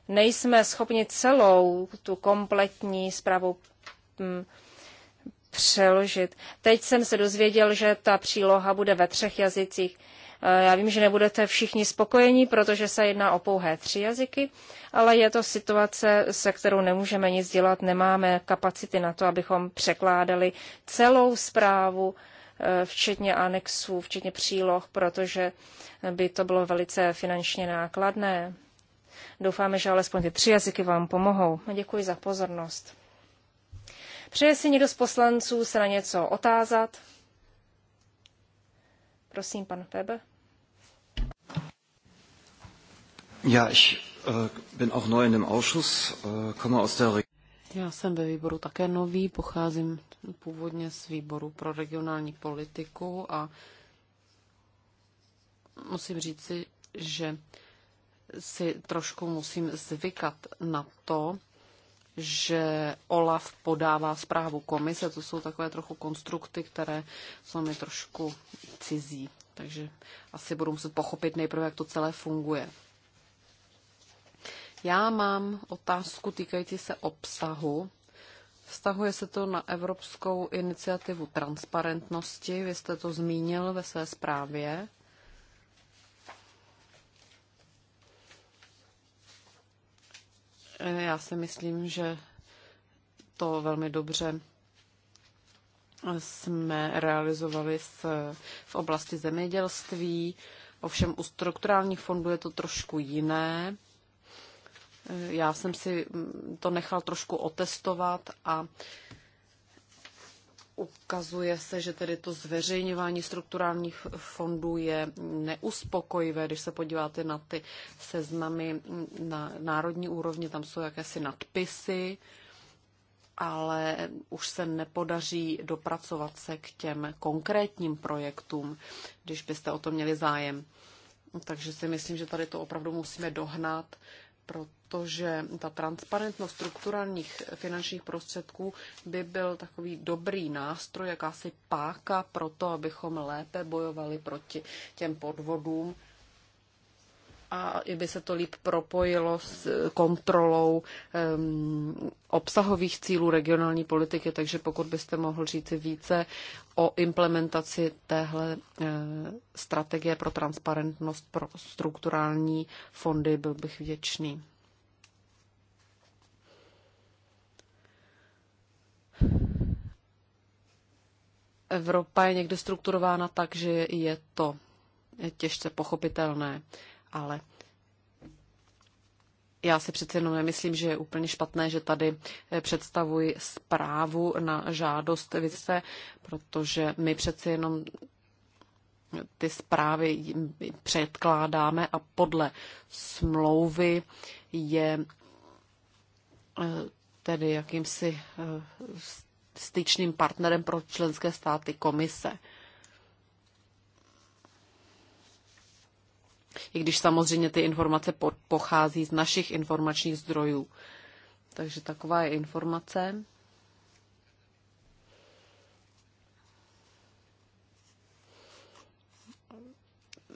Nejsme schopni celou tu kompletní zprávu mm, přeložit. Teď jsem se dozvěděl, že ta příloha bude ve třech jazycích. E, já vím, že nebudete všichni spokojení, protože se jedná o pouhé tři jazyky, ale je to situace, se kterou nemůžeme nic dělat, nemáme kapacity na to, abychom překládali celou zprávu Eh, včetně anexů, včetně příloh, protože by to bylo velice finančně nákladné. Doufáme, že alespoň ty tři jazyky vám pomohou. Děkuji za pozornost. Přeje si někdo z poslanců se na něco otázat? Prosím, pan Weber. Já, ja, äh, bin auch neu in dem Ausschuss, uh, komme aus der já jsem ve výboru také nový, pocházím původně z výboru pro regionální politiku a musím říci, že si trošku musím zvykat na to, že Olaf podává zprávu komise. To jsou takové trochu konstrukty, které jsou mi trošku cizí. Takže asi budu muset pochopit nejprve, jak to celé funguje. Já mám otázku týkající se obsahu. Vztahuje se to na Evropskou iniciativu transparentnosti. Vy jste to zmínil ve své zprávě. Já si myslím, že to velmi dobře jsme realizovali v, v oblasti zemědělství. Ovšem u strukturálních fondů je to trošku jiné. Já jsem si mm, to nechal trošku otestovat a ukazuje se, že tedy to zveřejňování strukturálních fondů je neuspokojivé. Když se podíváte na ty seznamy mm, na národní úrovni, tam jsou jakési nadpisy, ale už se nepodaří dopracovat se k těm konkrétním projektům, když byste o to měli zájem. Takže si myslím, že tady to opravdu musíme dohnat protože ta transparentnost strukturálních finančních prostředků by byl takový dobrý nástroj, jakási páka pro to, abychom lépe bojovali proti těm podvodům a by se to líp propojilo s kontrolou um, obsahových cílů regionální politiky, takže pokud byste mohl říci více o implementaci téhle uh, strategie pro transparentnost pro strukturální fondy, byl bych vděčný. Evropa je někde strukturována tak, že je to těžce pochopitelné ale já si přece jenom nemyslím, že je úplně špatné, že tady eh, představuji zprávu na žádost vice, protože my přece jenom ty zprávy předkládáme a podle smlouvy je eh, tedy jakýmsi eh, styčným partnerem pro členské státy komise. I když samozřejmě ty informace pochází z našich informačních zdrojů. Takže taková je informace.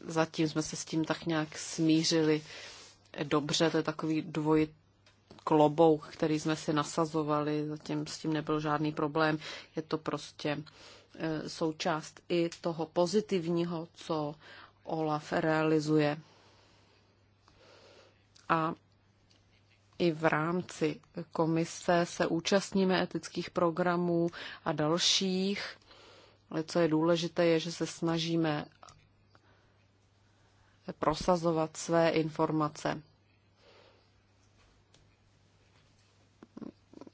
Zatím jsme se s tím tak nějak smířili dobře, to je takový dvojitý klobouk, který jsme si nasazovali, zatím s tím nebyl žádný problém. Je to prostě e, součást i toho pozitivního, co OLAF realizuje. A i v rámci komise se účastníme etických programů a dalších. Ale co je důležité, je, že se snažíme prosazovat své informace.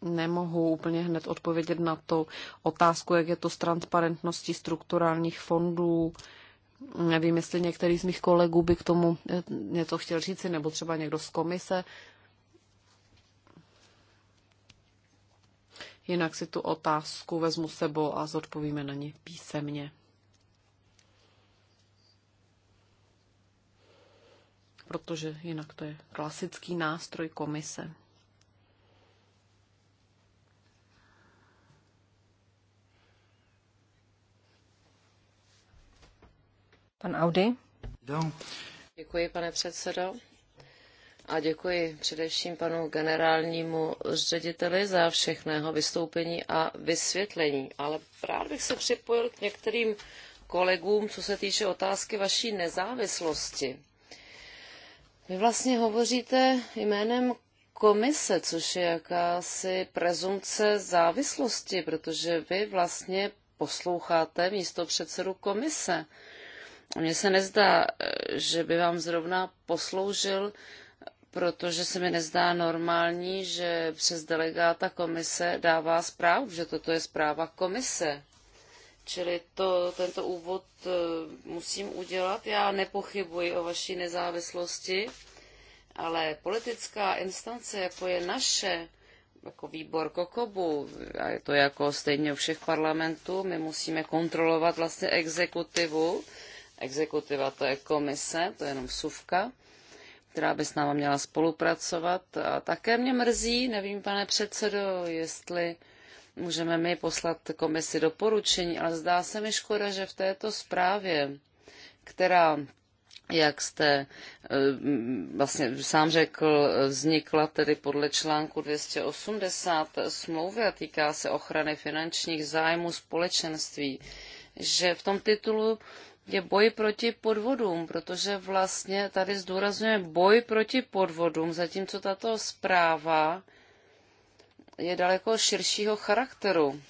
Nemohu úplně hned odpovědět na to otázku, jak je to s transparentností strukturálních fondů. Nevím, jestli některý z mých kolegů by k tomu eh, něco chtěl říci, nebo třeba někdo z komise. Jinak si tu otázku vezmu sebou a zodpovíme na ně písemně. Protože jinak to je klasický nástroj komise. Pan Audi. Děkuji, pane předsedo. A děkuji především panu generálnímu řediteli za všechného vystoupení a vysvětlení. Ale rád bych se připojil k některým kolegům, co se týče otázky vaší nezávislosti. Vy vlastně hovoříte jménem komise, což je jakási prezumce závislosti, protože vy vlastně posloucháte místo předsedu komise. Mně se nezdá, eh, že by vám zrovna posloužil, protože se mi nezdá normální, že přes delegáta komise dává zprávu, že toto je zpráva komise. Čili to, tento úvod eh, musím udělat. Já nepochybuji o vaší nezávislosti, ale politická instance, jako je naše, jako výbor Kokobu, a je to jako stejně u všech parlamentů, my musíme kontrolovat vlastně exekutivu exekutiva, to je komise, to je jenom suvka, která by s náma měla spolupracovat. A také mě mrzí, nevím, pane předsedo, jestli můžeme my poslat komisi doporučení, ale zdá se mi škoda, že v této zprávě, která jak jste eh, vlastně sám řekl, vznikla tedy podle článku 280 smlouvy a týká se ochrany finančních zájmů společenství, že v tom titulu je boj proti podvodům, protože vlastně tady zdůrazňuje boj proti podvodům, zatímco tato zpráva je daleko širšího charakteru.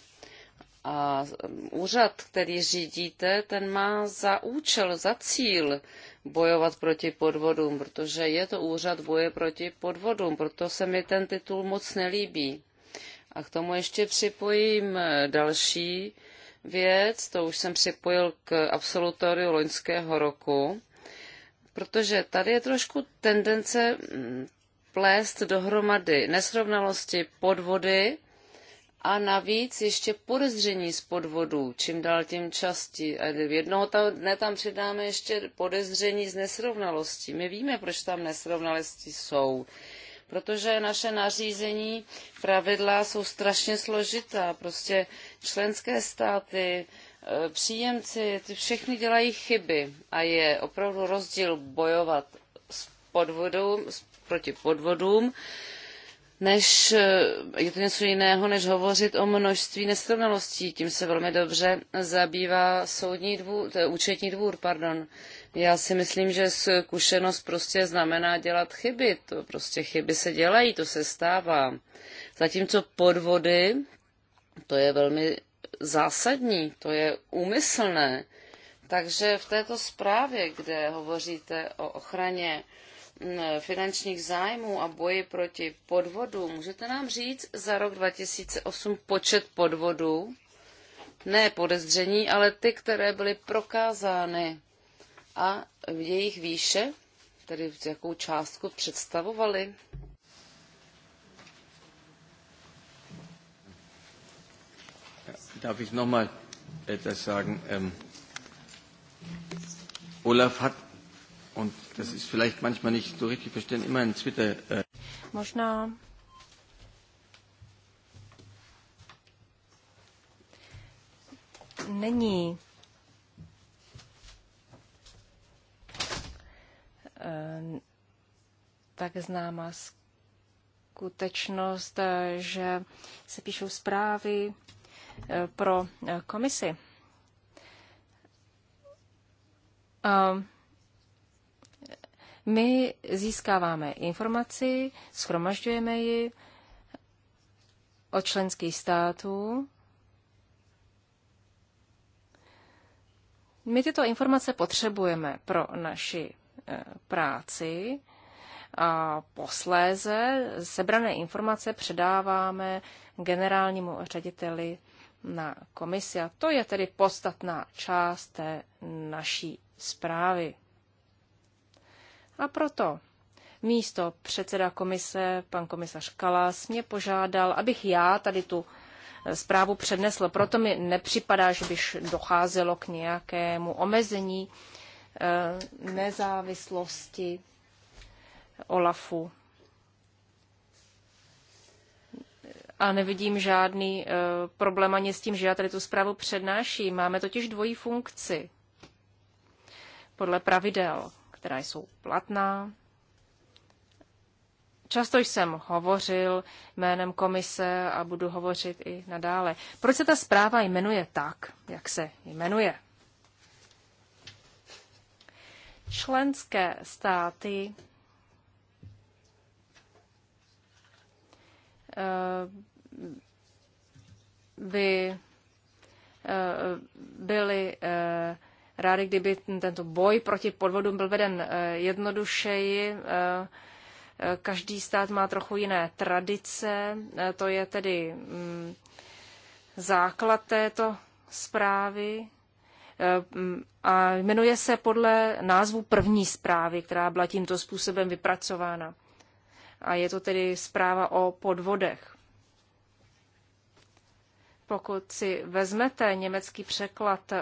A úřad, který řídíte, ten má za účel, za cíl bojovat proti podvodům, protože je to úřad boje proti podvodům, proto se mi ten titul moc nelíbí. A k tomu ještě připojím další věc, to už jsem připojil k absolutoriu loňského roku, protože tady je trošku tendence mm, plést dohromady nesrovnalosti, podvody a navíc ještě podezření z podvodů, čím dál tím častí. A jednoho tam, dne tam přidáme ještě podezření z nesrovnalostí. My víme, proč tam nesrovnalosti jsou protože naše nařízení pravidla jsou strašně složitá. Prostě členské státy, e, příjemci, ty všechny dělají chyby a je opravdu rozdíl bojovat s podvodům, proti podvodům, než eh, je to něco jiného, než hovořit o množství nesrovnalostí. Tím se velmi dobře zabývá soudní dvůr, to je účetní dvůr, pardon. Já si myslím, že zkušenost prostě znamená dělat chyby. To prostě chyby se dělají, to se stává. Zatímco podvody, to je velmi zásadní, to je úmyslné. Takže v této zprávě, kde hovoříte o ochraně finančních zájmů a boji proti podvodům, můžete nám říct za rok 2008 počet podvodů? Ne podezření, ale ty, které byly prokázány a v jejich výše, tedy v jakou částku představovaly? Darf ich mal etwas sagen? Ähm, Olaf hat und das ist vielleicht manchmal nicht so richtig immer ein Twitter. Äh Možná není ehm, tak známa skutečnost, že se píšou zprávy e, pro e, komisi. Ehm, my získáváme informaci, schromažďujeme ji od členských států. My tyto informace potřebujeme pro naši e, práci a posléze sebrané informace předáváme generálnímu řediteli na komisi. A to je tedy podstatná část té naší zprávy. A proto místo předseda komise, pan komisař Kalas, mě požádal, abych já tady tu eh, zprávu přednesl. Proto mi nepřipadá, že by docházelo k nějakému omezení eh, nezávislosti Olafu. A nevidím žádný eh, problém ani s tím, že já tady tu zprávu přednáším. Máme totiž dvojí funkci podle pravidel která jsou platná. Často jsem hovořil jménem komise a budu hovořit i nadále. Proč se ta zpráva jmenuje tak, jak se jmenuje? Členské státy eh, by eh, byly eh, rádi, kdyby tento boj proti podvodům byl veden eh, jednodušeji. Eh, eh, každý stát má trochu jiné tradice, to je tedy mm, základ této zprávy mm, a jmenuje se podle názvu první zprávy, která byla tímto způsobem vypracována. A je to tedy zpráva o podvodech. Pokud si vezmete německý překlad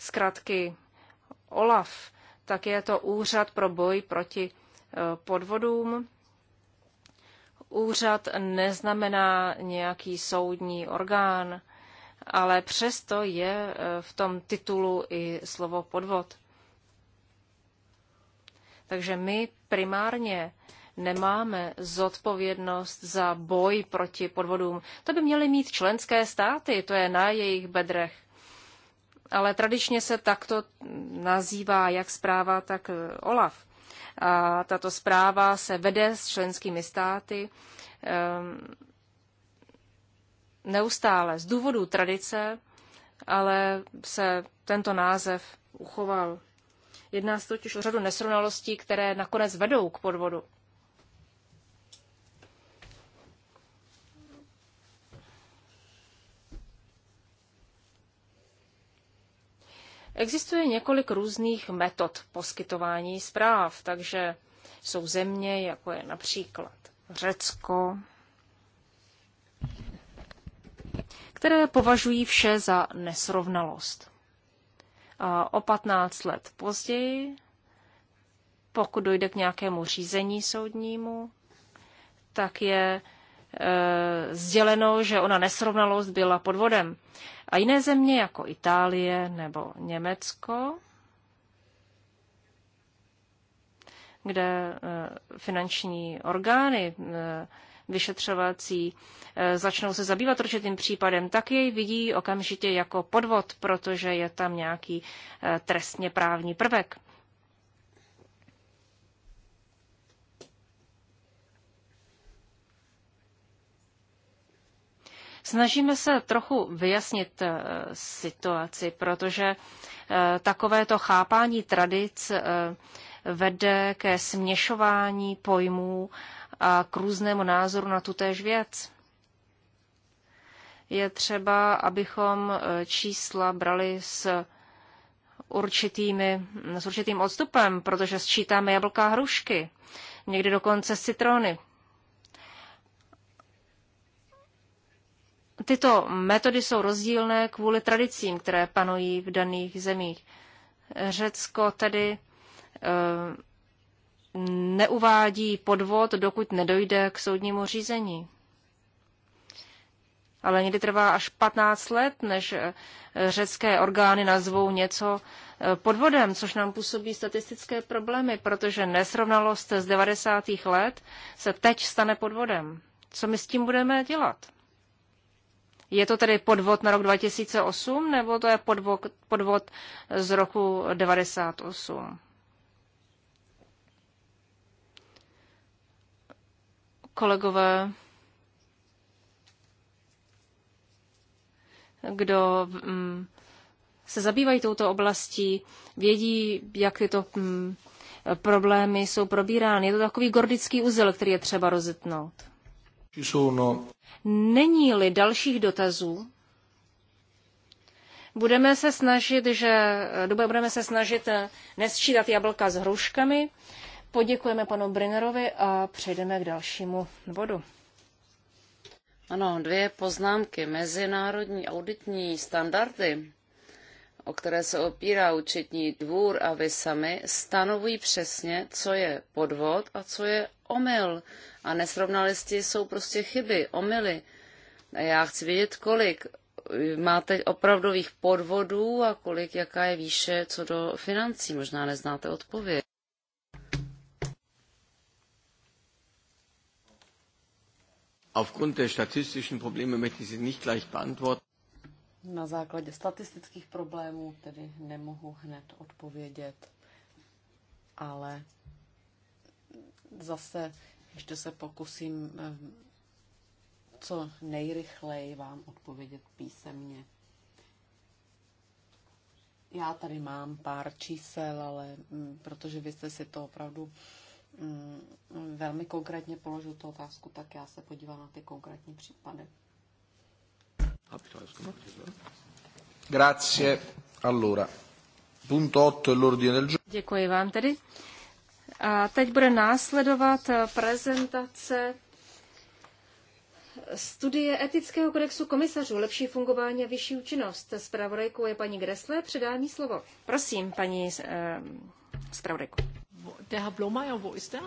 zkratky OLAF, tak je to Úřad pro boj proti eh, podvodům. Úřad neznamená nějaký soudní orgán, ale přesto je eh, v tom titulu i slovo podvod. Takže my primárně nemáme zodpovědnost za boj proti podvodům. To by měly mít členské státy, to je na jejich bedrech ale tradičně se takto nazývá jak zpráva, tak eh, OLAF. A tato zpráva se vede s členskými státy ehm, neustále z důvodu tradice, ale se tento název uchoval. Jedná se totiž o řadu nesrovnalostí, které nakonec vedou k podvodu. Existuje několik různých metod poskytování zpráv, takže jsou země, jako je například Řecko, které považují vše za nesrovnalost. A o 15 let později, pokud dojde k nějakému řízení soudnímu, tak je Eh, sděleno, že ona nesrovnalost byla podvodem. A jiné země jako Itálie nebo Německo, kde eh, finanční orgány eh, vyšetřovací začnou se zabývat určitým případem, tak jej vidí okamžitě jako podvod, protože je tam nějaký trestně právní prvek. Snažíme se trochu vyjasnit eh, situaci, protože eh, takovéto chápání tradic eh, vede ke směšování pojmů a k různému názoru na tutéž věc. Je třeba, abychom čísla brali s, určitými, s určitým odstupem, protože sčítáme jablka a hrušky, někdy dokonce citrony. Tyto metody jsou rozdílné kvůli tradicím, které panují v daných zemích. Řecko tedy eh, neuvádí podvod, dokud nedojde k soudnímu řízení. Ale někdy trvá až 15 let, než eh, řecké orgány nazvou něco eh, podvodem, což nám působí statistické problémy, protože nesrovnalost z 90. let se teď stane podvodem. Co my s tím budeme dělat? Je to tedy podvod na rok 2008 nebo to je podvod, podvod z roku 98? Kolegové, kdo mm, se zabývají touto oblastí, vědí, jak tyto mm, problémy jsou probírány. Je to takový gordický uzel, který je třeba rozetnout. Není-li dalších dotazů, budeme se snažit, že, budeme se snažit eh, nesčítat jablka s hruškami. Poděkujeme panu Brinerovi a přejdeme k dalšímu bodu. Ano, dvě poznámky. Mezinárodní auditní standardy o které se opírá účetní dvůr a vy sami, stanovují přesně, co je podvod a co je omyl. A nesrovnalosti jsou prostě chyby, omily. A já chci vědět, kolik máte opravdových podvodů a kolik, jaká je výše co do financí. Možná neznáte odpověď. Aufgrund der statistischen Probleme möchte ich sie nicht gleich beantworten. Na základě statistických problémů tedy nemohu hned odpovědět, ale zase ještě se pokusím eh, co nejrychleji vám odpovědět písemně. Já tady mám pár čísel, ale mm, protože vy jste si to opravdu mm, velmi konkrétně položil tu otázku, tak já se podívám na ty konkrétní případy. Grazie. Allora, punto 8 l'ordine del giorno. Děkuji vám tedy. A teď bude následovat eh, prezentace studie etického kodexu komisařů, lepší fungování a vyšší účinnost. Spravodajkou je paní Gresle, předání slovo. Prosím, paní eh, spravodajku. Der Herr Blomeyer, wo ist der?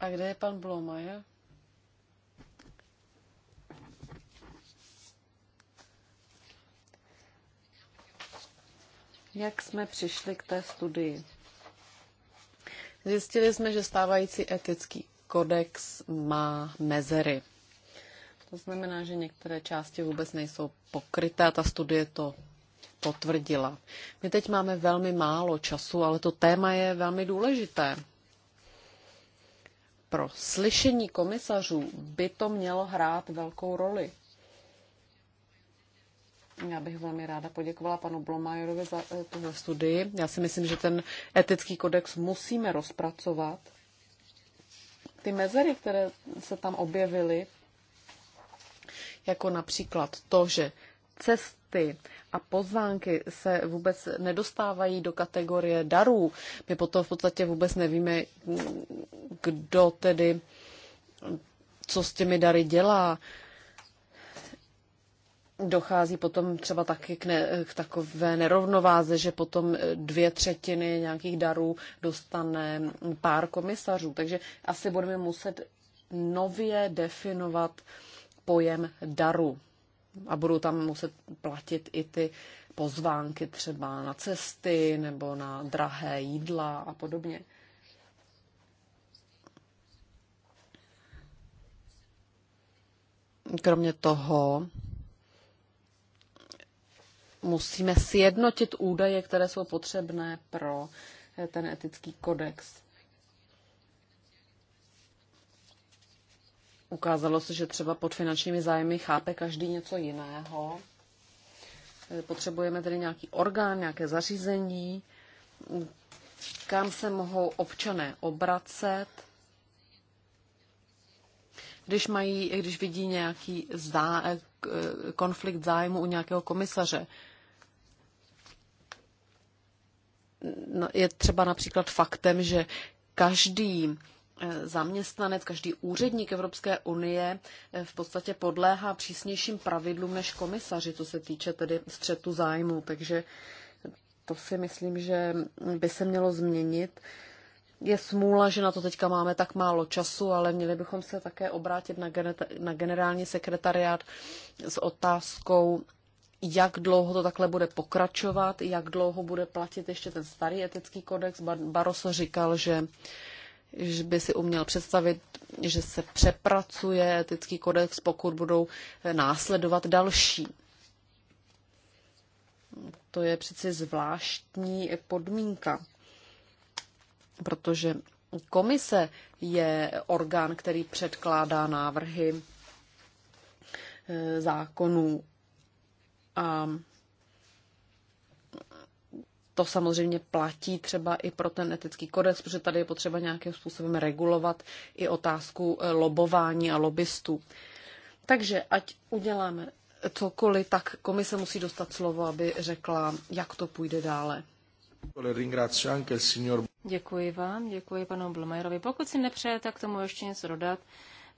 A kde je pan Blomeyer? Jak jsme přišli k té studii? Zjistili jsme, že stávající etický kodex má mezery. To znamená, že některé části vůbec nejsou pokryté a ta studie to potvrdila. My teď máme velmi málo času, ale to téma je velmi důležité. Pro slyšení komisařů by to mělo hrát velkou roli. Já bych velmi ráda poděkovala panu Blomajerovi za eh, tuhle studii. Já si myslím, že ten etický kodex musíme rozpracovat. Ty mezery, které se tam objevily, jako například to, že cesty a pozvánky se vůbec nedostávají do kategorie darů. My potom v podstatě vůbec nevíme, kdo tedy co s těmi dary dělá dochází potom třeba taky k, ne, k takové nerovnováze, že potom dvě třetiny nějakých darů dostane pár komisařů. Takže asi budeme muset nově definovat pojem daru. A budou tam muset platit i ty pozvánky třeba na cesty nebo na drahé jídla a podobně. Kromě toho, musíme sjednotit údaje, které jsou potřebné pro eh, ten etický kodex. Ukázalo se, že třeba pod finančními zájmy chápe každý něco jiného. Eh, potřebujeme tedy nějaký orgán, nějaké zařízení, kam se mohou občané obracet, když, mají, když vidí nějaký zá, eh, konflikt zájmu u nějakého komisaře. No, je třeba například faktem, že každý eh, zaměstnanec, každý úředník Evropské unie eh, v podstatě podléhá přísnějším pravidlům než komisaři, co se týče tedy střetu zájmu. Takže to si myslím, že by se mělo změnit. Je smůla, že na to teďka máme tak málo času, ale měli bychom se také obrátit na, na generální sekretariát s otázkou jak dlouho to takhle bude pokračovat, jak dlouho bude platit ještě ten starý etický kodex. Baroso říkal, že že by si uměl představit, že se přepracuje etický kodex, pokud budou eh, následovat další. To je přeci zvláštní podmínka, protože komise je orgán, který předkládá návrhy eh, zákonů a to samozřejmě platí třeba i pro ten etický kodex, protože tady je potřeba nějakým způsobem regulovat i otázku eh, lobování a lobbystů. Takže ať uděláme cokoliv, tak komise musí dostat slovo, aby řekla, jak to půjde dále. Děkuji vám, děkuji panu Blmajerovi. Pokud si nepřejete k tomu ještě něco dodat,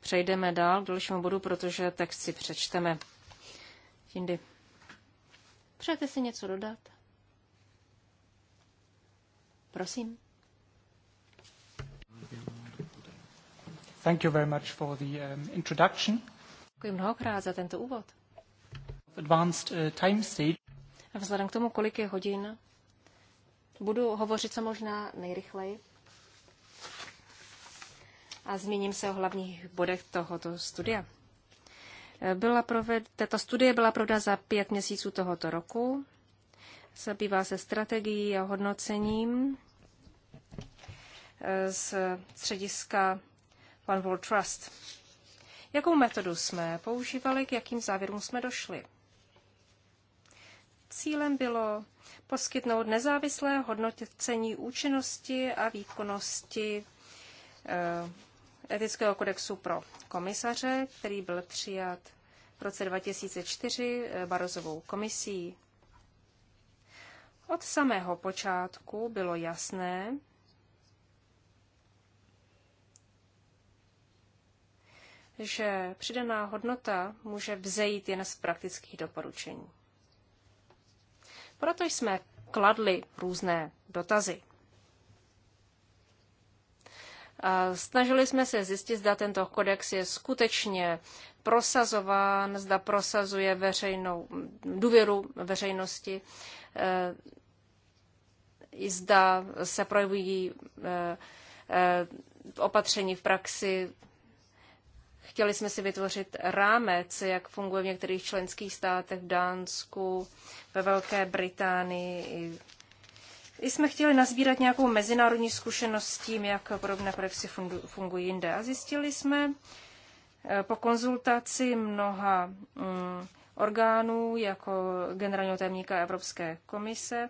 přejdeme dál k dalšímu bodu, protože text si přečteme. Jindy. Přejete si něco dodat? Prosím. Thank you very much for the um, introduction. Děkuji mnohokrát za tento úvod. Advanced uh, time stage. A vzhledem k tomu, kolik je hodin, budu hovořit co možná nejrychleji a zmíním se o hlavních bodech tohoto studia. Byla proved, tato studie byla provedena za pět měsíců tohoto roku. Zabývá se strategií a hodnocením eh, z střediska One World Trust. Jakou metodu jsme používali, k jakým závěrům jsme došli? Cílem bylo poskytnout nezávislé hodnocení účinnosti a výkonnosti eh, etického kodexu pro komisaře, který byl přijat v roce 2004 eh, Barozovou komisí. Od samého počátku bylo jasné, že přidaná hodnota může vzejít jen z praktických doporučení. Proto jsme kladli různé dotazy snažili jsme se zjistit, zda tento kodex je skutečně prosazován, zda prosazuje veřejnou důvěru veřejnosti, eh, zda se projevují eh, eh, opatření v praxi. Chtěli jsme si vytvořit rámec, jak funguje v některých členských státech, v Dánsku, ve Velké Británii, i jsme chtěli nazbírat nějakou mezinárodní zkušenost s tím, jak podobné projekty fungují jinde. A zjistili jsme eh, po konzultaci mnoha mm, orgánů, jako generálního tajemníka Evropské komise,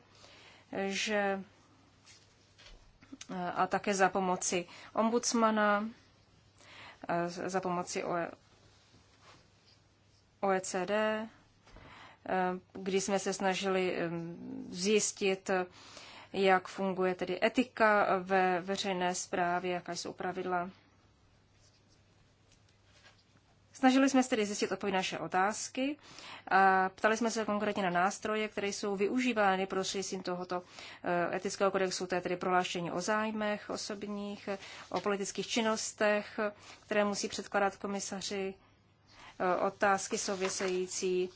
že eh, a také za pomoci ombudsmana, eh, za pomoci OECD, e kdy jsme se snažili zjistit, jak funguje tedy etika ve veřejné správě, jaká jsou pravidla. Snažili jsme se tedy zjistit odpověď naše otázky a ptali jsme se konkrétně na nástroje, které jsou využívány pro tohoto eh, etického kodexu, to je tedy prohlášení o zájmech osobních, o politických činnostech, které musí předkládat komisaři, eh, otázky související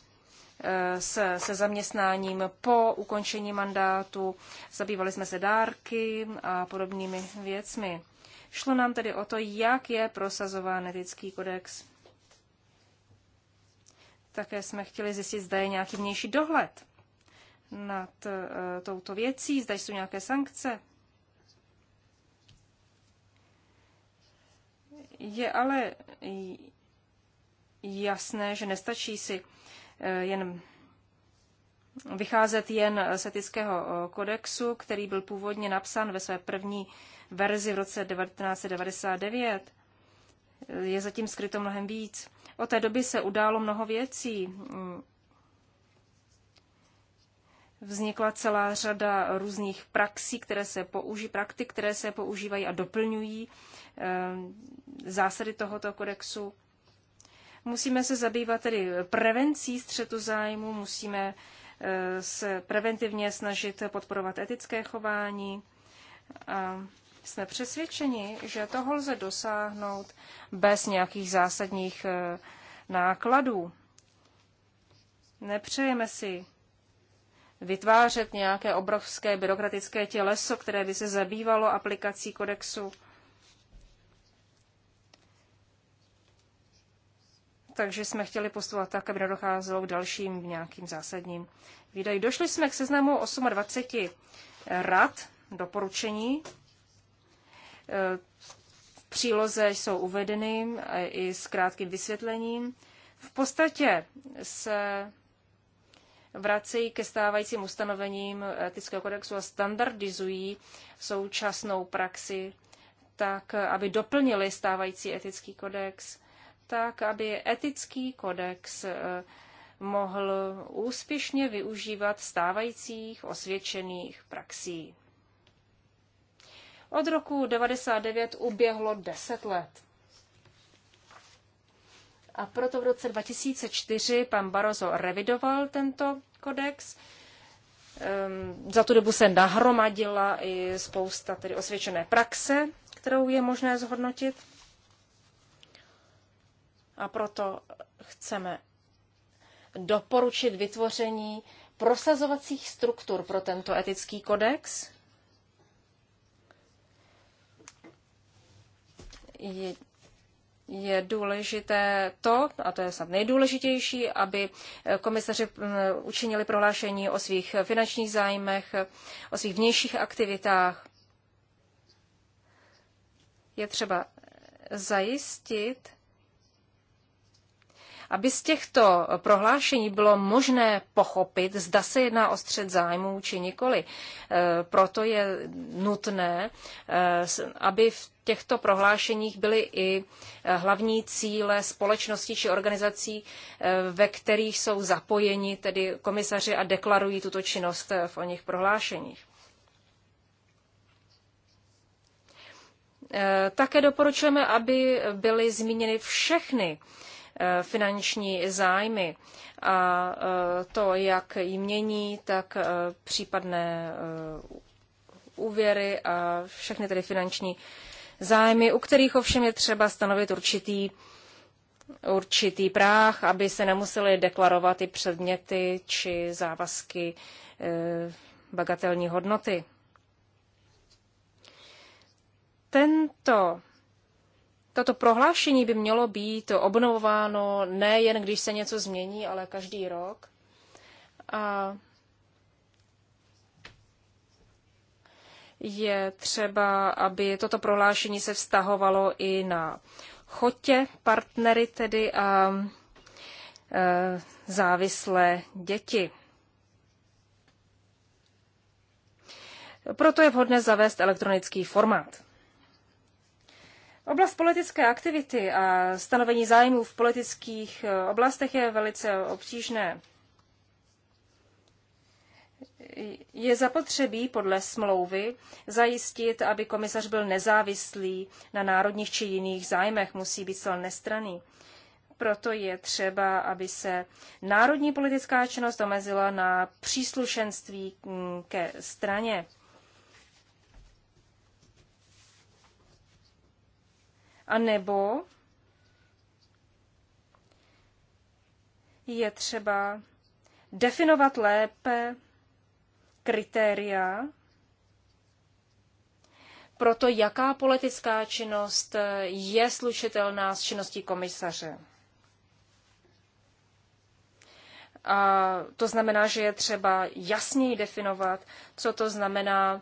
se, se zaměstnáním po ukončení mandátu, zabývali jsme se dárky a podobnými věcmi. Šlo nám tedy o to, jak je prosazován etický kodex. Také jsme chtěli zjistit, zda je nějaký vnější dohled nad eh, touto věcí, zda jsou nějaké sankce. Je ale jasné, že nestačí si Eh, jen vycházet jen z etického eh, kodexu, který byl původně napsán ve své první verzi v roce 1999. Eh, je zatím skryto mnohem víc. Od té doby se událo mnoho věcí. Mm. Vznikla celá řada různých praxí, které se použí, praktik, které se používají a doplňují zásady tohoto kodexu. Musíme se zabývat tedy prevencí střetu zájmu, musíme e, se preventivně snažit podporovat etické chování. A jsme přesvědčeni, že toho lze dosáhnout bez nějakých zásadních e, nákladů. Nepřejeme si vytvářet nějaké obrovské byrokratické těleso, které by se zabývalo aplikací kodexu takže jsme chtěli postupovat tak, aby nedocházelo k dalším nějakým zásadním výdajům. Došli jsme k seznamu 28 rad doporučení. V příloze jsou uvedeny i s krátkým vysvětlením. V podstatě se vracejí ke stávajícím ustanovením etického kodexu a standardizují současnou praxi tak, aby doplnili stávající etický kodex tak, aby etický kodex eh, mohl úspěšně využívat stávajících osvědčených praxí. Od roku 99 uběhlo 10 let. A proto v roce 2004 pan Barozo revidoval tento kodex. Um, za tu dobu se nahromadila i spousta tedy osvědčené praxe, kterou je možné zhodnotit. A proto chceme doporučit vytvoření prosazovacích struktur pro tento etický kodex. Je, je důležité to, a to je snad nejdůležitější, aby komisaři eh, učinili prohlášení o svých finančních zájmech, o svých vnějších aktivitách. Je třeba zajistit, aby z těchto prohlášení bylo možné pochopit, zda se jedná o střed zájmů či nikoli, e, proto je nutné, e, aby v těchto prohlášeních byly i e, hlavní cíle společností či organizací, ve kterých jsou zapojeni tedy komisaři a deklarují tuto činnost v o nich prohlášeních. Také doporučujeme, aby byly zmíněny všechny finanční zájmy a e, to, jak ji mění, tak e, případné e, úvěry a všechny tedy finanční zájmy, u kterých ovšem je třeba stanovit určitý určitý práh, aby se nemusely deklarovat i předměty či závazky bagatelní hodnoty. Tento tato prohlášení by mělo být obnovováno nejen, když se něco změní, ale každý rok. A je třeba, aby toto prohlášení se vztahovalo i na chotě partnery, tedy a e, závislé děti. Proto je vhodné zavést elektronický formát. Oblast politické aktivity a stanovení zájmů v politických eh, oblastech je velice obtížné. Je zapotřebí podle smlouvy zajistit, aby komisař byl nezávislý na národních či jiných zájmech, musí být zcela nestraný. Proto je třeba, aby se národní politická činnost omezila na příslušenství mm, ke straně. A nebo je třeba definovat lépe kritéria pro to, jaká politická činnost je slučitelná s činností komisaře. A to znamená, že je třeba jasněji definovat, co to znamená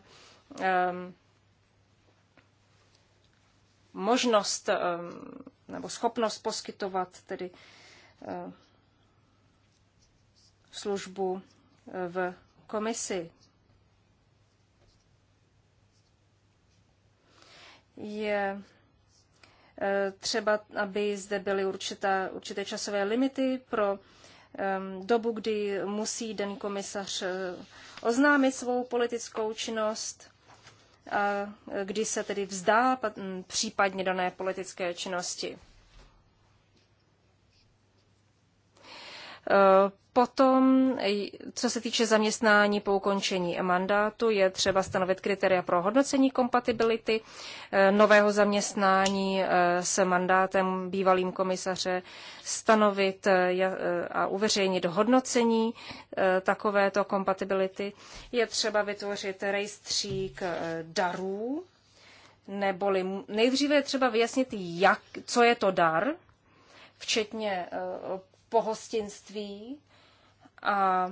um, možnost ehm, nebo schopnost poskytovat tedy ehm, službu eh, v komisi. Je eh, třeba, aby zde byly určité, určité časové limity pro ehm, dobu, kdy musí den komisař eh, oznámit svou politickou činnost a kdy se tedy vzdá případně dané politické činnosti. E, Potom, co se týče zaměstnání po ukončení mandátu, je třeba stanovit kritéria pro hodnocení kompatibility eh, nového zaměstnání eh, se mandátem bývalým komisaře, stanovit eh, a uveřejnit hodnocení takovéto kompatibility. Je třeba vytvořit rejstřík darů, neboli nejdříve je třeba vyjasnit, jak, co je to dar, včetně pohostinství, a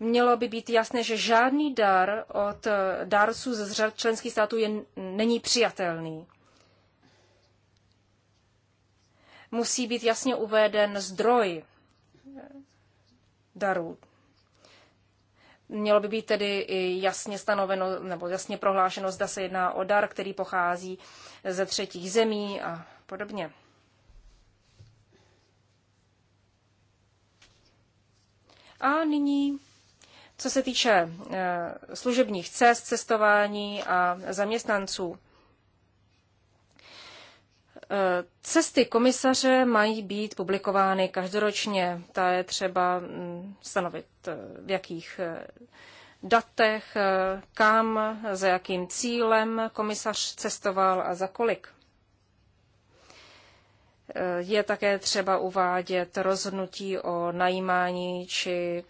mělo by být jasné, že žádný dar od dárců z řad členských států je, není přijatelný. Musí být jasně uveden zdroj darů. Mělo by být tedy i jasně stanoveno nebo jasně prohlášeno, zda se jedná o dar, který pochází ze třetích zemí a podobně. A nyní, co se týče eh, služebních cest, cestování a zaměstnanců. Eh, cesty komisaře mají být publikovány každoročně. Ta je třeba hm, stanovit, eh, v jakých datech, kam, za jakým cílem komisař cestoval a za kolik. Eh, je také třeba uvádět rozhodnutí o najímání či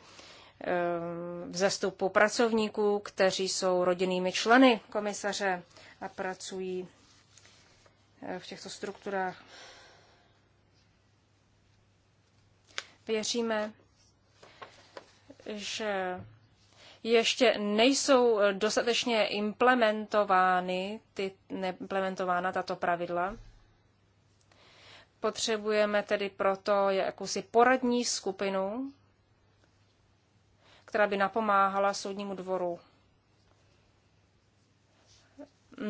eh, v pracovníků, kteří jsou rodinnými členy komisaře a pracují eh, v těchto strukturách. Věříme, že ještě nejsou dostatečně implementovány ty, neimplementována tato pravidla Potřebujeme tedy proto jakousi poradní skupinu, která by napomáhala soudnímu dvoru.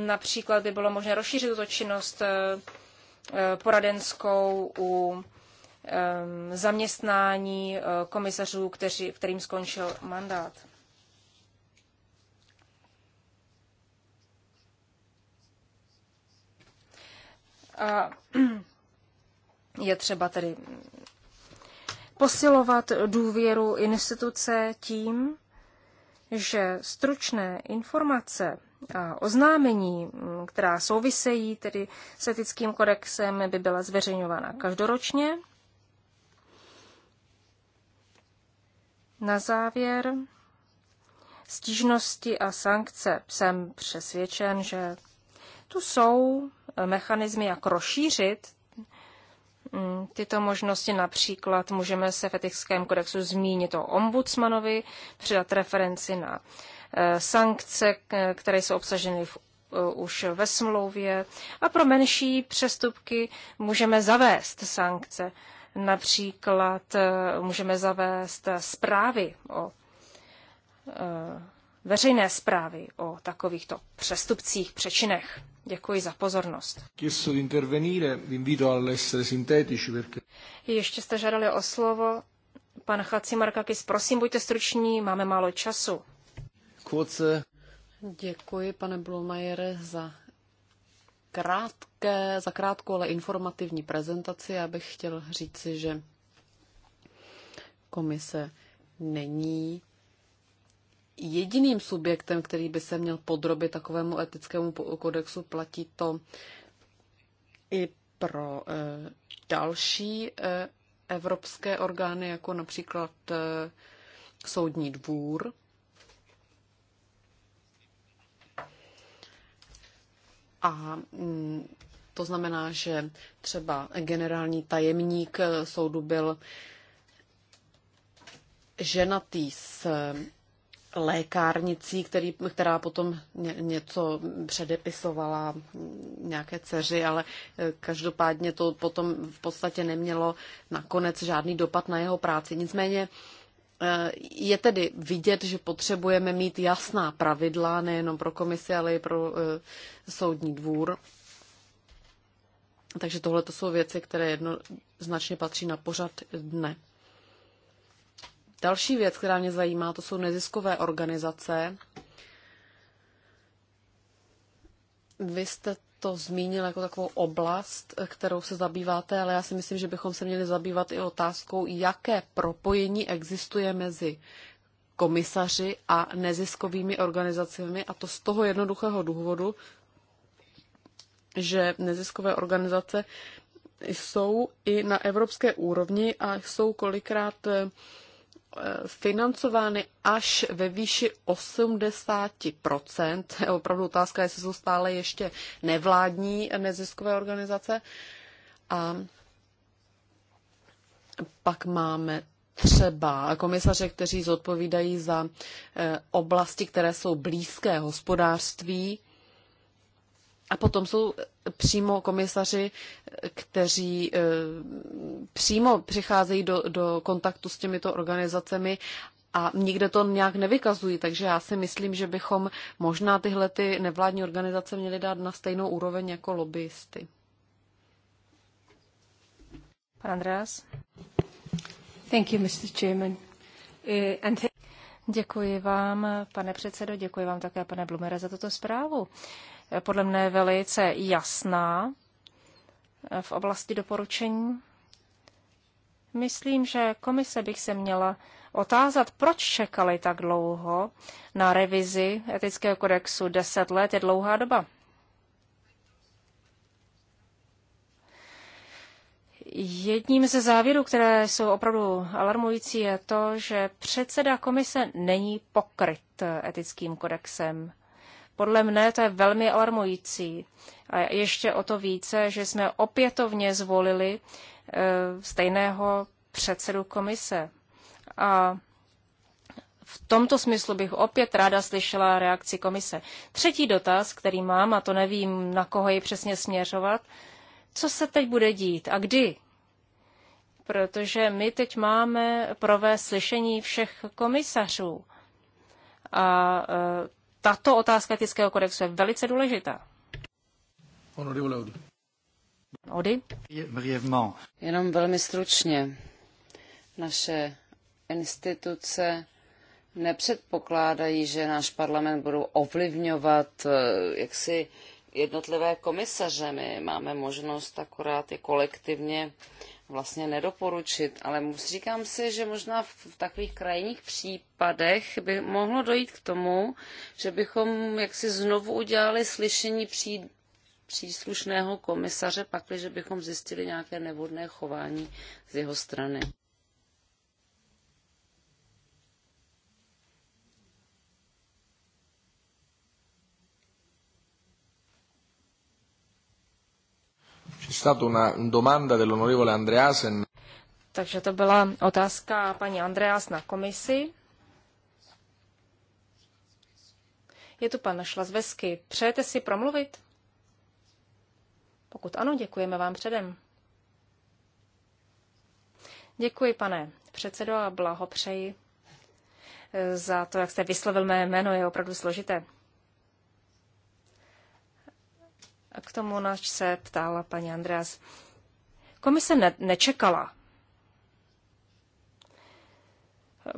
Například by bylo možné rozšířit tuto činnost eh, eh, poradenskou u eh, zaměstnání komisařů, kteří, kterým skončil mandát. A Je třeba tedy posilovat důvěru instituce tím, že stručné informace a oznámení, která souvisejí tedy s etickým kodexem, by byla zveřejňována každoročně. Na závěr stížnosti a sankce. Jsem přesvědčen, že tu jsou mechanismy, jak rozšířit Mm, tyto možnosti například můžeme se v etickém kodexu zmínit o ombudsmanovi, přidat referenci na e, sankce, e, které jsou obsaženy v, e, už ve smlouvě. A pro menší přestupky můžeme zavést sankce. Například můžeme zavést zprávy o veřejné zprávy o takovýchto přestupcích, přečinech. Děkuji za pozornost. Ještě jste žádali o slovo. Pan Markakis, prosím, buďte struční, máme málo času. Kurze. Děkuji, pane Blumajere, za krátké, za krátkou, ale informativní prezentaci. Já bych chtěl říci, že komise není jediným subjektem, který by se měl podrobit takovému etickému kodexu. Platí to i pro eh, další eh, evropské orgány, jako například eh, soudní dvůr. A mm, to znamená, že třeba generální tajemník soudu byl ženatý s lékárnicí, který, která potom ně, něco předepisovala nějaké dceři, ale eh, každopádně to potom v podstatě nemělo nakonec žádný dopad na jeho práci. Nicméně eh, je tedy vidět, že potřebujeme mít jasná pravidla nejenom pro komisi, ale i pro eh, soudní dvůr. Takže tohle to jsou věci, které jednoznačně patří na pořad dne. Další věc, která mě zajímá, to jsou neziskové organizace. Vy jste to zmínil jako takovou oblast, kterou se zabýváte, ale já si myslím, že bychom se měli zabývat i otázkou, jaké propojení existuje mezi komisaři a neziskovými organizacemi, a to z toho jednoduchého důvodu, že neziskové organizace jsou i na evropské úrovni a jsou kolikrát Eh, financovány až ve výši 80%. Je opravdu otázka, jestli jsou stále ještě nevládní neziskové organizace. A pak máme třeba komisaře, kteří zodpovídají za eh, oblasti, které jsou blízké hospodářství, a potom jsou eh, přímo komisaři, eh, kteří eh, přímo přicházejí do, do kontaktu s těmito organizacemi a nikde to nějak nevykazují, takže já si myslím, že bychom možná tyhle ty nevládní organizace měli dát na stejnou úroveň jako lobbyisty. Pan Andreas. Thank you, Mr. Chairman. And Děkuji vám, pane předsedo, děkuji vám také, pane Blumere, za tuto zprávu podle mne velice jasná eh, v oblasti doporučení. Myslím, že komise bych se měla otázat, proč čekali tak dlouho na revizi etického kodexu. Deset let je dlouhá doba. Jedním ze závěrů, které jsou opravdu alarmující, je to, že předseda komise není pokryt etickým kodexem. Podle mne to je velmi alarmující. A ještě o to více, že jsme opětovně zvolili e, stejného předsedu komise. A v tomto smyslu bych opět ráda slyšela reakci komise. Třetí dotaz, který mám, a to nevím, na koho ji přesně směřovat, co se teď bude dít a kdy? Protože my teď máme provést slyšení všech komisařů. A e, tato otázka etického kodexu je velice důležitá. Ody? Jenom velmi stručně. Naše instituce nepředpokládají, že náš parlament budou ovlivňovat eh, jaksi jednotlivé komisaře. My máme možnost akorát i kolektivně vlastně nedoporučit, ale říkám si, že možná v takových krajních případech by mohlo dojít k tomu, že bychom jaksi znovu udělali slyšení pří, příslušného komisaře, pakliže bychom zjistili nějaké nevhodné chování z jeho strany. stata una domanda dell'onorevole Andreasen. Takže to byla otázka paní Andreas na komisi. Je tu pan Šlazvesky. Přejete si promluvit? Pokud ano, děkujeme vám předem. Děkuji, pane předsedo, a blahopřeji za to, jak jste vyslovil mé jméno, je opravdu složité. k tomu, nač se ptala paní Andreas. Komise ne- nečekala.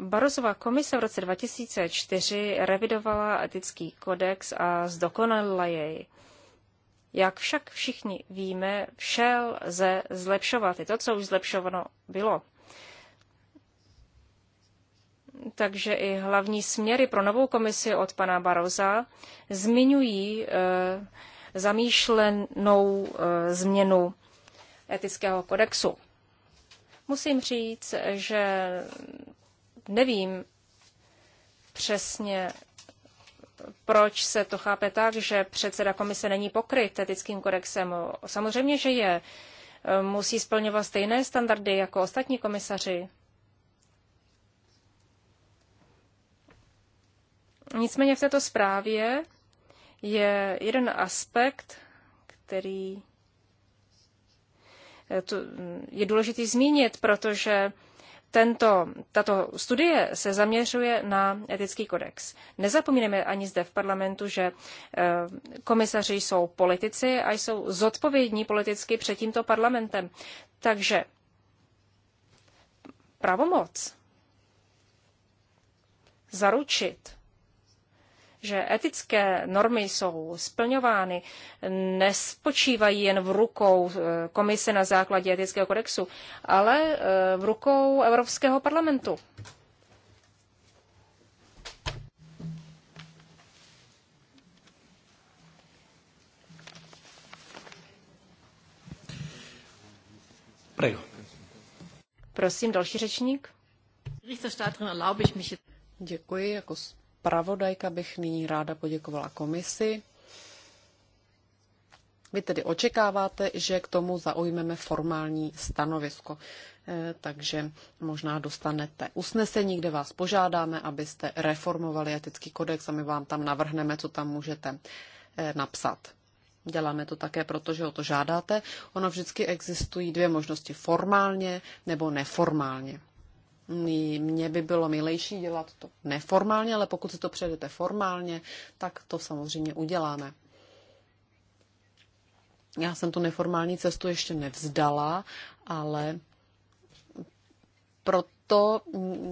Barozová komise v roce 2004 revidovala etický kodex a zdokonalila jej. Jak však všichni víme, všel ze zlepšovat. Je to, co už zlepšováno bylo. Takže i hlavní směry pro novou komisi od pana Baroza zmiňují eh, zamýšlenou eh, změnu etického kodexu. Musím říct, že nevím přesně, proč se to chápe tak, že předseda komise není pokryt etickým kodexem. Samozřejmě, že je. Eh, musí splňovat stejné standardy jako ostatní komisaři. Nicméně v této zprávě je jeden aspekt, který eh, mm, je důležitý zmínit, protože tento, tato studie se zaměřuje na etický kodex. Nezapomínáme ani zde v parlamentu, že eh, komisaři jsou politici a jsou zodpovědní politicky před tímto parlamentem. Takže pravomoc zaručit že etické normy jsou splňovány, nespočívají jen v rukou eh, komise na základě etického kodexu, ale eh, v rukou Evropského parlamentu. Prosím, další řečník. Děkuji, jako zpravodajka bych nyní ráda poděkovala komisi. Vy tedy očekáváte, že k tomu zaujmeme formální stanovisko. Eh, takže možná dostanete usnesení, kde vás požádáme, abyste reformovali etický kodex a my vám tam navrhneme, co tam můžete eh, napsat. Děláme to také protože o to žádáte. Ono vždycky existují dvě možnosti, formálně nebo neformálně. Mně by bylo milejší dělat to neformálně, ale pokud si to přejdete formálně, tak to samozřejmě uděláme. Já jsem tu neformální cestu ještě nevzdala, ale proto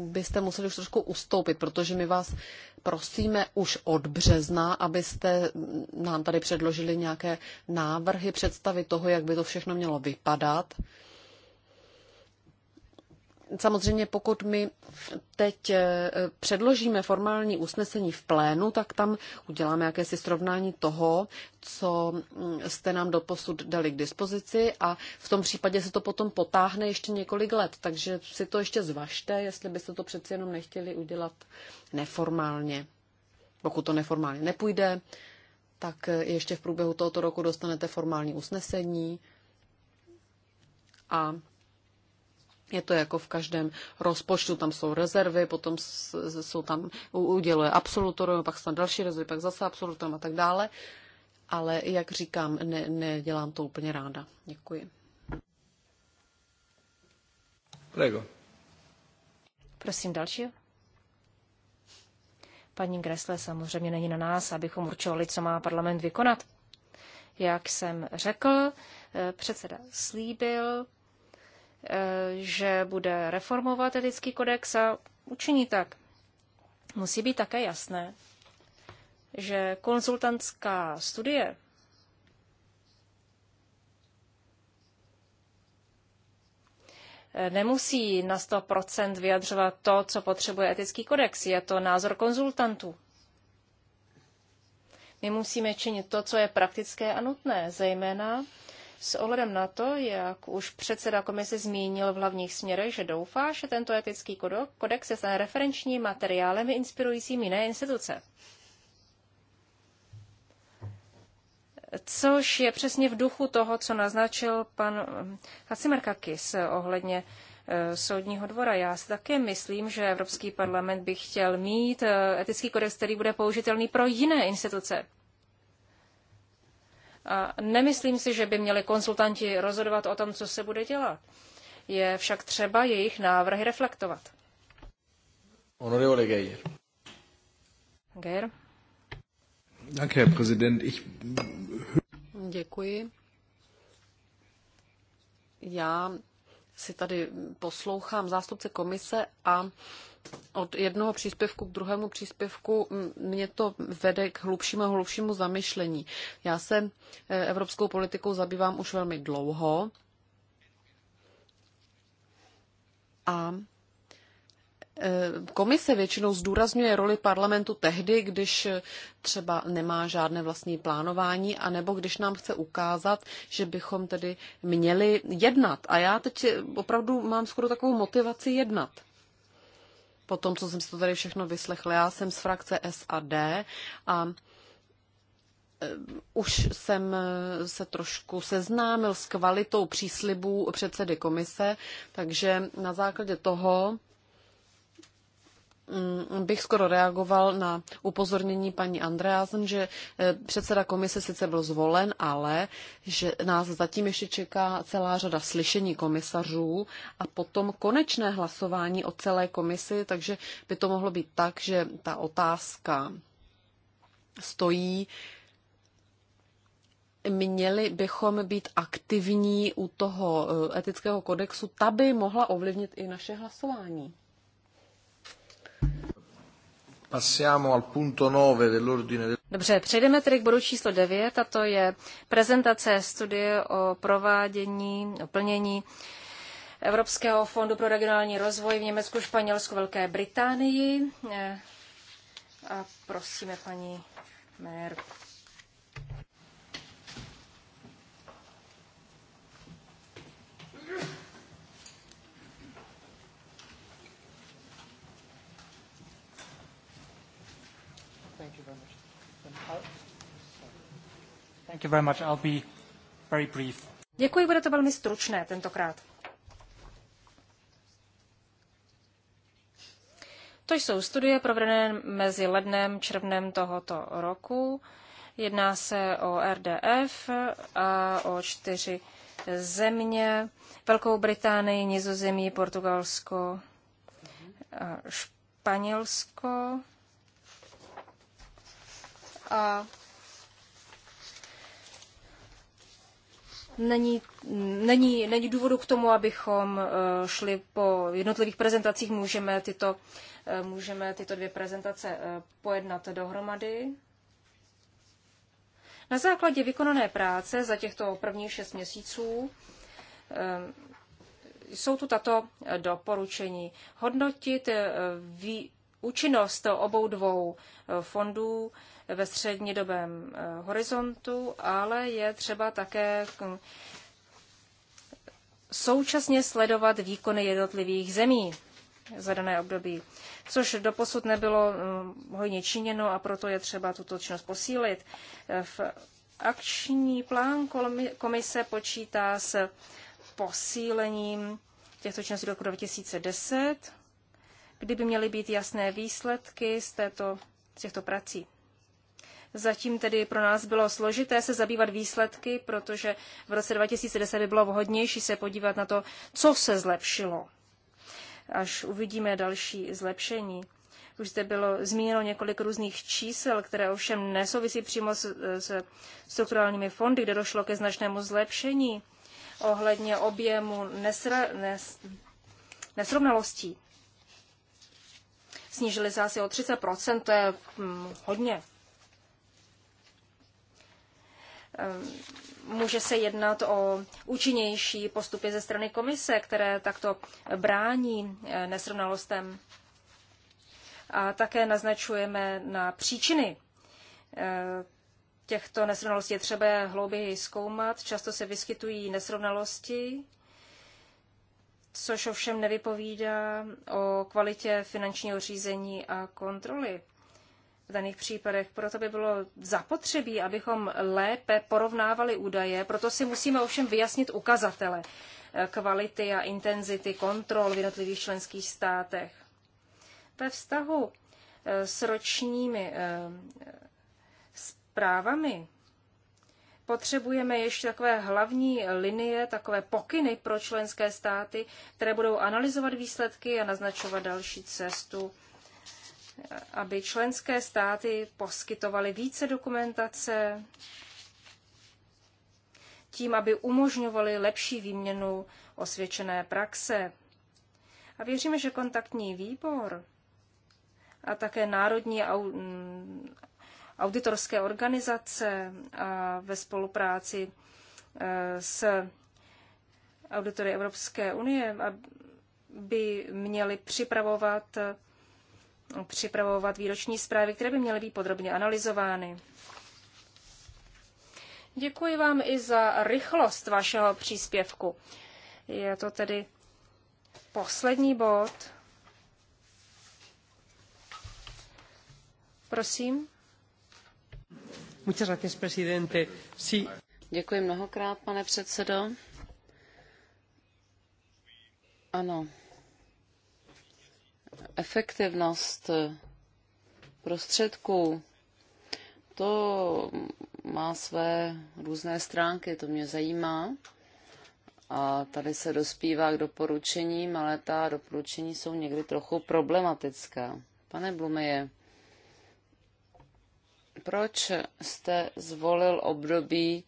byste museli už trošku ustoupit, protože my vás prosíme už od března, abyste nám tady předložili nějaké návrhy, představy toho, jak by to všechno mělo vypadat. Samozřejmě pokud my teď eh, předložíme formální usnesení v plénu, tak tam uděláme jakési srovnání toho, co mm, jste nám do posud dali k dispozici a v tom případě se to potom potáhne ještě několik let, takže si to ještě zvažte, jestli byste to přeci jenom nechtěli udělat neformálně. Pokud to neformálně nepůjde, tak eh, ještě v průběhu tohoto roku dostanete formální usnesení a je to jako v každém rozpočtu, tam jsou rezervy, potom jsou tam, uděluje absolutorium, pak jsou tam další rezervy, pak zase absolutorium a tak dále. Ale jak říkám, ne, nedělám to úplně ráda. Děkuji. Prego. Prosím dalšího. Paní Gresle, samozřejmě není na nás, abychom určovali, co má parlament vykonat. Jak jsem řekl, eh, předseda slíbil, že bude reformovat etický kodex a učiní tak. Musí být také jasné, že konzultantská studie nemusí na 100% vyjadřovat to, co potřebuje etický kodex. Je to názor konzultantů. My musíme činit to, co je praktické a nutné, zejména s ohledem na to, jak už předseda komise zmínil v hlavních směrech, že doufá, že tento etický kodex se stane referenčním materiálem inspirujícím jiné instituce. Což je přesně v duchu toho, co naznačil pan eh, Hacimerkakis ohledně eh, soudního dvora. Já si také myslím, že Evropský parlament by chtěl mít eh, etický kodex, který bude použitelný pro jiné instituce. A nemyslím si, že by měli konzultanti rozhodovat o tom, co se bude dělat. Je však třeba jejich návrhy reflektovat. Honorable Geier. Geier. Danke, Herr Präsident. Ich... Děkuji. Já si tady poslouchám zástupce komise a od jednoho příspěvku k druhému příspěvku mě to vede k hlubšímu a hlubšímu zamyšlení. Já se e, evropskou politikou zabývám už velmi dlouho a e, Komise většinou zdůrazňuje roli parlamentu tehdy, když třeba nemá žádné vlastní plánování, a nebo když nám chce ukázat, že bychom tedy měli jednat. A já teď opravdu mám skoro takovou motivaci jednat po tom, co jsem si to tady všechno vyslechla. Já jsem z frakce SAD a e, už jsem se trošku seznámil s kvalitou příslibů předsedy komise, takže na základě toho Mm, bych skoro reagoval na upozornění paní Andreasen, že eh, předseda komise sice byl zvolen, ale že nás zatím ještě čeká celá řada slyšení komisařů a potom konečné hlasování o celé komisi, takže by to mohlo být tak, že ta otázka stojí, měli bychom být aktivní u toho eh, etického kodexu, ta by mohla ovlivnit i naše hlasování. Dobře, přejdeme tedy k bodu číslo 9 a to je prezentace studie o provádění, o plnění Evropského fondu pro regionální rozvoj v Německu, Španělsku, Velké Británii. Eh, a prosíme paní Mér. Thank you very much. I'll be very brief. Děkuji, bude to velmi stručné tentokrát. To jsou studie provedené mezi lednem červnem tohoto roku. Jedná se o RDF a o čtyři země, Velkou Británii, Nizozemí, Portugalsko, Španělsko. A není, není, není důvodu k tomu, abychom eh, šli po jednotlivých prezentacích. Můžeme tyto, eh, můžeme tyto dvě prezentace eh, pojednat dohromady. Na základě vykonané práce za těchto prvních šest měsíců jsou tu tato doporučení. Hodnotit účinnost obou dvou fondů ve střednědobém eh, horizontu, ale je třeba také hm, současně sledovat výkony jednotlivých zemí za dané období, což doposud nebylo hm, hojně činěno a proto je třeba tuto činnost posílit. Eh, v akční plán komise počítá s posílením těchto činností do roku 2010, kdyby měly být jasné výsledky z, této, z těchto prací. Zatím tedy pro nás bylo složité se zabývat výsledky, protože v roce 2010 by bylo vhodnější se podívat na to, co se zlepšilo, až uvidíme další zlepšení. Už zde bylo zmíněno několik různých čísel, které ovšem nesouvisí přímo s, s strukturálními fondy, kde došlo ke značnému zlepšení ohledně objemu nesra, nes, nesrovnalostí. Snížily se asi o 30 to je hm, hodně může se jednat o účinnější postupy ze strany komise, které takto brání eh, nesrovnalostem. A také naznačujeme na příčiny eh, těchto nesrovnalostí. Je třeba hlouběji zkoumat. Často se vyskytují nesrovnalosti, což ovšem nevypovídá o kvalitě finančního řízení a kontroly v daných případech. Proto by bylo zapotřebí, abychom lépe porovnávali údaje, proto si musíme ovšem vyjasnit ukazatele eh, kvality a intenzity kontrol v jednotlivých členských státech. Ve vztahu eh, s ročními eh, zprávami potřebujeme ještě takové hlavní linie, takové pokyny pro členské státy, které budou analyzovat výsledky a naznačovat další cestu aby členské státy poskytovaly více dokumentace, tím, aby umožňovaly lepší výměnu osvědčené praxe. A věříme, že kontaktní výbor a také národní mm, auditorské organizace a ve spolupráci e, s auditory Evropské unie by měli připravovat připravovat výroční zprávy, které by měly být podrobně analyzovány. Děkuji vám i za rychlost vašeho příspěvku. Je to tedy poslední bod. Prosím. Muchas gracias, presidente. Sí. Děkuji mnohokrát, pane předsedo. Ano, efektivnost prostředků, to má své různé stránky, to mě zajímá. A tady se dospívá k doporučením, ale ta doporučení jsou někdy trochu problematická. Pane Blumeje, proč jste zvolil období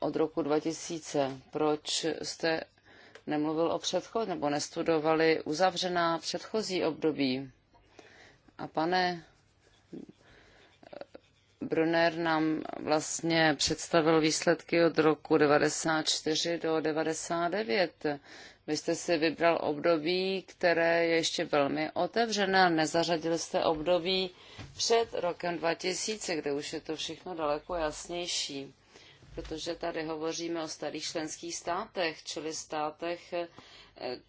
od roku 2000? Proč jste nemluvil o předchozí nebo nestudovali uzavřená předchozí období. A pane eh, Brunner nám vlastně představil výsledky od roku 94 do 99. Vy jste si vybral období, které je ještě velmi otevřené nezařadil jste období před rokem 2000, kde už je to všechno daleko jasnější protože tady hovoříme o starých členských státech, čili státech, eh,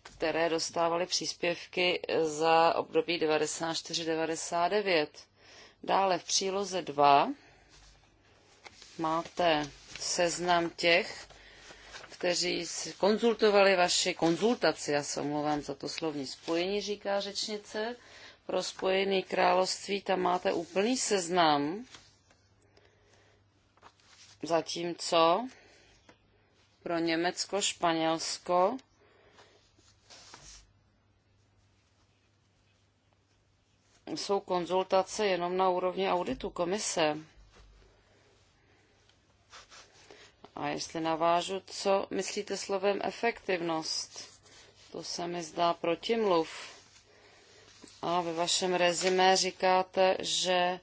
které dostávaly příspěvky eh, za období 94-99. Dále v příloze 2 máte seznam těch, kteří konzultovali vaši konzultaci, já se omlouvám za to slovní spojení, říká řečnice, pro Spojené království, tam máte úplný seznam Zatímco pro Německo, Španělsko jsou konzultace jenom na úrovni auditu komise. A jestli navážu, co myslíte slovem efektivnost? To se mi zdá protimluv. A ve vašem rezimé říkáte, že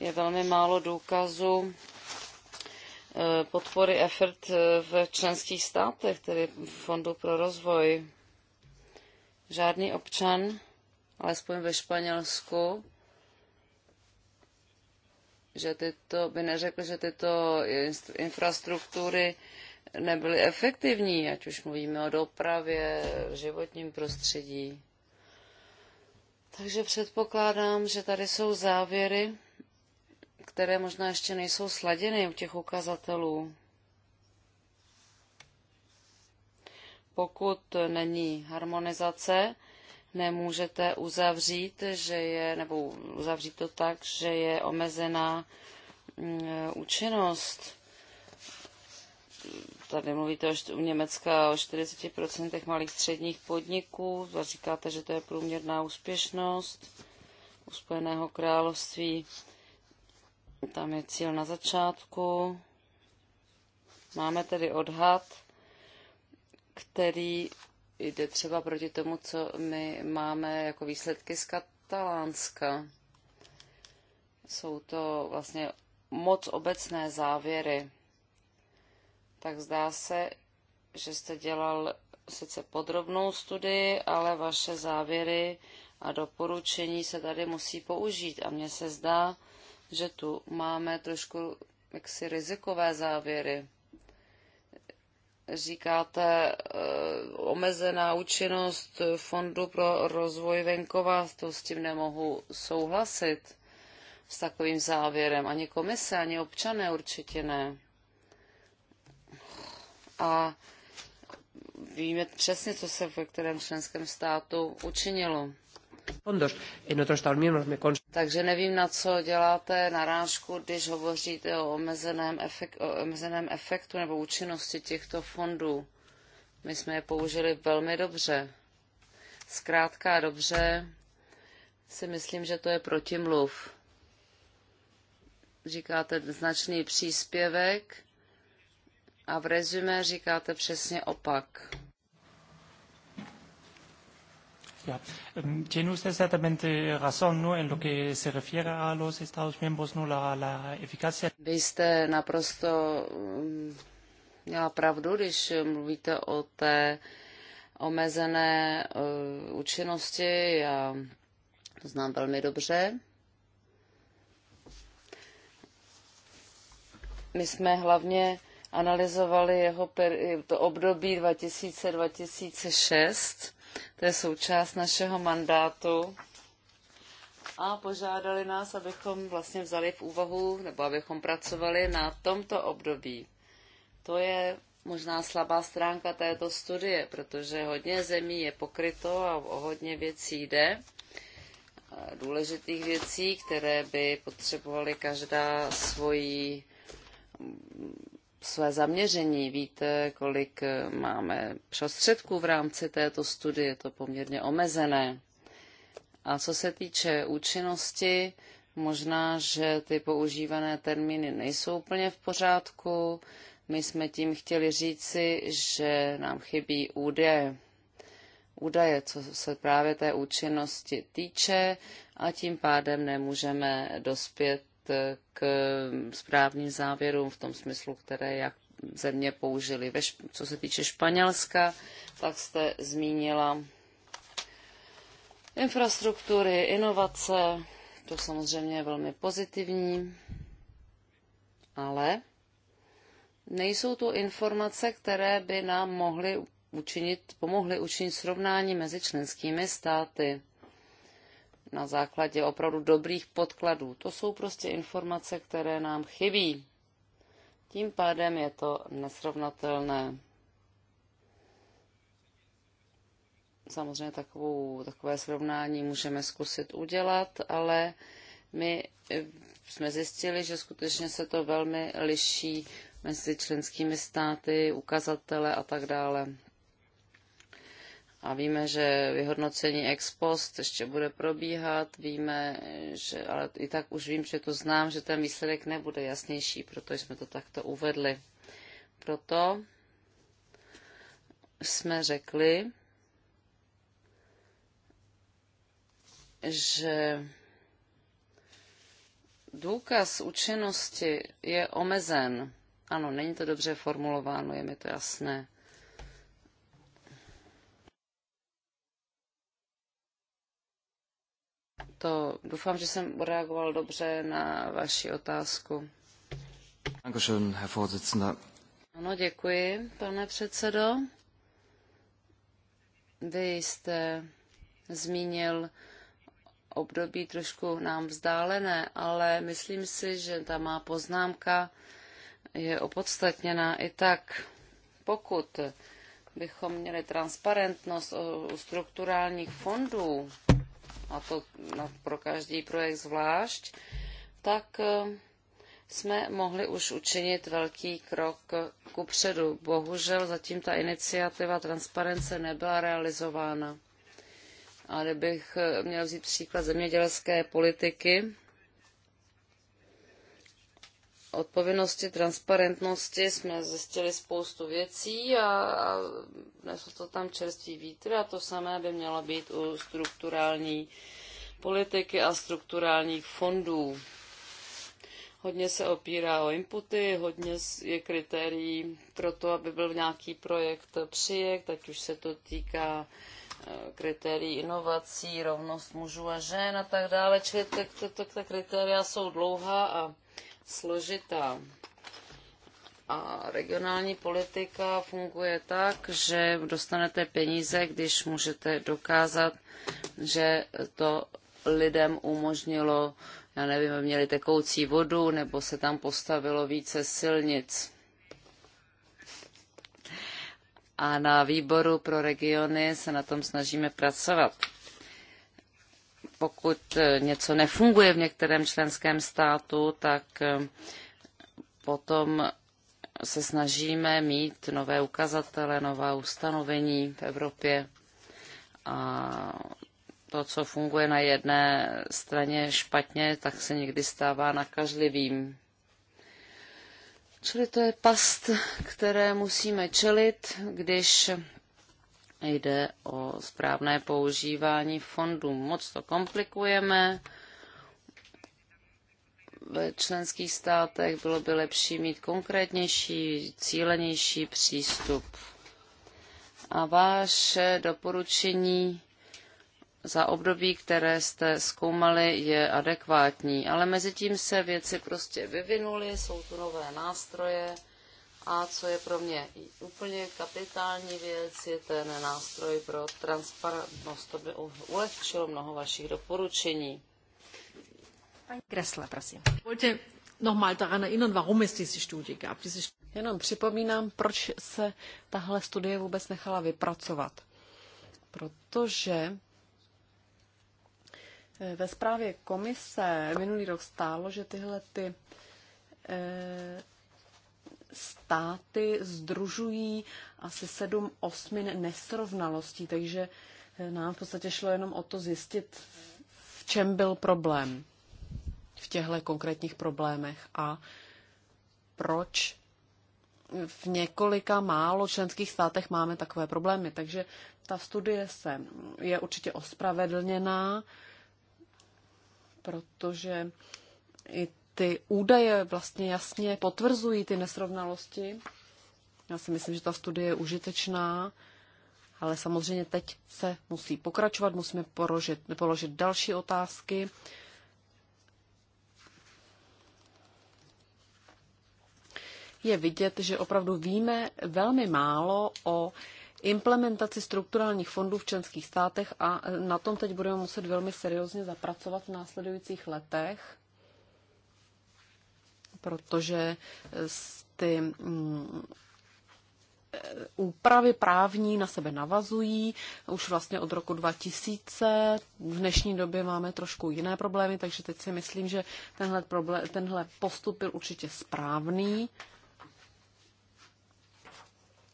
je velmi málo důkazů Eh, podpory EFERT eh, v členských státech, tedy Fondu pro rozvoj. Žádný občan, alespoň ve Španělsku, že tyto, by neřekl, že tyto infrastruktury nebyly efektivní, ať už mluvíme o dopravě, životním prostředí. Takže předpokládám, že tady jsou závěry které možná ještě nejsou sladěny u těch ukazatelů. Pokud není harmonizace, nemůžete uzavřít, že je, nebo uzavřít to tak, že je omezená mm, e, účinnost. Tady mluvíte o, u Německa o 40% malých středních podniků a říkáte, že to je průměrná úspěšnost u Spojeného království tam je cíl na začátku. Máme tedy odhad, který jde třeba proti tomu, co my máme jako výsledky z Katalánska. Jsou to vlastně moc obecné závěry. Tak zdá se, že jste dělal sice podrobnou studii, ale vaše závěry a doporučení se tady musí použít. A mně se zdá, že tu máme trošku jaksi rizikové závěry. Říkáte e, omezená účinnost Fondu pro rozvoj venkova, to s tím nemohu souhlasit s takovým závěrem. Ani komise, ani občané určitě ne. A víme přesně, co se ve kterém členském státu učinilo. Takže nevím, na co děláte narážku, když hovoříte o omezeném, efekt, o omezeném efektu nebo účinnosti těchto fondů. My jsme je použili velmi dobře. Zkrátka dobře si myslím, že to je protimluv. Říkáte značný příspěvek a v rezume říkáte přesně opak. Ya. Tiene usted exactamente razón, ¿no? En lo que se refiere a los Estados miembros, ¿no? La, la eficacia. Viste naprosto měla pravdu, když mluvíte o té omezené uh, účinnosti. Já to znám velmi dobře. My jsme hlavně analyzovali jeho to období 2000-2006 to je součást našeho mandátu. A požádali nás, abychom vlastně vzali v úvahu, nebo abychom pracovali na tomto období. To je možná slabá stránka této studie, protože hodně zemí je pokryto a o hodně věcí jde důležitých věcí, které by potřebovaly každá svoji své zaměření. Víte, kolik eh, máme prostředků v rámci této studie, je to poměrně omezené. A co se týče účinnosti, možná, že ty používané termíny nejsou úplně v pořádku. My jsme tím chtěli říci, že nám chybí údaje, údaje, co se právě té účinnosti týče a tím pádem nemůžeme dospět k správným závěrům v tom smyslu, které jak země použili. Co se týče Španělska, tak jste zmínila infrastruktury, inovace, to samozřejmě je velmi pozitivní, ale nejsou to informace, které by nám mohly učinit, pomohly učinit srovnání mezi členskými státy na základě opravdu dobrých podkladů. To jsou prostě informace, které nám chybí. Tím pádem je to nesrovnatelné. Samozřejmě takovou, takové srovnání můžeme zkusit udělat, ale my eh, jsme zjistili, že skutečně se to velmi liší mezi členskými státy, ukazatele a tak dále. A víme, že vyhodnocení ex post ještě bude probíhat, víme, že, ale i tak už vím, že to znám, že ten výsledek nebude jasnější, protože jsme to takto uvedli. Proto jsme řekli, že důkaz účinnosti je omezen. Ano, není to dobře formulováno, je mi to jasné. to. Doufám, že jsem reagoval dobře na vaši otázku. Dankeschön, Herr Vorsitzender. Ano, děkuji, pane předsedo. Vy jste zmínil období trošku nám vzdálené, ale myslím si, že ta má poznámka je opodstatněná i tak, pokud bychom měli transparentnost u strukturálních fondů, a to pro každý projekt zvlášť, tak eh, jsme mohli už učinit velký krok kupředu. Bohužel zatím ta iniciativa transparence nebyla realizována. A kdybych eh, měl vzít příklad zemědělské politiky, odpovědnosti, transparentnosti jsme zjistili spoustu věcí a, a nesl to tam čerstvý vítr a to samé by mělo být u strukturální politiky a strukturálních fondů. Hodně se opírá o inputy, hodně je kritérií pro to, aby byl nějaký projekt přijekt, ať už se to týká e, kritérií inovací, rovnost mužů a žen a tak dále. Čili ta kritéria jsou dlouhá a složitá. A regionální politika funguje tak, že dostanete peníze, když můžete dokázat, že to lidem umožnilo, já nevím, měli tekoucí vodu nebo se tam postavilo více silnic. A na výboru pro regiony se na tom snažíme pracovat pokud eh, něco nefunguje v některém členském státu, tak eh, potom se snažíme mít nové ukazatele, nová ustanovení v Evropě. A to, co funguje na jedné straně špatně, tak se někdy stává nakažlivým. Čili to je past, které musíme čelit, když Jde o správné používání fondů. Moc to komplikujeme. Ve členských státech bylo by lepší mít konkrétnější, cílenější přístup. A vaše doporučení za období, které jste zkoumali, je adekvátní. Ale mezi tím se věci prostě vyvinuly, jsou tu nové nástroje a co je pro mě úplně kapitální věc, je ten nástroj pro transparentnost. To by ulehčilo mnoho vašich doporučení. Pani Kresla, prosím. nochmal daran erinnern, warum es diese Diese studie gab. Jenom připomínám, proč se tahle studie vůbec nechala vypracovat. Protože eh, ve zprávě komise minulý rok stálo, že tyhle ty eh, státy združují asi sedm osmin nesrovnalostí, takže eh, nám v podstatě šlo jenom o to zjistit, v čem byl problém v těchto konkrétních problémech a proč v několika málo členských státech máme takové problémy. Takže ta studie se je určitě ospravedlněná, protože i ty údaje vlastně jasně potvrzují ty nesrovnalosti. Já si myslím, že ta studie je užitečná, ale samozřejmě teď se musí pokračovat, musíme položit, položit další otázky. Je vidět, že opravdu víme velmi málo o implementaci strukturálních fondů v členských státech a na tom teď budeme muset velmi seriózně zapracovat v následujících letech protože ty mm, e, úpravy právní na sebe navazují. Už vlastně od roku 2000 v dnešní době máme trošku jiné problémy, takže teď si myslím, že tenhle, problém, tenhle postup byl určitě správný.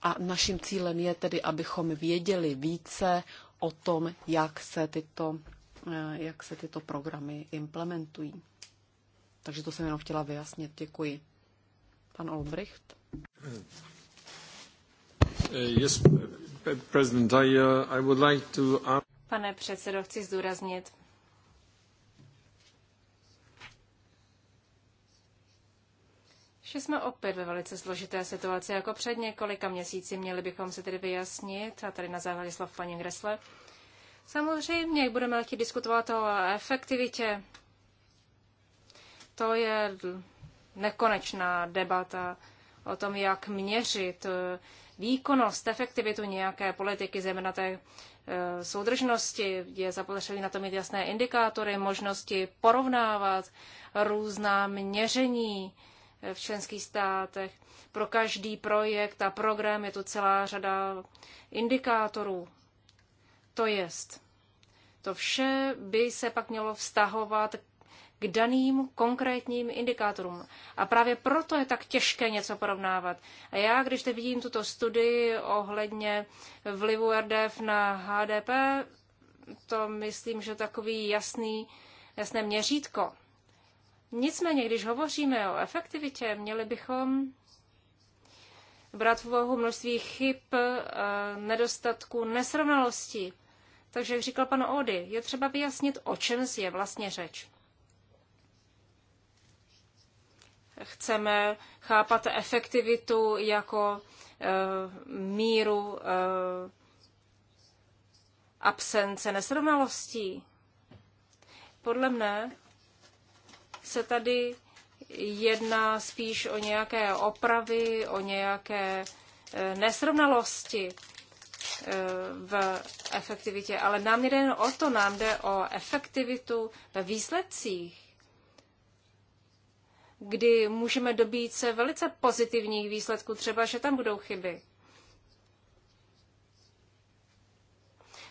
A naším cílem je tedy, abychom věděli více o tom, jak se tyto, e, jak se tyto programy implementují. Takže to jsem jenom chtěla vyjasnit. Děkuji. Pan Olbricht. Eh, yes, President, I, uh, I would like to... Pane předsedo, chci zdůraznit, že jsme opět ve velice složité situaci jako před několika měsíci. Měli bychom se tedy vyjasnit, a tady na základě slov paní Gresle. Samozřejmě, jak budeme chtít diskutovat o efektivitě to je nekonečná debata o tom, jak měřit eh, výkonnost, efektivitu nějaké politiky, zejména té eh, soudržnosti. Je zapotřebí na to mít jasné indikátory, možnosti porovnávat různá měření eh, v členských státech. Pro každý projekt a program je tu celá řada indikátorů. To jest, to vše by se pak mělo vztahovat k daným konkrétním indikátorům. A právě proto je tak těžké něco porovnávat. A já, když teď vidím tuto studii ohledně vlivu RDF na HDP, to myslím, že takový jasný, jasné měřítko. Nicméně, když hovoříme o efektivitě, měli bychom brát v úvahu množství chyb, eh, nedostatků, nesrovnalosti. Takže, jak říkal pan Ody, je třeba vyjasnit, o čem je vlastně řeč. chceme chápat efektivitu jako eh, míru eh, absence nesrovnalostí. Podle mne se tady jedná spíš o nějaké opravy, o nějaké eh, nesrovnalosti v efektivitě. Ale nám jde jen o to, nám jde o efektivitu ve výsledcích kdy můžeme dobít se velice pozitivních výsledků, třeba, že tam budou chyby.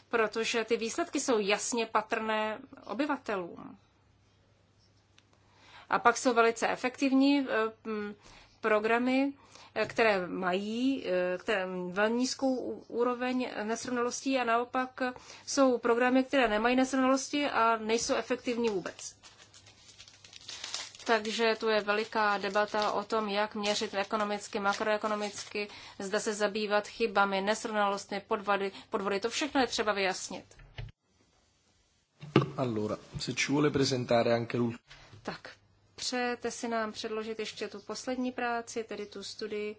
Protože ty výsledky jsou jasně patrné obyvatelům. A pak jsou velice efektivní eh, programy, eh, které mají eh, které velmi nízkou úroveň nesrovnalostí a naopak jsou programy, které nemají nesrovnalosti a nejsou efektivní vůbec. Takže tu je veliká debata o tom, jak měřit ekonomicky, makroekonomicky, zda se zabývat chybami, nesrovnalostmi, podvody, podvody. To všechno je třeba vyjasnit. Allora, se ci vuole presentare anche lui. Tak, přejete si nám předložit ještě tu poslední práci, tedy tu studii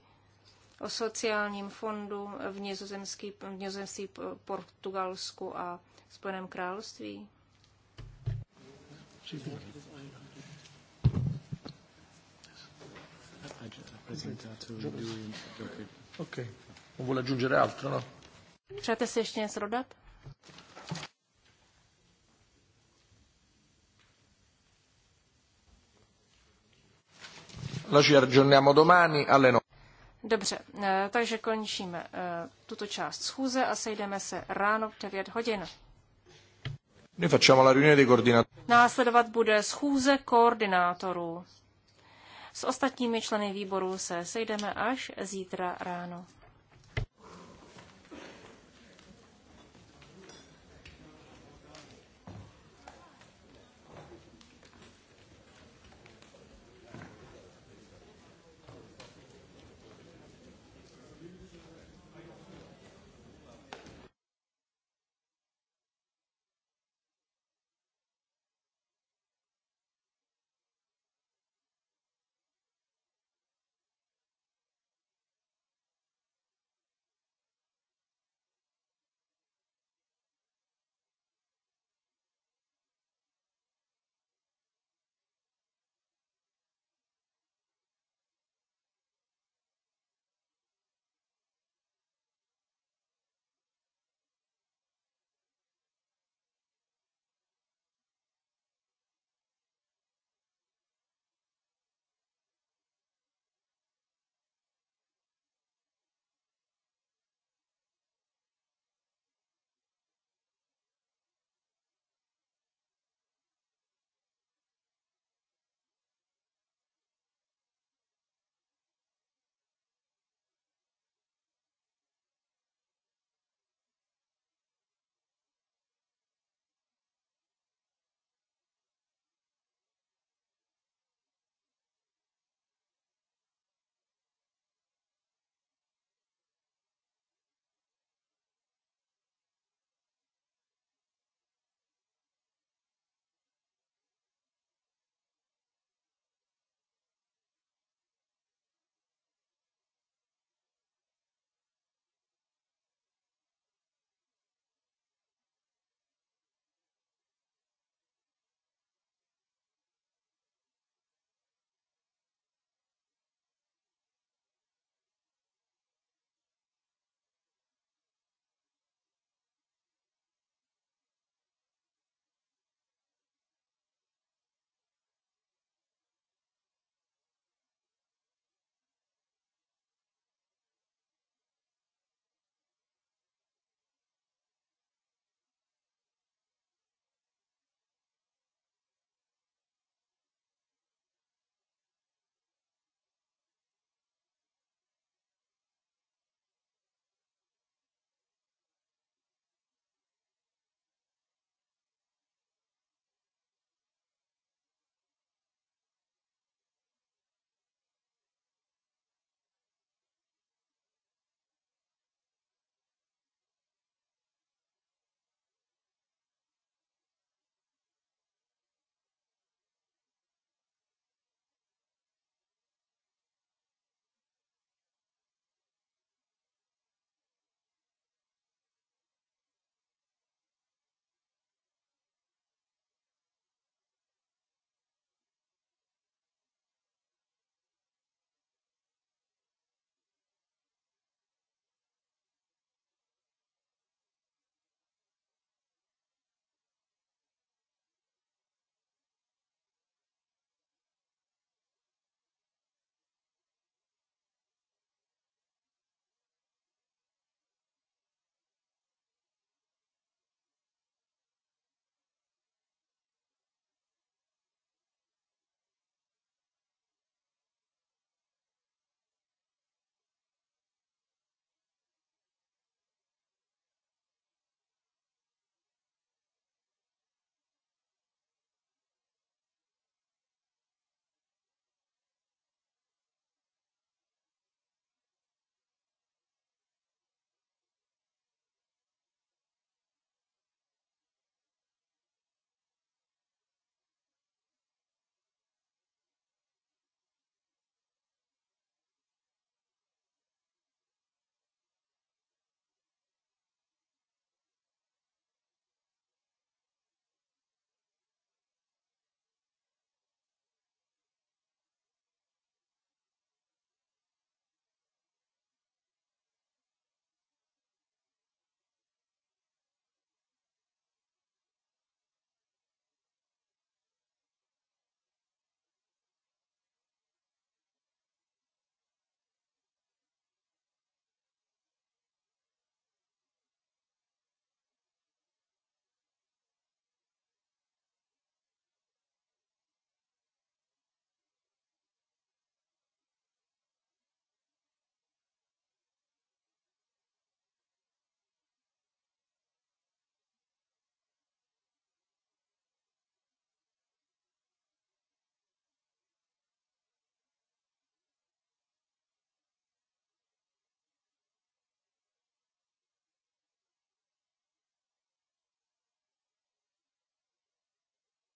o sociálním fondu v, nizozemský, v nizozemský Portugalsku a Spojeném království? presentato Ok. Non vuole aggiungere altro, no? si ještě něco dodat? aggiorniamo domani alle 9. No- Dobře, eh, takže končíme eh, tuto část schůze a sejdeme se ráno v 9 hodin. Následovat bude schůze koordinátorů. S ostatními členy výboru se sejdeme až zítra ráno.